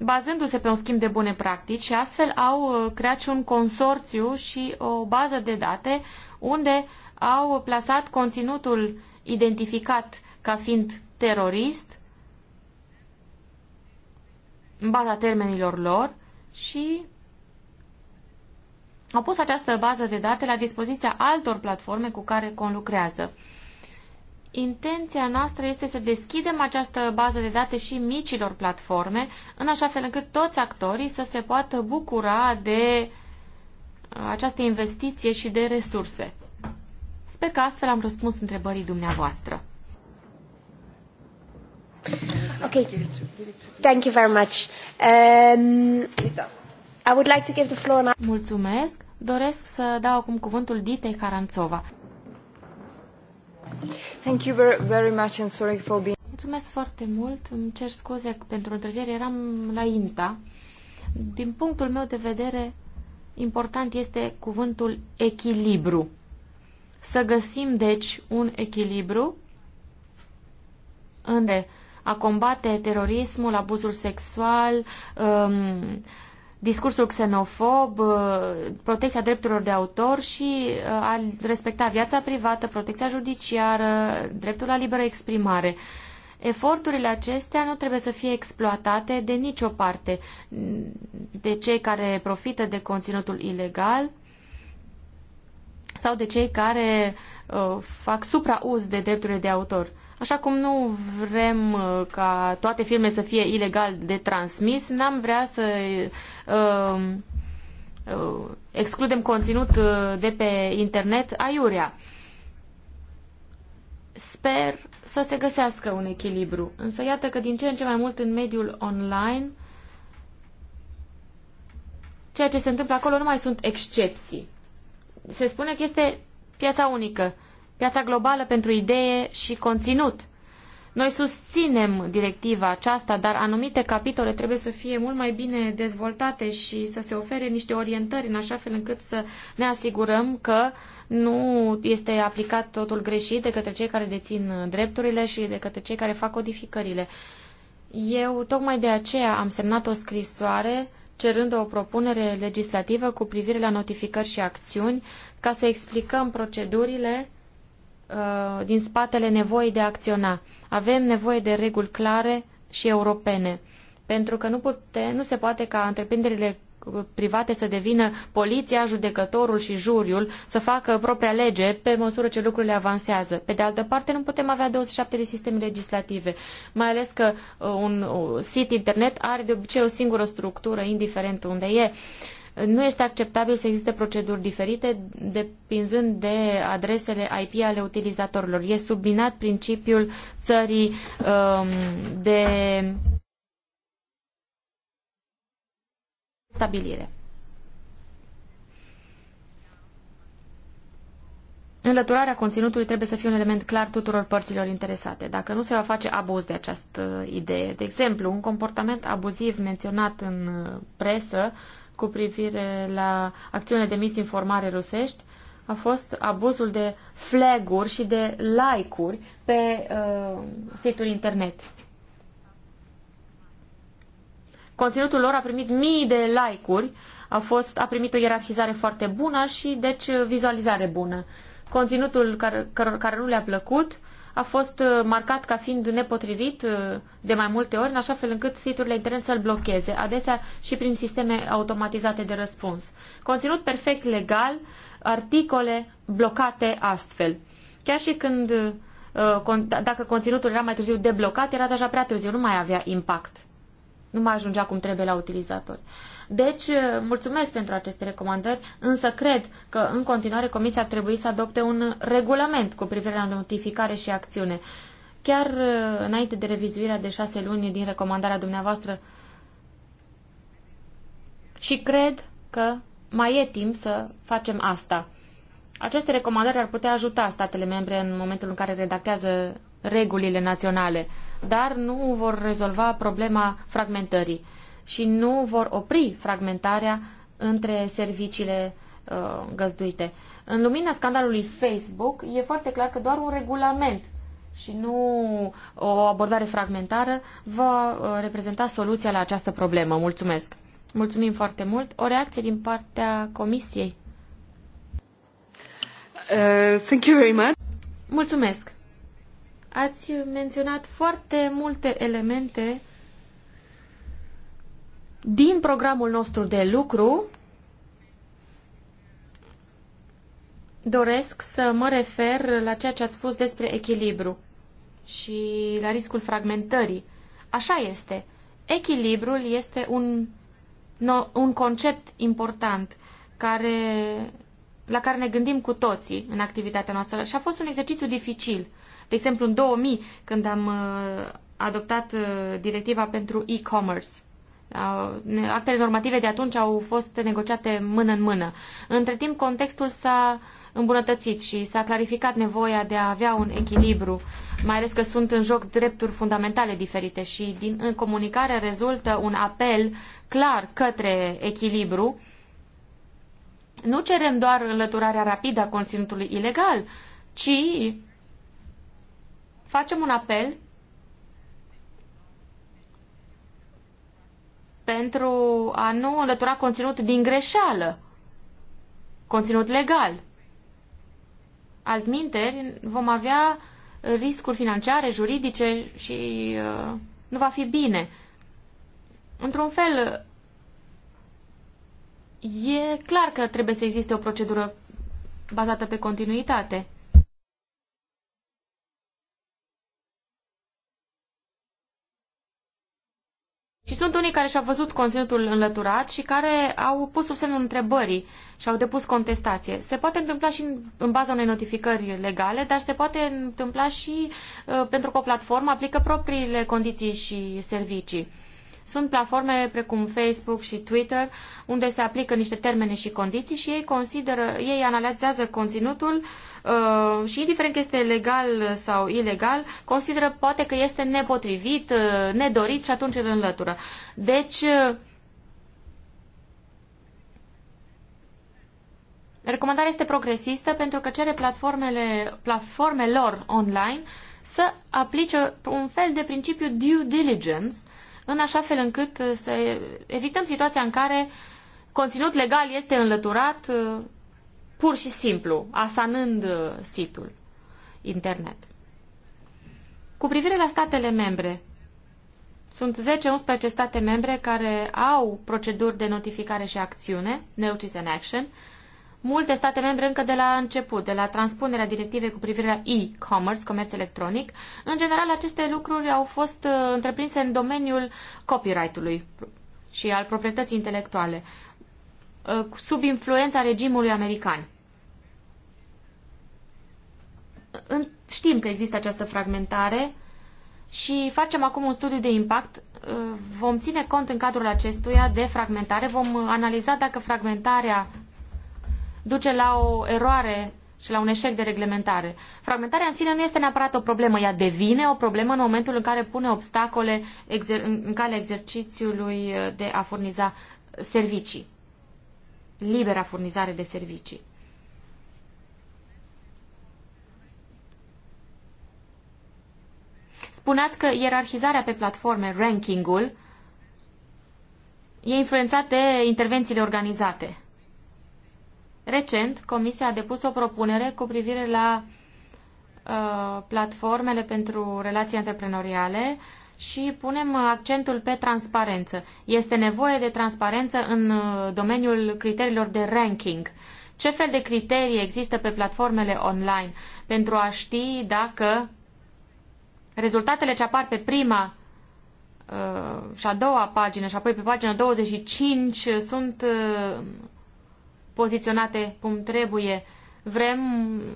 bazându-se pe un schimb de bune practici și astfel au uh, creat și un consorțiu și o bază de date unde au plasat conținutul identificat ca fiind terorist în baza termenilor lor și au pus această bază de date la dispoziția altor platforme cu care conlucrează. Intenția noastră este să deschidem această bază de date și micilor platforme, în așa fel încât toți actorii să se poată bucura de uh, această investiție și de resurse. Sper că astfel am răspuns întrebării dumneavoastră. Ok. Thank you very much. Um, I would like to give the floor now. Mulțumesc. Doresc să dau acum cuvântul Ditei Caranțova. Thank you very, very much and sorry for being... Mulțumesc foarte mult. Îmi cer scuze pentru întârziere. Eram la INTA. Din punctul meu de vedere, important este cuvântul echilibru. Să găsim, deci, un echilibru între a combate terorismul, abuzul sexual, um, discursul xenofob, uh, protecția drepturilor de autor și uh, a respecta viața privată, protecția judiciară, dreptul la liberă exprimare. Eforturile acestea nu trebuie să fie exploatate de nicio parte de cei care profită de conținutul ilegal sau de cei care uh, fac suprauz de drepturile de autor. Așa cum nu vrem uh, ca toate filmele să fie ilegal de transmis, n-am vrea să Um, uh, excludem conținut uh, de pe internet aiurea. Sper să se găsească un echilibru, însă iată că din ce în ce mai mult în mediul online ceea ce se întâmplă acolo nu mai sunt excepții. Se spune că este piața unică, piața globală pentru idee și conținut – noi susținem directiva aceasta, dar anumite capitole trebuie să fie mult mai bine dezvoltate și să se ofere niște orientări în așa fel încât să ne asigurăm că nu este aplicat totul greșit de către cei care dețin drepturile și de către cei care fac codificările. Eu tocmai de aceea am semnat o scrisoare cerând o propunere legislativă cu privire la notificări și acțiuni ca să explicăm procedurile Uh, din spatele nevoii de a acționa. Avem nevoie de reguli clare și europene, pentru că nu, pute, nu se poate ca întreprinderile private să devină poliția, judecătorul și juriul să facă propria lege pe măsură ce lucrurile avansează. Pe de altă parte, nu putem avea 27 de sisteme legislative, mai ales că uh, un uh, sit internet are de obicei o singură structură, indiferent unde e. Uh, nu este acceptabil să existe proceduri diferite depinzând de adresele IP ale utilizatorilor. E subminat principiul țării um, de stabilire. Înlăturarea conținutului trebuie să fie un element clar tuturor părților interesate, dacă nu se va face abuz de această idee. De exemplu, un comportament abuziv menționat în presă uh, cu privire la acțiunile de misinformare rusești a fost abuzul de flaguri și de like-uri pe uh, site-ul internet. Conținutul lor a primit mii de like-uri, a, fost, a primit o ierarhizare foarte bună și deci vizualizare bună. Conținutul care, care, care nu le-a plăcut a fost uh, marcat ca fiind nepotrivit uh, de mai multe ori, în așa fel încât siturile internet să-l blocheze, adesea și prin sisteme automatizate de răspuns. Conținut perfect legal, articole blocate astfel. Chiar și când, uh, da, dacă conținutul era mai târziu deblocat, era deja prea târziu, nu mai avea impact nu mai ajungea cum trebuie la utilizatori. Deci, eh, mulțumesc pentru aceste recomandări, însă cred că în continuare Comisia ar trebui să adopte un regulament cu privire la notificare și acțiune. Chiar eh, înainte de revizuirea de șase luni din recomandarea dumneavoastră, și cred că mai e timp să facem asta. Aceste recomandări ar putea ajuta statele membre în momentul în care redactează regulile naționale, dar nu vor rezolva problema fragmentării și nu vor opri fragmentarea între serviciile uh, găzduite. În lumina scandalului Facebook, e foarte clar că doar un regulament și nu o abordare fragmentară va uh, reprezenta soluția la această problemă. Mulțumesc! Mulțumim foarte mult! O reacție din partea Comisiei? Uh, thank you very much! Mulțumesc! Ați menționat foarte multe elemente din programul nostru de lucru. Doresc să mă refer la ceea ce ați spus despre echilibru și la riscul fragmentării. Așa este. Echilibrul este un, no, un concept important care, la care ne gândim cu toții în activitatea noastră și a fost un exercițiu dificil. De exemplu, în 2000, când am uh, adoptat uh, directiva pentru e-commerce. Actele normative de atunci au fost negociate mână în mână. Între timp, contextul s-a îmbunătățit și s-a clarificat nevoia de a avea un echilibru, mai ales că sunt în joc drepturi fundamentale diferite și din în comunicare rezultă un apel clar către echilibru. Nu cerem doar înlăturarea rapidă a conținutului ilegal, ci facem un apel pentru a nu înlătura conținut din greșeală, conținut legal. Altminteri, vom avea riscuri financiare, juridice și uh, nu va fi bine. Într-un fel, e clar că trebuie să existe o procedură bazată pe continuitate. Și sunt unii care și-au văzut conținutul înlăturat și care au pus sub semnul întrebării și au depus contestație. Se poate întâmpla și în, baza unei notificări legale, dar se poate întâmpla și uh, pentru că o platformă aplică propriile condiții și servicii. Sunt platforme precum Facebook și Twitter, unde se aplică niște termene și condiții și ei consideră, ei analizează conținutul uh, și indiferent că este legal sau ilegal, consideră poate că este nepotrivit, uh, nedorit și atunci îl înlătură. Deci, uh, Recomandarea este progresistă pentru că cere platformele, platformelor online să aplice un fel de principiu due diligence uh, în așa fel încât uh, să evităm situația în care conținut legal este înlăturat uh, pur și simplu, asanând uh, situl internet. Cu privire la statele membre, sunt 10-11 state membre care au proceduri de notificare și acțiune, Notice and Action, multe state membre încă de la început, de la transpunerea directivei cu privire la e-commerce, comerț electronic. În general, aceste lucruri au fost uh, întreprinse în domeniul copyright-ului și al proprietății intelectuale, uh, sub influența regimului american. Știm că există această fragmentare și facem acum un studiu de impact uh, vom ține cont în cadrul acestuia de fragmentare, vom analiza dacă fragmentarea duce la o eroare și la un eșec de reglementare. Fragmentarea în sine nu este neapărat o problemă, ea devine o problemă în momentul în care pune obstacole în calea exercițiului uh, de a furniza servicii, libera furnizare de servicii. Spuneați că ierarhizarea pe platforme, rankingul, e influențat de intervențiile organizate. Recent, Comisia a depus o propunere cu privire la uh, platformele pentru relații antreprenoriale și punem accentul pe transparență. Este nevoie de transparență în uh, domeniul criteriilor de ranking. Ce fel de criterii există pe platformele online pentru a ști dacă rezultatele ce apar pe prima uh, și a doua pagină și apoi pe pagina 25 sunt uh, poziționate cum trebuie. Vrem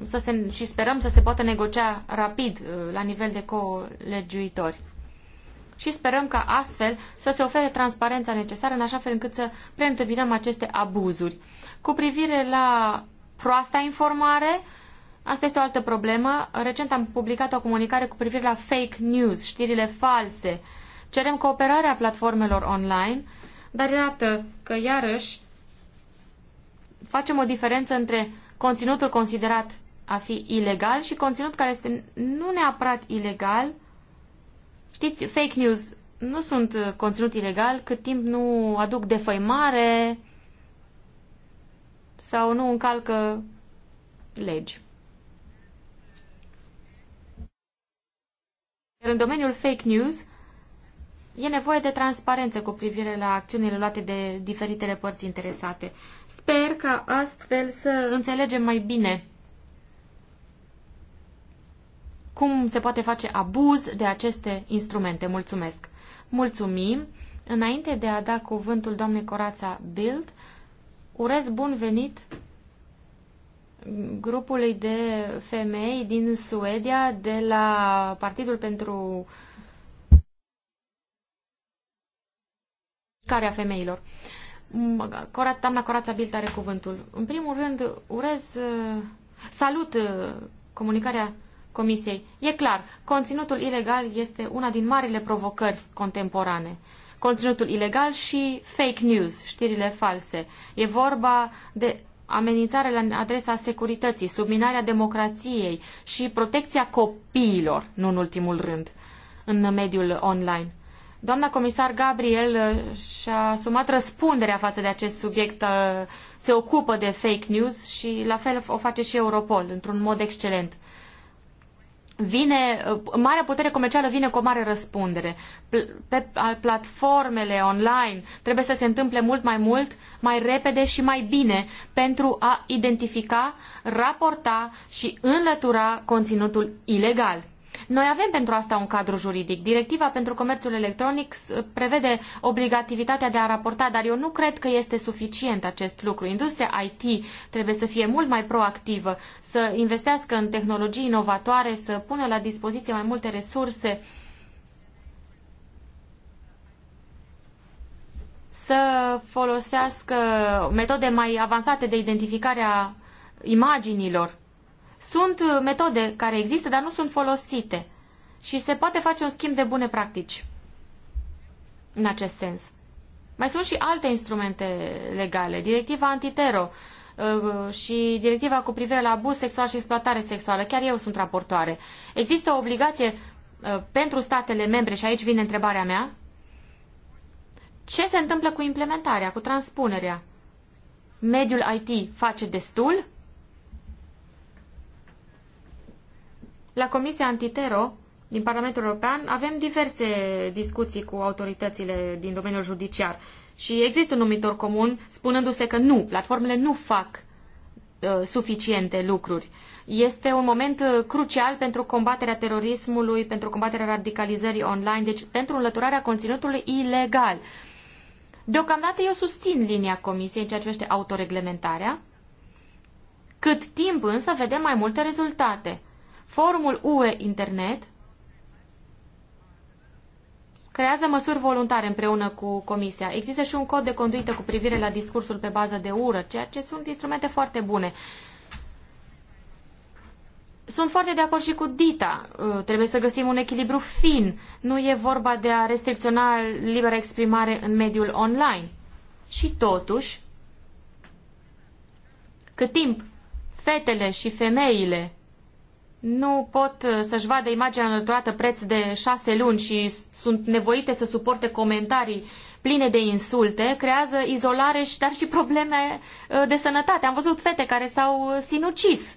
să se, și sperăm să se poată negocia rapid uh, la nivel de colegiuitori. Și sperăm ca astfel să se ofere transparența necesară în așa fel încât să preîntâmpinăm aceste abuzuri. Cu privire la proasta informare, Asta este o altă problemă. Recent am publicat o comunicare cu privire la fake news, știrile false. Cerem cooperarea platformelor online, dar iată că iarăși facem o diferență între conținutul considerat a fi ilegal și conținut care este nu neapărat ilegal. Știți, fake news nu sunt uh, conținut ilegal cât timp nu aduc defăimare sau nu încalcă legi. Iar în domeniul fake news, E nevoie de transparență cu privire la acțiunile luate de diferitele părți interesate. Sper ca astfel să înțelegem mai bine cum se poate face abuz de aceste instrumente. Mulțumesc! Mulțumim! Înainte de a da cuvântul doamnei Corața Bild, urez bun venit grupului de femei din Suedia de la Partidul pentru uh, care a femeilor. Doamna Corața Bilt are cuvântul. În primul rând, urez, uh, salut uh, comunicarea Comisiei. E clar, conținutul ilegal este una din marile provocări contemporane. Conținutul ilegal și fake news, știrile false. E vorba de amenințare la adresa securității, subminarea democrației și protecția copiilor, nu în ultimul rând, în mediul online. Doamna comisar Gabriel uh, și-a asumat răspunderea față de acest subiect, uh, se ocupă de fake news și la fel o face și Europol, într-un mod excelent. Vine, uh, marea putere comercială vine cu o mare răspundere. Pe platformele online trebuie să se întâmple mult mai mult, mai repede și mai bine pentru a identifica, raporta și înlătura conținutul ilegal. Noi avem pentru asta un cadru juridic. Directiva pentru comerțul electronic uh, prevede obligativitatea de a raporta, dar eu nu cred că este suficient acest lucru. Industria IT trebuie să fie mult mai proactivă, să investească în tehnologii inovatoare, să pună la dispoziție mai multe resurse, să folosească metode mai avansate de identificare a imaginilor sunt uh, metode care există, dar nu sunt folosite și se poate face un schimb de bune practici în acest sens. Mai sunt și alte instrumente legale, directiva antitero uh, și directiva cu privire la abuz sexual și exploatare sexuală. Chiar eu sunt raportoare. Există o obligație uh, pentru statele membre, și aici vine întrebarea mea, ce se întâmplă cu implementarea, cu transpunerea? Mediul IT face destul? La Comisia Antitero din Parlamentul European avem diverse discuții cu autoritățile din domeniul judiciar și există un numitor comun spunându-se că nu, platformele nu fac uh, suficiente lucruri. Este un moment ă, crucial pentru combaterea terorismului, pentru combaterea radicalizării online, deci pentru înlăturarea conținutului ilegal. Deocamdată eu susțin linia Comisiei în ceea ce privește autoreglementarea, cât timp însă vedem mai multe rezultate. Forumul UE Internet creează măsuri voluntare împreună cu Comisia. Există și un cod de conduită cu privire la discursul pe bază de ură, ceea ce sunt instrumente foarte bune. Sunt foarte de acord și cu Dita. Uh, trebuie să găsim un echilibru fin. Nu e vorba de a restricționa libera exprimare în mediul online. Și totuși, cât timp fetele și femeile nu pot uh, să-și vadă imaginea înlăturată preț de șase luni și sunt nevoite să suporte comentarii pline de insulte, creează izolare și dar și probleme uh, de sănătate. Am văzut fete care s-au uh, sinucis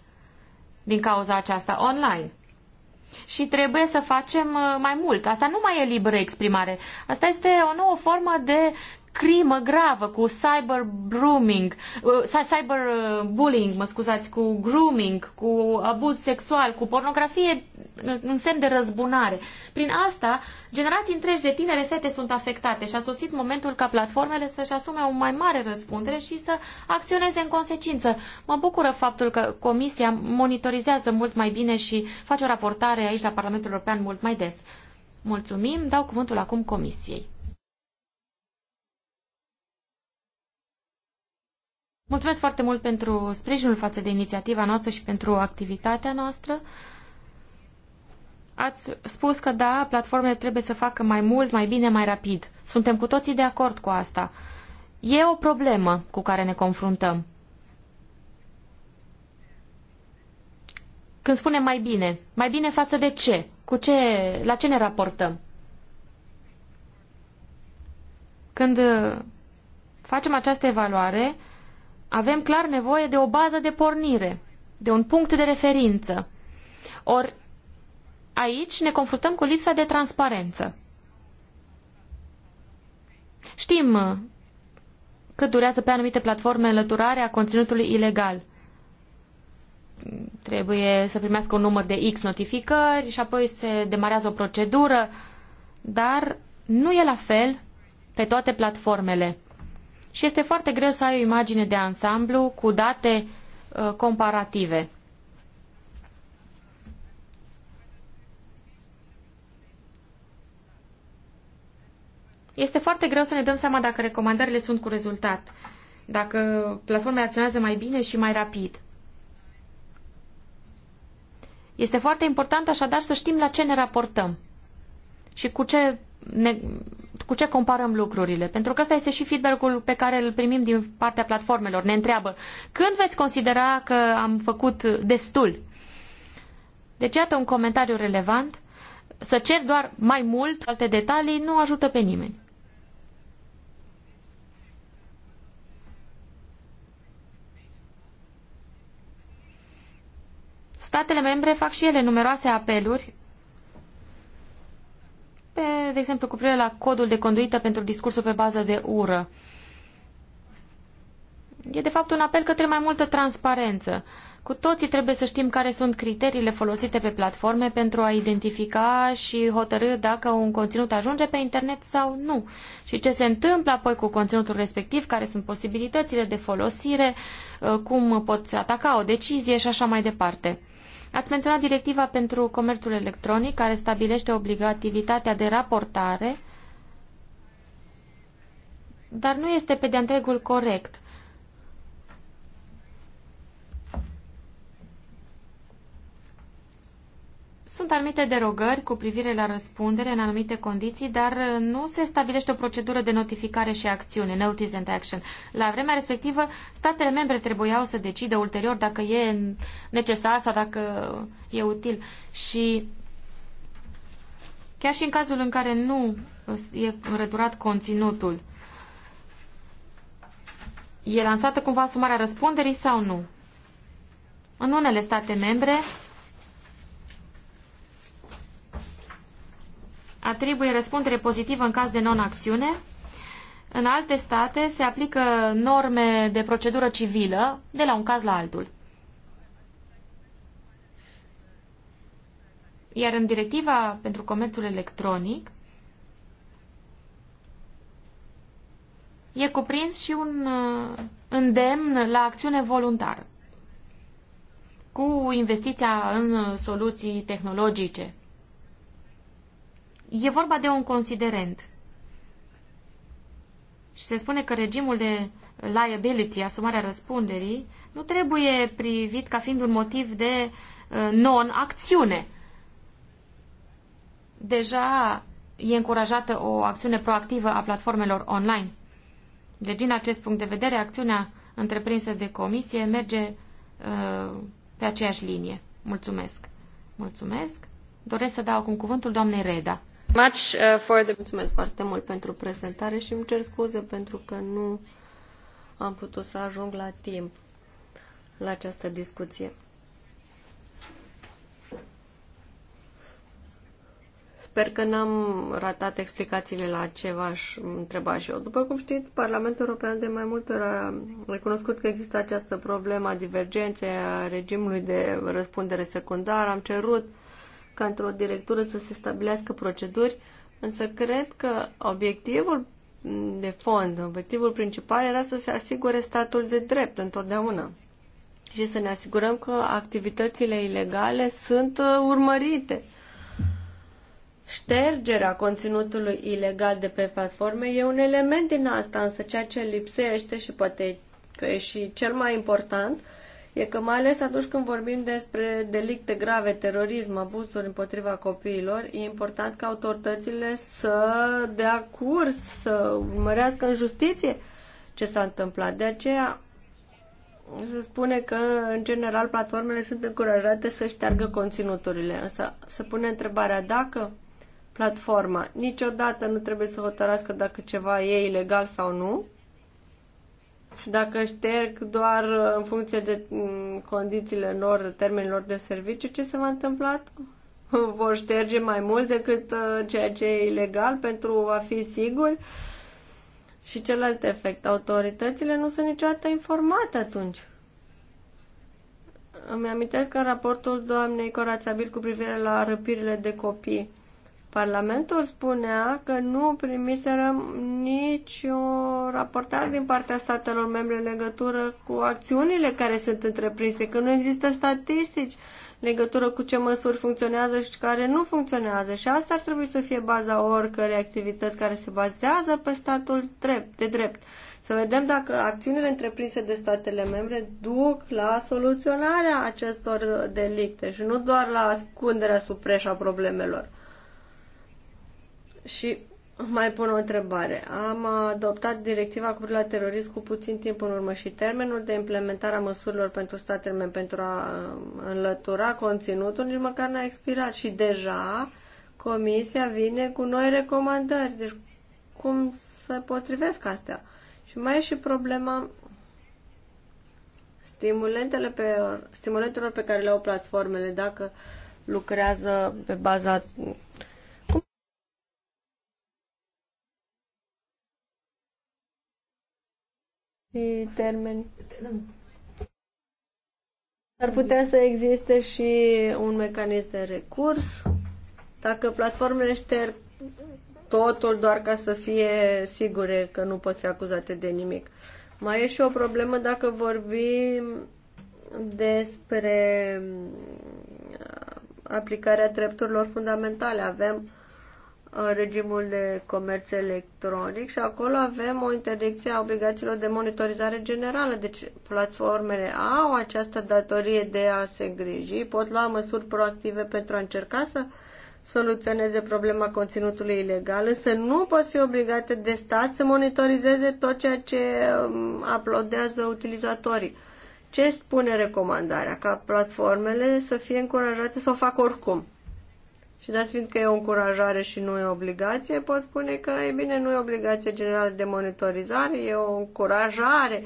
din cauza aceasta online. Și trebuie să facem mai mult. Asta nu mai e liberă exprimare. Asta este o nouă formă de crimă gravă cu cyber grooming, uh, cyber uh, bullying, mă scuzați, cu grooming, cu abuz sexual, cu pornografie în semn de răzbunare. Prin asta, generații întregi de tinere fete sunt afectate și a sosit momentul ca platformele să-și asume o mai mare răspundere și să acționeze în consecință. Mă bucură faptul că Comisia monitorizează mult mai bine și face o raportare aici la Parlamentul European mult mai des. Mulțumim, dau cuvântul acum Comisiei. Mulțumesc foarte mult pentru sprijinul față de inițiativa noastră și pentru activitatea noastră. Ați spus că da, platformele trebuie să facă mai mult, mai bine, mai rapid. Suntem cu toții de acord cu asta. E o problemă cu care ne confruntăm. Când spunem mai bine, mai bine față de ce? Cu ce, la ce ne raportăm? Când uh, facem această evaluare, avem clar nevoie de o bază de pornire, de un punct de referință. Ori aici ne confruntăm cu lipsa de transparență. Știm uh, cât durează pe anumite platforme înlăturarea conținutului ilegal. Trebuie să primească un număr de X notificări și apoi se demarează o procedură, dar nu e la fel pe toate platformele și este foarte greu să ai o imagine de ansamblu cu date uh, comparative. Este foarte greu să ne dăm seama dacă recomandările sunt cu rezultat, dacă platforma acționează mai bine și mai rapid. Este foarte important așadar să știm la ce ne raportăm și cu ce ne, cu ce comparăm lucrurile? Pentru că ăsta este și feedback-ul pe care îl primim din partea platformelor. Ne întreabă, când veți considera că am făcut destul? Deci, iată un comentariu relevant. Să cer doar mai mult, alte detalii, nu ajută pe nimeni. Statele membre fac și ele numeroase apeluri pe, de exemplu, cu privire la codul de conduită pentru discursul pe bază de ură. E, de fapt, un apel către mai multă transparență. Cu toții trebuie să știm care sunt criteriile folosite pe platforme pentru a identifica și hotărâ dacă un conținut ajunge pe internet sau nu și ce se întâmplă apoi cu conținutul respectiv, care sunt posibilitățile de folosire, uh, cum poți ataca o decizie și așa mai departe. Ați menționat directiva pentru comerțul electronic, care stabilește obligativitatea de raportare, dar nu este pe de întregul corect. Sunt anumite derogări cu privire la răspundere în anumite condiții, dar uh, nu se stabilește o procedură de notificare și acțiune, notice and action. La vremea respectivă, statele membre trebuiau să decidă ulterior dacă e necesar sau dacă e util. Și chiar și în cazul în care nu uh, e înrăturat conținutul, e lansată cumva sumarea răspunderii sau nu? În unele state membre, atribuie răspundere pozitivă în caz de non-acțiune. În alte state se aplică norme de procedură civilă de la un caz la altul. Iar în directiva pentru comerțul electronic e cuprins și un uh, îndemn la acțiune voluntară cu investiția în soluții tehnologice E vorba de un considerent. Și se spune că regimul de liability, asumarea răspunderii, nu trebuie privit ca fiind un motiv de uh, non-acțiune. Deja e încurajată o acțiune proactivă a platformelor online. Deci, din acest punct de vedere, acțiunea întreprinsă de comisie merge uh, pe aceeași linie. Mulțumesc. Mulțumesc. Doresc să dau acum cuvântul doamnei Reda. Uh, Mulțumesc foarte mult pentru prezentare și îmi cer scuze pentru că nu am putut să ajung la timp la această discuție. Sper că n-am ratat explicațiile la v aș întreba și eu. După cum știți, Parlamentul European de mai multe ori a recunoscut că există această problemă a divergenței a regimului de răspundere secundară. Am cerut uh, ca într-o directură să se stabilească proceduri, însă cred că obiectivul mm, de fond, obiectivul principal era să se asigure statul de drept întotdeauna și să ne asigurăm că activitățile ilegale sunt uh, urmărite. Ștergerea conținutului ilegal de pe platforme e un element din asta, însă ceea ce lipsește și poate că e și cel mai important – e că mai ales atunci când vorbim despre delicte grave, terorism, abuzuri împotriva copiilor, e important ca autoritățile să dea curs, să urmărească în justiție ce s-a întâmplat. De aceea se spune că, în general, platformele sunt încurajate să șteargă conținuturile, însă se pune întrebarea dacă platforma niciodată nu trebuie să hotărască dacă ceva e ilegal sau nu, dacă șterg doar uh, în funcție de mm, condițiile lor, de termenilor de serviciu, ce se va întâmpla? [LAUGHS] Vor șterge mai mult decât uh, ceea ce e ilegal pentru a fi siguri? Și celălalt efect, autoritățile nu sunt niciodată informate atunci. Îmi amintesc că în raportul doamnei Corațabil cu privire la răpirile de copii, Parlamentul spunea că nu primiseră nicio raportare din partea statelor membre în legătură cu acțiunile care sunt întreprinse, că nu există statistici în legătură cu ce măsuri funcționează și care nu funcționează. Și asta ar trebui să fie baza oricărei activități care se bazează pe statul drept, de drept. Să vedem dacă acțiunile întreprinse de statele membre duc la soluționarea acestor delicte și nu doar la ascunderea supreșa problemelor. Și mai pun o întrebare. Am adoptat directiva cu privire la terorism cu puțin timp în urmă și termenul de implementare a măsurilor pentru statele membre pentru a um, înlătura conținutul nici măcar n-a expirat și deja comisia vine cu noi recomandări. Deci cum să potrivesc astea? Și mai e și problema stimulentele pe, stimulentelor pe care le au platformele dacă lucrează pe baza termeni. Ar putea să existe și un mecanism de recurs. Dacă platformele șterg totul doar ca să fie sigure că nu pot fi acuzate de nimic. Mai e și o problemă dacă vorbim despre uh, aplicarea drepturilor fundamentale. Avem regimul de comerț electronic și acolo avem o interdicție a obligațiilor de monitorizare generală. Deci platformele au această datorie de a se îngriji, pot lua măsuri proactive pentru a încerca să soluționeze problema conținutului ilegal, însă nu pot fi obligate de stat să monitorizeze tot ceea ce aplodează um, utilizatorii. Ce spune recomandarea? Ca platformele să fie încurajate să o facă oricum și dat fiind că e o încurajare și nu e obligație, pot spune că, e bine, nu e obligație generală de monitorizare, e o încurajare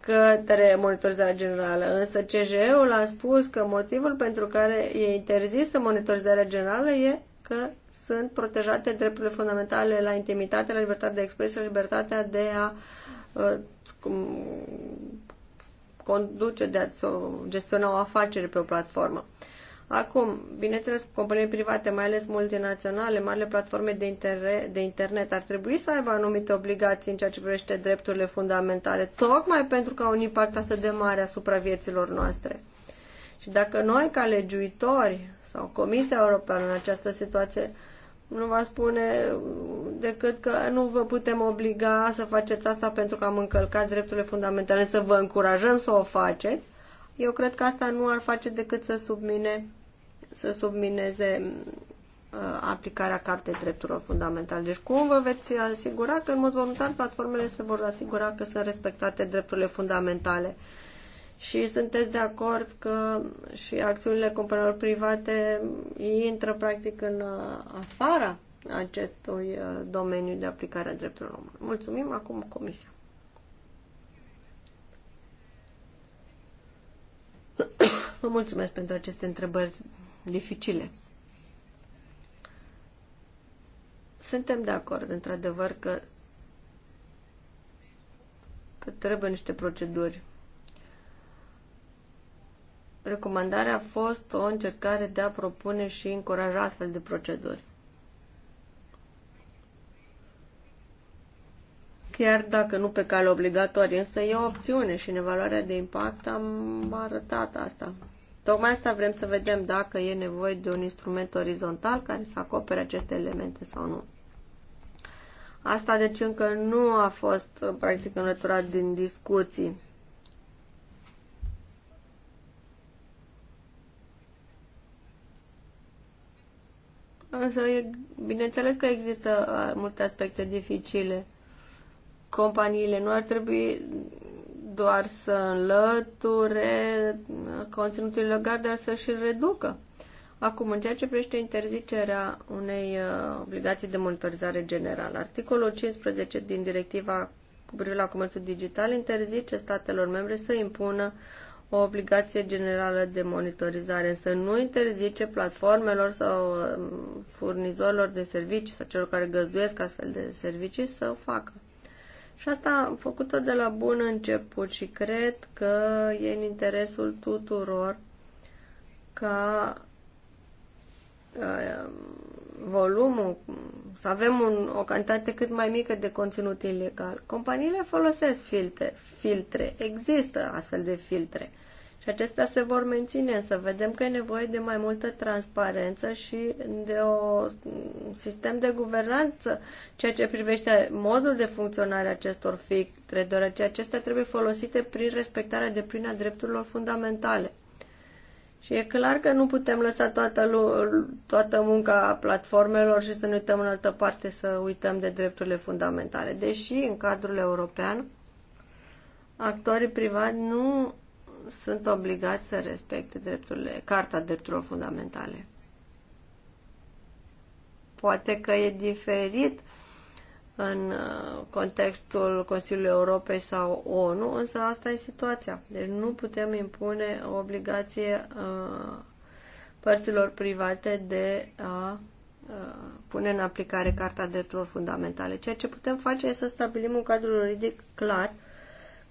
către monitorizarea generală. Însă CJE-ul a spus că motivul pentru care e interzisă monitorizarea generală e că sunt protejate drepturile fundamentale la intimitate, la libertatea de expresie, la libertatea de a uh, conduce, de a gestiona o afacere pe o platformă. Uh, Acum, bineînțeles, companiile private, mai ales multinaționale, marile platforme de, inter- de internet, ar trebui să aibă anumite obligații în ceea ce privește drepturile fundamentale, tocmai pentru că au un impact atât de mare asupra vieților noastre. Și dacă noi, ca legiuitori sau Comisia Europeană în această situație, nu va spune decât că nu vă putem obliga să faceți asta pentru că am încălcat drepturile fundamentale, să vă încurajăm să o faceți, eu cred că asta nu ar face decât să submine să submineze uh, aplicarea Cartei Drepturilor Fundamentale. Deci cum vă veți asigura că în mod voluntar platformele se vor asigura că sunt respectate drepturile fundamentale? Și sunteți de acord că și acțiunile companiilor private intră practic în uh, afara acestui uh, domeniu de aplicare a drepturilor omului. Mulțumim acum Comisia. [COUGHS] Vă mulțumesc pentru aceste întrebări dificile. Suntem de acord, într-adevăr, că, că trebuie niște proceduri. Recomandarea a fost o încercare de a propune și încuraja astfel de proceduri. chiar dacă nu pe cale obligatorie, însă e o opțiune și în evaluarea de impact am arătat asta. Tocmai asta vrem să vedem dacă e nevoie de un instrument orizontal care să acopere aceste elemente sau nu. Asta deci încă nu a fost practic înlăturat din discuții. Însă, e, bineînțeles că există multe aspecte dificile. Companiile nu ar trebui doar să înlăture conținutul ilegal, dar să și reducă. Acum, în ceea ce privește interzicerea unei uh, obligații de monitorizare generală, articolul 15 din directiva cu privire la comerțul digital interzice statelor membre să impună o obligație generală de monitorizare, însă nu interzice platformelor sau uh, furnizorilor de servicii sau celor care găzduiesc astfel de servicii să o facă. Și asta am făcut-o de la bun început și cred că e în interesul tuturor ca uh, volumul, să avem un, o cantitate cât mai mică de conținut ilegal. Companiile folosesc filtre, filtre, există astfel de filtre. Și acestea se vor menține, Să vedem că e nevoie de mai multă transparență și de o, un sistem de guvernanță, ceea ce privește modul de funcționare acestor filtre, deoarece acestea trebuie folosite prin respectarea de plină a drepturilor fundamentale. Și e clar că nu putem lăsa toată, toată munca platformelor și să ne uităm în altă parte, să uităm de drepturile fundamentale. Deși, în cadrul european, actorii privați nu sunt obligați să respecte drepturile, Carta Drepturilor Fundamentale. Poate că e diferit în uh, contextul Consiliului Europei sau ONU, însă asta e situația. Deci nu putem impune o obligație uh, părților private de a uh, pune în aplicare Carta Drepturilor Fundamentale. Ceea ce putem face este să stabilim un cadru juridic clar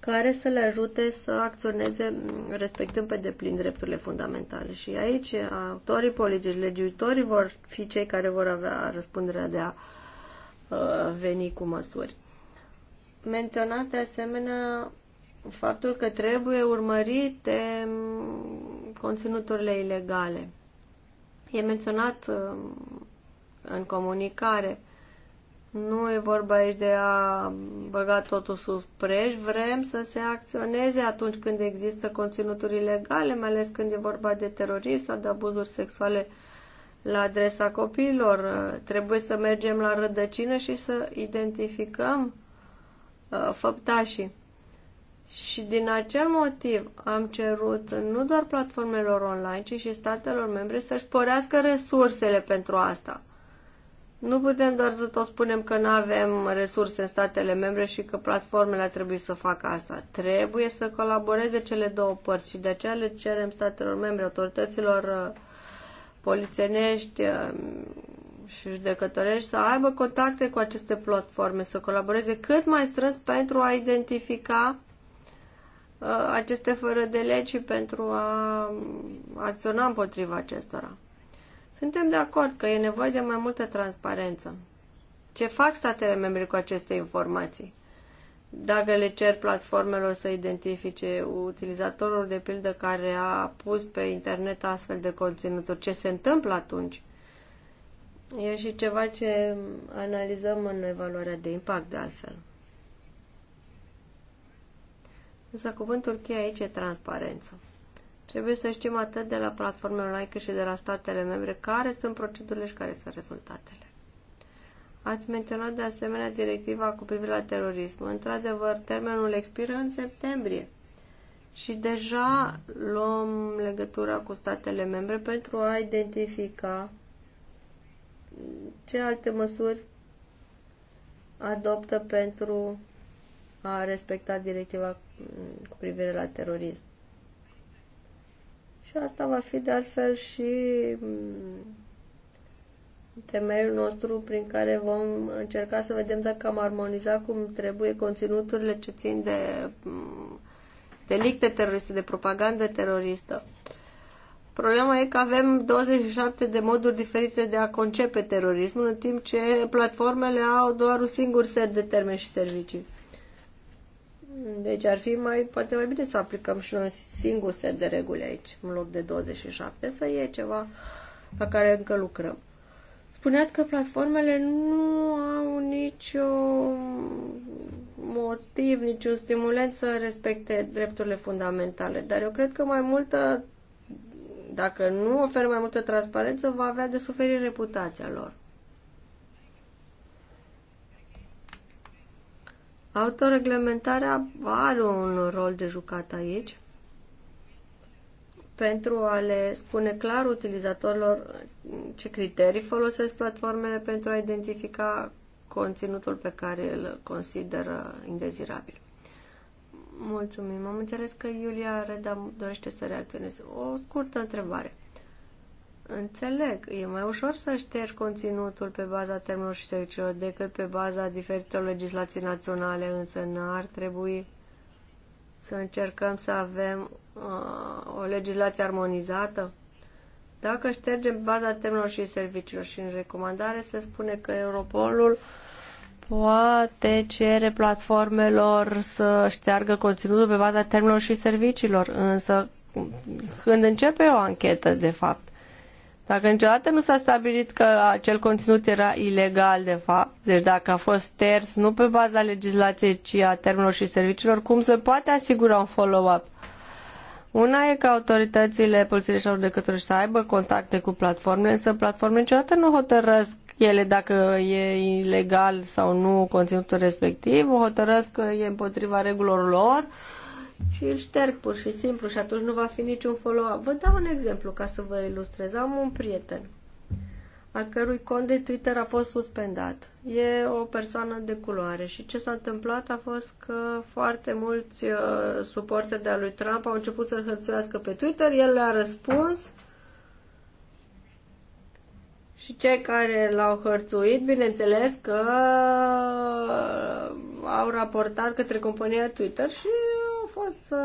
care să le ajute să acționeze mm, respectând pe deplin drepturile fundamentale. Și aici autorii politici, legiuitorii vor fi cei care vor avea răspunderea de a uh, veni cu măsuri. Menționați de asemenea faptul că trebuie urmărite mm, conținuturile ilegale. E menționat mm, în comunicare nu e vorba aici de a băga totul sub preș, vrem să se acționeze atunci când există conținuturi ilegale, mai ales când e vorba de terorism sau de abuzuri sexuale la adresa copiilor. Trebuie să mergem la rădăcină și să identificăm uh, făptașii. Și din acel motiv am cerut nu doar platformelor online, ci și statelor membre să-și părească resursele pentru asta – nu putem doar să tot spunem că nu avem resurse în statele membre și că platformele trebuie să facă asta. Trebuie să colaboreze cele două părți și de aceea le cerem statelor membre, autorităților uh, polițienești uh, și judecătorești să aibă contacte cu aceste platforme, să colaboreze cât mai strâns pentru a identifica uh, aceste fără de legi și pentru a acționa împotriva acestora. Suntem de acord că e nevoie de mai multă transparență. Ce fac statele membre cu aceste informații? Dacă le cer platformelor să identifice utilizatorul, de pildă, care a pus pe internet astfel de conținuturi, ce se întâmplă atunci? E și ceva ce analizăm în evaluarea de impact, de altfel. Însă cuvântul cheie aici e transparență. Trebuie să știm atât de la platformele online cât și de la statele membre care sunt procedurile și care sunt rezultatele. Ați menționat de asemenea directiva cu privire la terorism. Într-adevăr, termenul expiră în septembrie și deja luăm legătura cu statele membre pentru a identifica ce alte măsuri adoptă pentru a respecta directiva cu privire la terorism. Și asta va fi de altfel și mm, temeiul nostru prin care vom încerca să vedem dacă am armonizat cum trebuie conținuturile ce țin de mm, delicte teroriste, de propagandă teroristă. Problema e că avem 27 de moduri diferite de a concepe terorismul, în timp ce platformele au doar un singur set de termeni și servicii. Deci ar fi mai, poate mai bine să aplicăm și un singur set de reguli aici, în loc de 27, să e ceva la care încă lucrăm. Spuneați că platformele nu au niciun motiv, niciun stimulent să respecte drepturile fundamentale, dar eu cred că mai multă, dacă nu oferă mai multă transparență, va avea de suferit reputația lor. Autoreglementarea are un rol de jucat aici pentru a le spune clar utilizatorilor ce criterii folosesc platformele pentru a identifica conținutul pe care îl consideră indezirabil. Mulțumim. Am înțeles că Iulia Reda dorește să reacționeze. O scurtă întrebare. Înțeleg, e mai ușor să ștergi conținutul pe baza termenilor și serviciilor decât pe baza diferitelor legislații naționale, însă n-ar trebui să încercăm să avem uh, o legislație armonizată. Dacă ștergem baza termenilor și serviciilor și în recomandare se spune că Europolul poate cere platformelor să șteargă conținutul pe baza termenilor și serviciilor, însă când începe o anchetă, de fapt, dacă niciodată nu s-a stabilit că acel conținut era ilegal, de fapt, deci dacă a fost ters nu pe baza legislației, ci a termenilor și serviciilor, cum se poate asigura un follow-up? Una e că autoritățile poliției și către să aibă contacte cu platformele, însă platformele niciodată nu hotărăsc ele dacă e ilegal sau nu conținutul respectiv, hotărăsc că e împotriva regulilor lor, și îl șterg pur și simplu și atunci nu va fi niciun follow-up. Vă dau un exemplu ca să vă ilustrez. Am un prieten al cărui cont de Twitter a fost suspendat. E o persoană de culoare și ce s-a întâmplat a fost că foarte mulți uh, suporteri de-a lui Trump au început să-l hărțuiască pe Twitter, el le-a răspuns și cei care l-au hărțuit, bineînțeles că au raportat către compania Twitter și fost,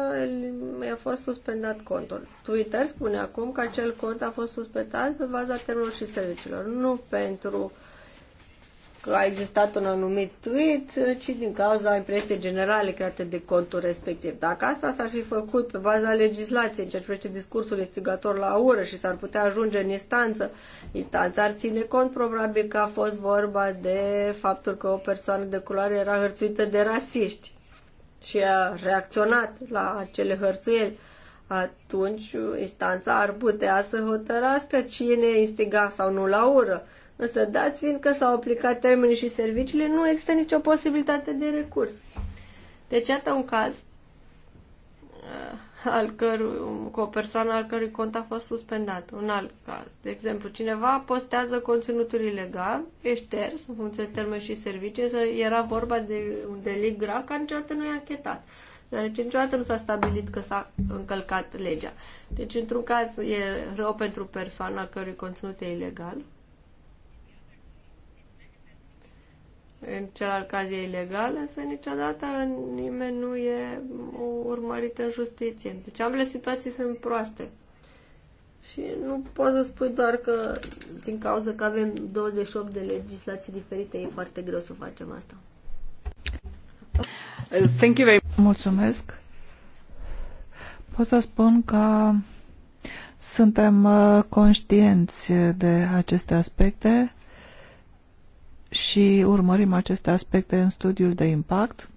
uh, a fost suspendat contul. Twitter spune acum că acel cont a fost suspendat pe baza termenilor și serviciilor, nu pentru că a existat un anumit tweet, ci din cauza impresiei generale create de contul respectiv. Dacă asta s-ar fi făcut pe baza legislației, în ce privește discursul instigator la ură și s-ar putea ajunge în instanță, instanța ar ține cont probabil că a fost vorba de faptul că o persoană de culoare era hărțuită de rasiști și a reacționat la acele hărțuieli, atunci instanța ar putea să hotărască cine instiga sau nu la ură. Însă, dați fiind că s-au aplicat termenii și serviciile, nu există nicio posibilitate de recurs. Deci, iată un caz al cărui, cu o persoană al cărui cont a fost suspendat. Un alt caz. De exemplu, cineva postează conținutul ilegal, e șters în funcție de termen și servicii, însă era vorba de un delict grav care niciodată nu e anchetat. Deoarece niciodată nu s-a stabilit că s-a încălcat legea. Deci, într-un caz, e rău pentru persoana cărui conținut e ilegal, în celălalt caz e ilegal, însă niciodată nimeni nu e urmărit în justiție. Deci ambele situații sunt proaste. Și nu poți să spui doar că din cauza că avem 28 de legislații diferite e foarte greu să facem asta. Thank you very Mulțumesc. Pot să spun că suntem uh, conștienți de aceste aspecte și urmărim aceste aspecte în studiul de impact.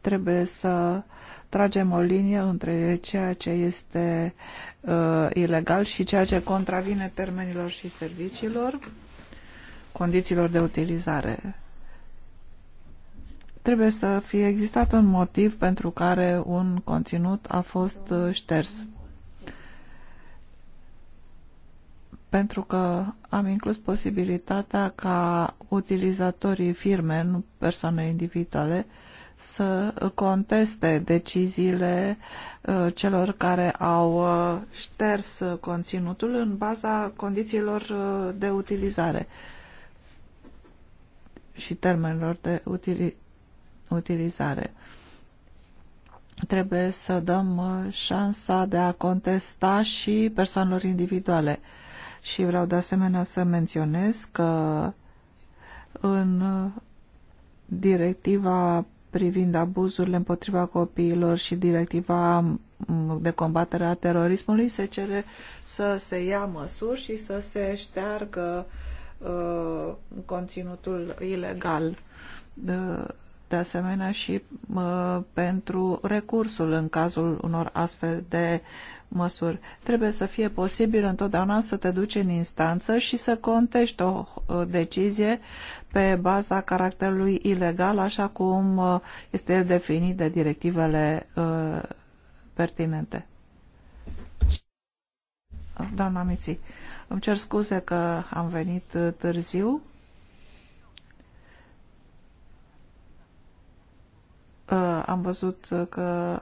Trebuie să tragem o linie între ceea ce este uh, ilegal și ceea ce contravine termenilor și serviciilor, condițiilor de utilizare. Trebuie să fie existat un motiv pentru care un conținut a fost uh, șters. pentru că am inclus posibilitatea ca utilizatorii firme, nu persoane individuale, să conteste deciziile uh, celor care au uh, șters conținutul în baza condițiilor uh, de utilizare și termenilor de utili utilizare. Trebuie să dăm șansa de a contesta și persoanelor individuale. Uh, și vreau de asemenea să menționez că în directiva privind abuzurile împotriva copiilor și directiva de combatere a terorismului se cere să se ia măsuri și să se șteargă uh, conținutul ilegal. Uh, de asemenea și pentru recursul în cazul unor astfel de măsuri. Trebuie să fie posibil întotdeauna să te duci în instanță și să contești o decizie pe baza caracterului ilegal, așa cum este definit de directivele ă, pertinente. Doamna Miții, îmi cer scuze că am venit ă, târziu. Uh, am văzut uh, că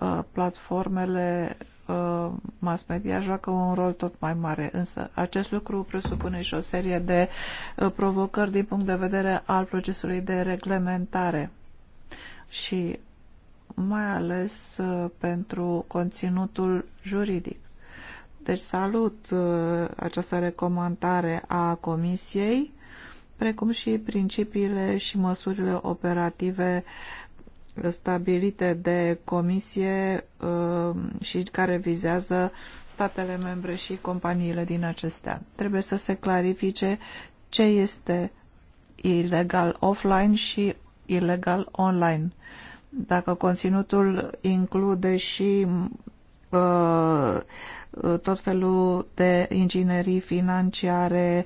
uh, platformele mass media joacă un rol tot mai mare, însă acest lucru presupune și o serie de provocări din punct de vedere al procesului de reglementare și mai ales pentru conținutul juridic. Deci salut această recomandare a Comisiei, precum și principiile și măsurile operative stabilite de comisie uh, și care vizează statele membre și companiile din acestea. Trebuie să se clarifice ce este ilegal offline și ilegal online. Dacă conținutul include și Uh, tot felul de inginerii financiare,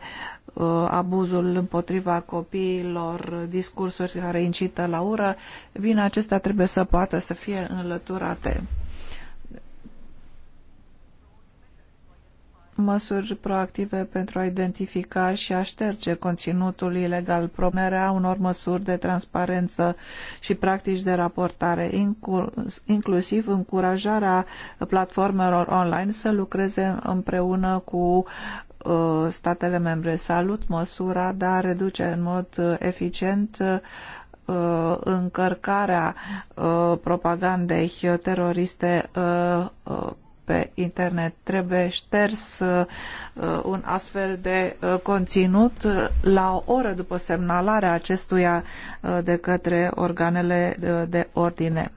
uh, abuzul împotriva copiilor, discursuri care incită la ură, bine, acestea trebuie să poată să fie înlăturate. măsuri proactive pentru a identifica și a șterge conținutul ilegal, promerea unor măsuri de transparență și practici de raportare, inclusiv încurajarea platformelor online să lucreze împreună cu uh, statele membre. Salut măsura de a reduce în mod uh, eficient uh, încărcarea propagandei teroriste pe internet. Trebuie șters uh, un astfel de uh, conținut uh, la o oră după semnalarea acestuia de către organele de ordine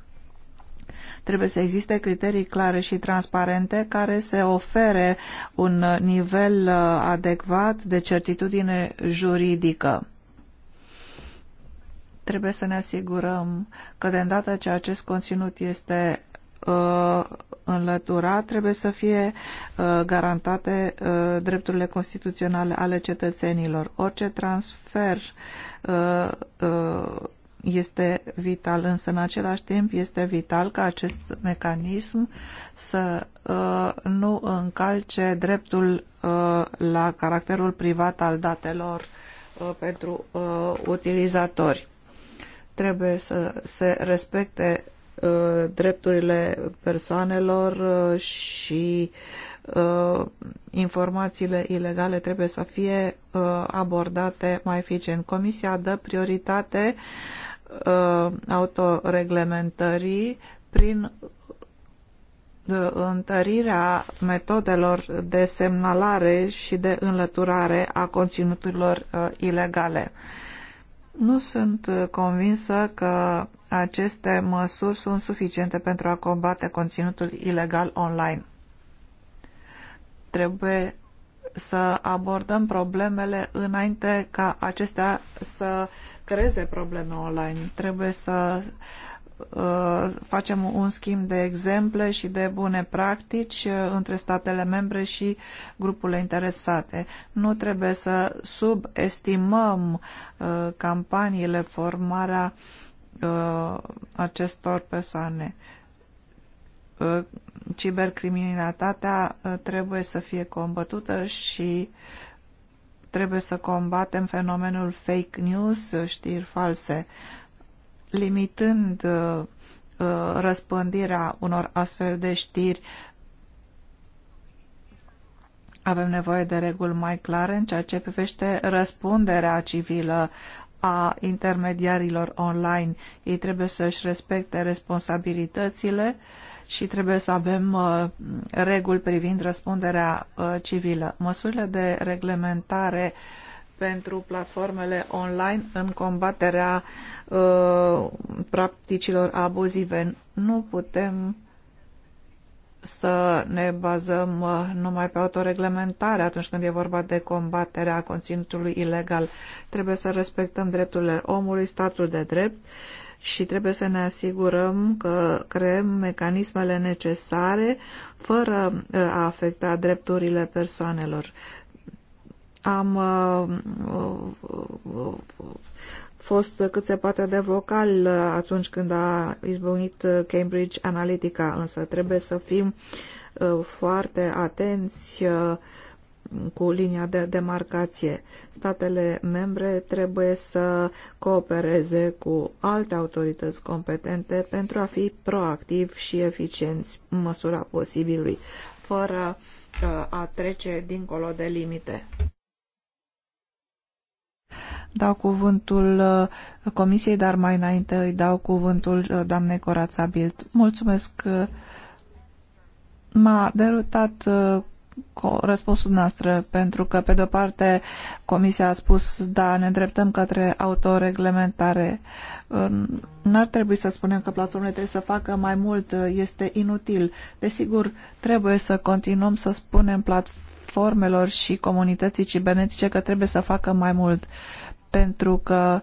trebuie să existe criterii clare și transparente care să ofere un nivel adecvat de certitudine juridică. Trebuie să ne asigurăm că de îndată ce acest conținut este Uh, înlătura, trebuie să fie uh, garantate uh, drepturile constituționale ale cetățenilor. Orice transfer este vital, însă în același timp este vital ca acest mecanism să uh, nu încalce dreptul uh, la caracterul privat al datelor uh, pentru utilizatori. Trebuie să se respecte Uh, drepturile persoanelor uh, și uh, informațiile ilegale trebuie să fie abordate mai eficient. Comisia dă prioritate autoreglementării prin întărirea metodelor de semnalare și de înlăturare a conținuturilor ilegale. Nu sunt convinsă că aceste măsuri sunt suficiente pentru a combate conținutul ilegal online. Trebuie să abordăm problemele înainte ca acestea să creeze probleme online. Trebuie să uh, facem un schimb de exemple și de bune practici uh, între statele membre și grupurile interesate. Nu trebuie să subestimăm uh, campaniile, formarea uh, acestor persoane. Uh, cibercriminalitatea uh, trebuie să fie combătută și trebuie să combatem fenomenul fake news, uh, știri false, limitând uh, uh, răspândirea unor astfel de știri avem nevoie de reguli mai clare în ceea ce privește răspunderea civilă a intermediarilor online. Ei trebuie să își respecte responsabilitățile și trebuie să avem uh, reguli privind răspunderea uh, civilă. Măsurile de reglementare pentru platformele online în combaterea uh, practicilor abuzive. Nu putem să ne bazăm uh, numai pe autoreglementare atunci când e vorba de combaterea conținutului ilegal. Trebuie să respectăm drepturile omului, statul de drept și trebuie să ne asigurăm că creăm mecanismele necesare fără uh, a afecta drepturile persoanelor. Am uh, fost cât se poate de vocal uh, atunci când a izbunit uh, Cambridge Analytica, însă trebuie să fim uh, foarte atenți cu linia de demarcație. Statele membre trebuie să coopereze cu alte autorități competente pentru a fi proactiv și eficienți în măsura posibilului, fără a trece dincolo de limite. Dau cuvântul uh, Comisiei, dar mai înainte îi dau cuvântul uh, doamnei Corața Bilt. Mulțumesc. M-a derutat uh, răspunsul noastră, pentru că, pe de-o parte, Comisia a spus, da, ne îndreptăm către autoreglementare. N-ar trebui să spunem că platformele trebuie să facă mai mult, este inutil. Desigur, trebuie să continuăm să spunem platformele platformelor și comunității cibernetice că trebuie să facă mai mult pentru că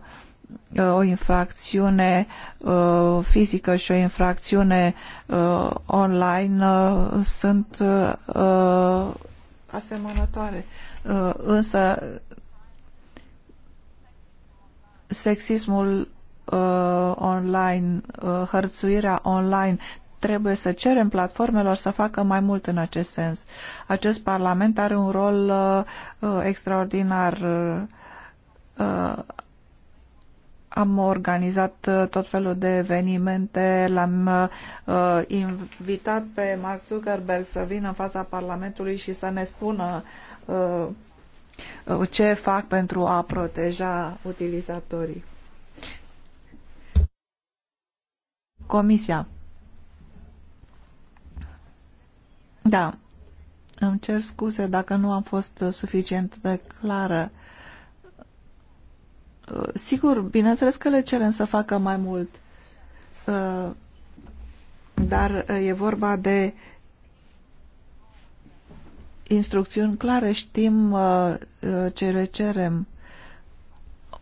uh, o infracțiune uh, fizică și o infracțiune uh, online sunt asemănătoare. Însă sexismul online, hărțuirea online trebuie să cerem platformelor să facă mai mult în acest sens. Acest Parlament are un rol uh, uh extraordinar. Uh, uh, am organizat uh, tot felul de evenimente, l-am uh, uh, invitat pe Mark Zuckerberg să vină în fața Parlamentului și să ne spună uh, ce fac pentru a proteja utilizatorii. Comisia Da, îmi cer scuze dacă nu am fost suficient de clară. Uh, sigur, bineînțeles că le cerem să facă mai mult, uh, dar uh, e vorba de instrucțiuni clare, știm ce le cerem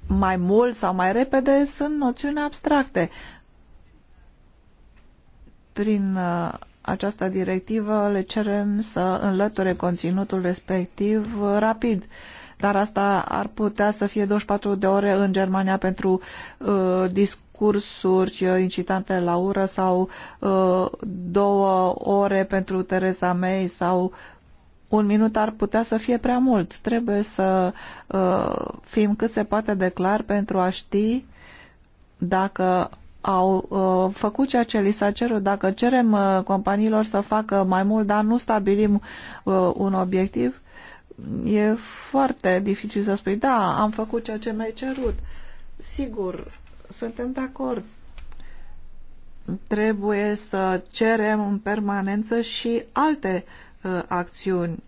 mai mult sau mai repede, sunt noțiuni abstracte. Prin această directivă le cerem să înlăture conținutul respectiv uh, rapid. Dar asta ar putea să fie 24 de ore în Germania pentru uh, discursuri uh, incitante la ură sau uh, două ore pentru Teresa May sau un minut ar putea să fie prea mult. Trebuie să uh, fim cât se poate de clar pentru a ști dacă au uh, făcut ceea ce li s-a cerut. Dacă cerem uh, companiilor să facă mai mult, dar nu stabilim uh, un obiectiv, e foarte dificil să spui, da, am făcut ceea ce mi-ai cerut. Sigur, suntem de acord. Trebuie să cerem în permanență și alte uh, acțiuni.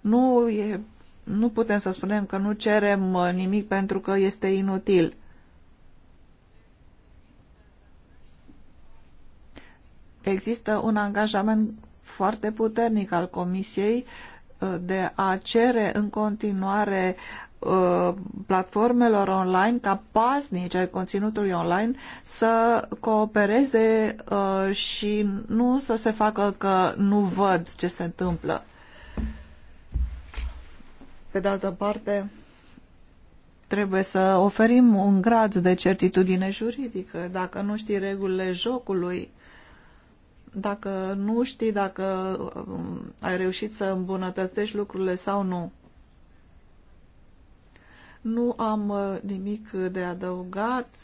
Nu, e, nu putem să spunem că nu cerem uh, nimic pentru că este inutil există un angajament foarte puternic al Comisiei uh, de a cere în continuare uh, platformelor online ca paznici ai conținutului online să coopereze uh, și nu să se facă că nu văd ce se întâmplă. Pe de altă parte, trebuie să oferim un grad de certitudine juridică. Dacă nu știi regulile jocului, dacă nu știi dacă um, ai reușit să îmbunătățești lucrurile sau nu. Nu am uh, nimic de adăugat.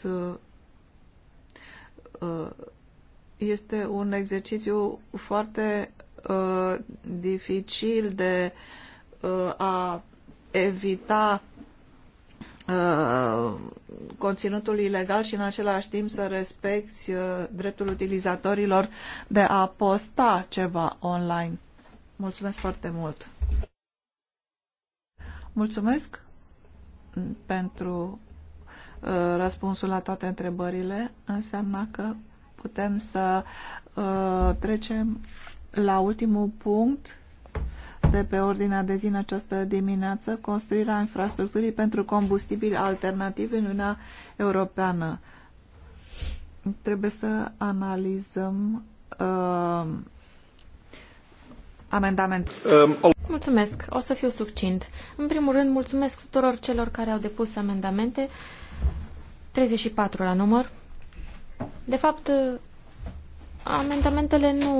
Uh, este un exercițiu foarte uh, dificil de a evita Uh, conținutul ilegal și în același timp să respecti uh, dreptul utilizatorilor de a posta ceva online. Mulțumesc foarte mult! Mulțumesc pentru uh, răspunsul la toate întrebările. Înseamnă că putem să trecem la ultimul punct este pe ordinea de zi în această dimineață, construirea infrastructurii pentru combustibili alternativi în Uniunea Europeană. Trebuie să analizăm uh, amendament. Um, mulțumesc, o să fiu succint. În primul rând, mulțumesc tuturor celor care au depus amendamente, 34 la număr. De fapt, uh, amendamentele nu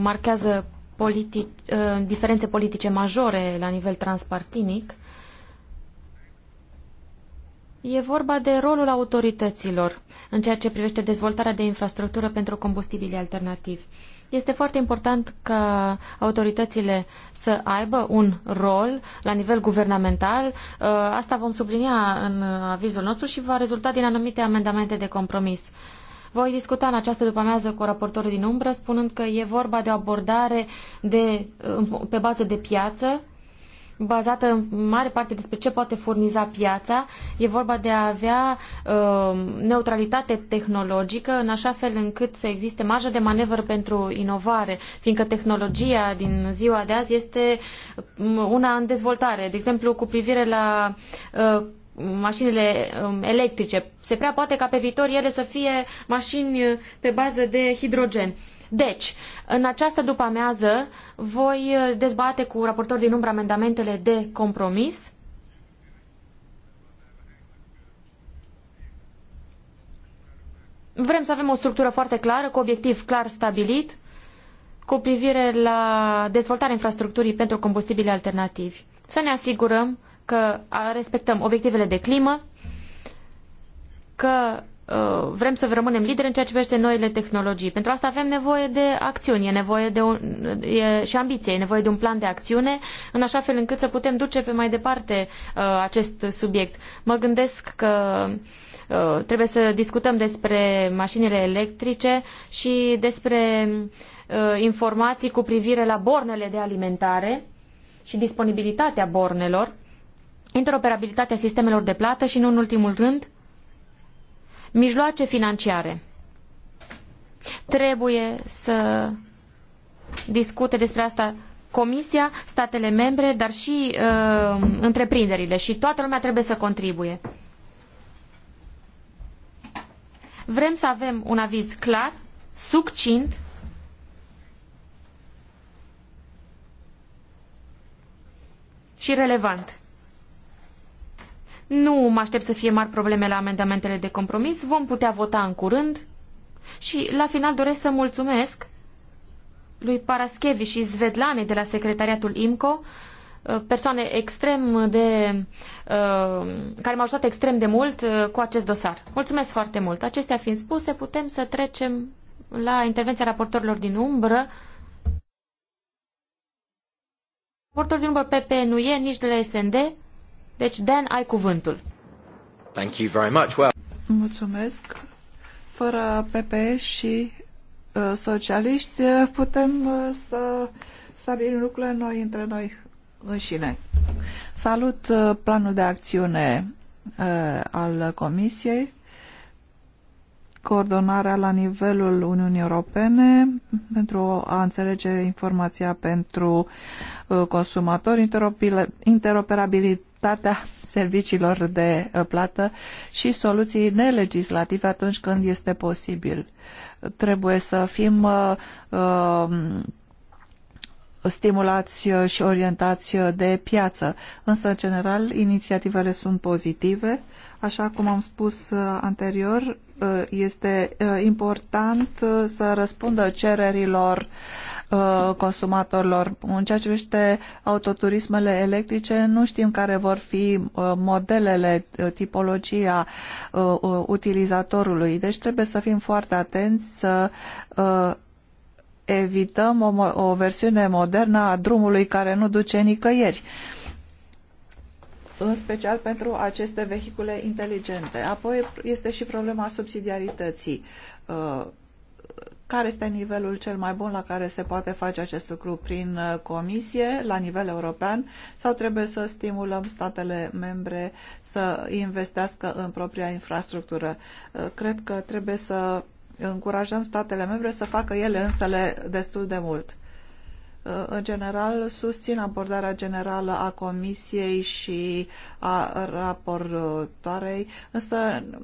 marchează politici, uh, diferențe politice majore la nivel transpartinic, e vorba de rolul autorităților în ceea ce privește dezvoltarea de infrastructură pentru combustibili alternativi. Este foarte important ca autoritățile să aibă un rol la nivel guvernamental. Uh, asta vom sublinia în avizul nostru și va rezulta din anumite amendamente de compromis. Voi discuta în această după-amiază cu raportorul din umbră, spunând că e vorba de o abordare de, pe bază de piață, bazată în mare parte despre ce poate furniza piața. E vorba de a avea uh, neutralitate tehnologică în așa fel încât să existe marjă de manevră pentru inovare, fiindcă tehnologia din ziua de azi este um, una în dezvoltare. De exemplu, cu privire la uh, mașinile um, electrice. Se prea poate ca pe viitor ele să fie mașini uh, pe bază de hidrogen. Deci, în această după-amiază voi uh, dezbate cu raportor din umbra amendamentele de compromis. Vrem să avem o structură foarte clară, cu obiectiv clar stabilit, cu privire la dezvoltarea infrastructurii pentru combustibili alternativi. Să ne asigurăm că respectăm obiectivele de climă, că ă, vrem să rămânem lideri în ceea ce privește noile tehnologii. Pentru asta avem nevoie de acțiuni, e nevoie de un, e, și ambiție, e nevoie de un plan de acțiune, în așa fel încât să putem duce pe mai departe uh, acest subiect. Mă gândesc că uh, trebuie să discutăm despre mașinile electrice și despre uh, informații cu privire la bornele de alimentare și disponibilitatea bornelor interoperabilitatea sistemelor de plată și, nu în ultimul rând, mijloace financiare. Trebuie să discute despre asta Comisia, statele membre, dar și uh, întreprinderile și toată lumea trebuie să contribuie. Vrem să avem un aviz clar, succint, și relevant. Nu mă aștept să fie mari probleme la amendamentele de compromis. Vom putea vota în curând. Și la final doresc să mulțumesc lui Paraschevi și Zvedlane de la secretariatul IMCO, uh, persoane extrem de uh, care m-au ajutat extrem de mult uh, cu acest dosar. Mulțumesc foarte mult. Acestea fiind spuse, putem să trecem la intervenția raportorilor din umbră. Raportor din umbră PP nu e, nici de la SND. Deci, Dan, ai cuvântul. Thank you very much. Well... Mulțumesc. Fără PPE și uh, socialiști uh, putem uh, să stabilim lucrurile noi între noi înșine. Salut uh, planul de acțiune uh, al Comisiei, coordonarea la nivelul Uniunii Europene pentru a înțelege informația pentru Uh, consumatori, interoperabilitatea serviciilor de uh, plată și soluții nelegislative atunci când este posibil. Trebuie să fim uh, um, stimulați și orientați de piață. Însă, în general, inițiativele sunt pozitive. Așa cum am spus anterior, este important să răspundă cererilor Uh, consumatorilor. În ceea ce privește autoturismele electrice, nu știm care vor fi uh, modelele, uh, tipologia utilizatorului. Deci trebuie să fim foarte atenți să evităm o, o versiune modernă a drumului care nu duce nicăieri în special pentru aceste vehicule inteligente. Apoi este și problema subsidiarității care este nivelul cel mai bun la care se poate face acest lucru prin uh, comisie la nivel european sau trebuie să stimulăm statele membre să investească în propria infrastructură. Uh, cred că trebuie să încurajăm statele membre să facă ele însele destul de mult în general, susțin abordarea generală a Comisiei și a raportoarei, însă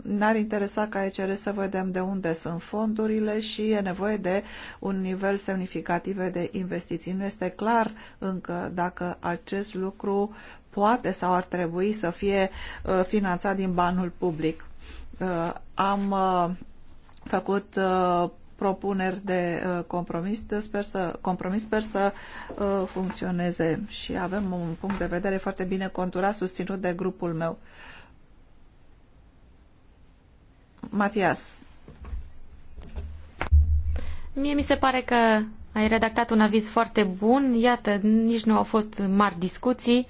n-ar interesa ca ECR să vedem de unde sunt fondurile și e nevoie de un nivel semnificativ de investiții. Nu este clar încă dacă acest lucru poate sau ar trebui să fie uh, finanțat din banul public. Uh, am uh, făcut propuneri de uh, compromis. Sper să, compromis, sper să uh, funcționeze și avem un punct de vedere foarte bine conturat, susținut de grupul meu. Matias. Mie mi se pare că ai redactat un aviz foarte bun. Iată, nici nu au fost mari discuții.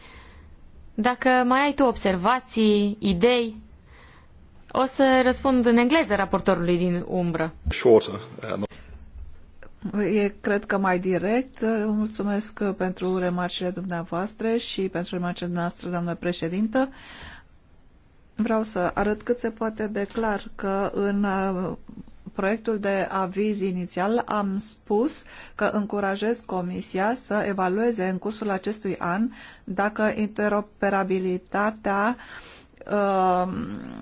Dacă mai ai tu observații, idei, o să răspund în engleză raportorului din umbră. Shorter. E, cred că mai direct. Mulțumesc pentru remarcile dumneavoastră și pentru remarcile noastre, doamnă președintă. Vreau să arăt cât se poate de clar că în uh, proiectul de aviz inițial am spus că încurajez Comisia să evalueze în cursul acestui an dacă interoperabilitatea uh, Uh,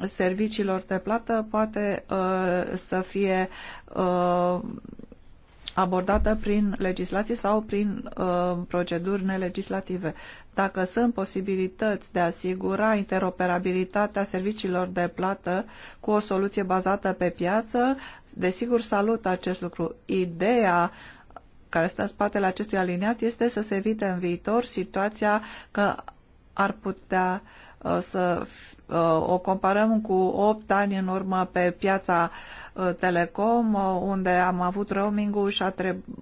serviciilor de plată poate uh, să fie uh, abordată prin legislație sau prin uh, proceduri nelegislative. Dacă sunt posibilități de a asigura interoperabilitatea serviciilor de plată cu o soluție bazată pe piață, desigur salut acest lucru. Ideea care stă în spatele acestui aliniat este să se evite în viitor situația că ar putea uh, Uh, să uh, o comparăm cu 8 ani în urmă pe piața uh, Telecom, unde am avut roaming-ul și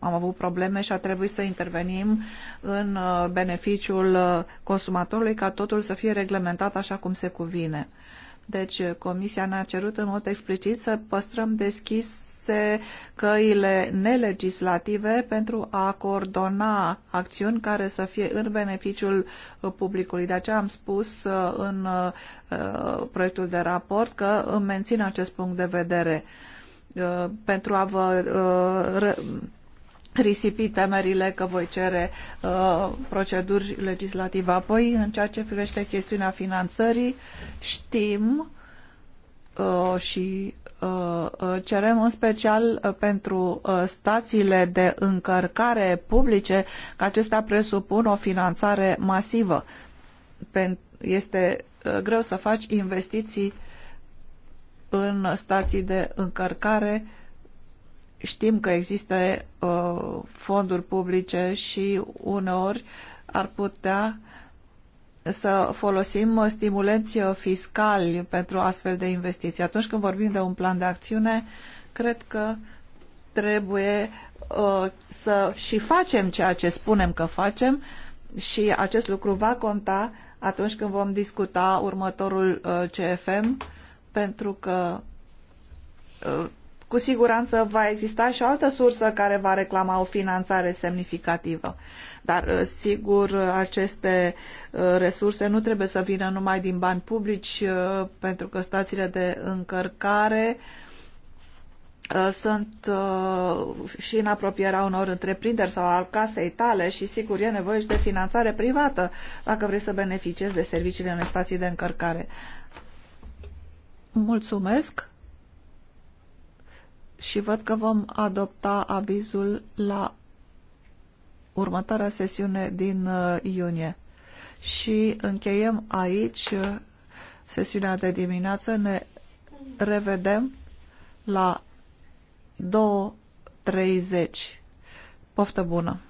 am avut probleme și a trebuit să intervenim în beneficiul consumatorului ca totul să fie reglementat așa cum se cuvine. Deci Comisia ne-a cerut în mod explicit să păstrăm deschis folosește căile nelegislative pentru a coordona acțiuni care să fie în beneficiul uh, publicului. De aceea am spus uh, în uh, proiectul de raport că îmi mențin acest punct de vedere pentru a vă risipi temerile că voi cere proceduri legislative. Apoi, în ceea ce privește chestiunea finanțării, știm și Uh, uh, cerem în special uh, pentru stațiile de încărcare publice că acestea presupun o finanțare masivă. Este greu să faci investiții în stații de încărcare. Știm că există fonduri publice și uneori ar putea să folosim stimulenți fiscali pentru astfel de investiții. Atunci când vorbim de un plan de acțiune, cred că trebuie uh, să și facem ceea ce spunem că facem și acest lucru va conta atunci când vom discuta următorul uh, CFM, pentru că uh, cu siguranță va exista și o altă sursă care va reclama o finanțare semnificativă. Dar, uh, sigur, aceste uh, resurse nu trebuie să vină numai din bani publici, uh, pentru că stațiile de încărcare sunt și în apropierea unor întreprinderi sau al casei tale și sigur e nevoie și de finanțare privată dacă vrei să beneficiezi de serviciile unei stații de încărcare. Mulțumesc și văd că vom adopta avizul la următoarea sesiune din uh, iunie. Și încheiem aici uh, sesiunea de dimineață. Ne revedem la 2.30. Poftă bună!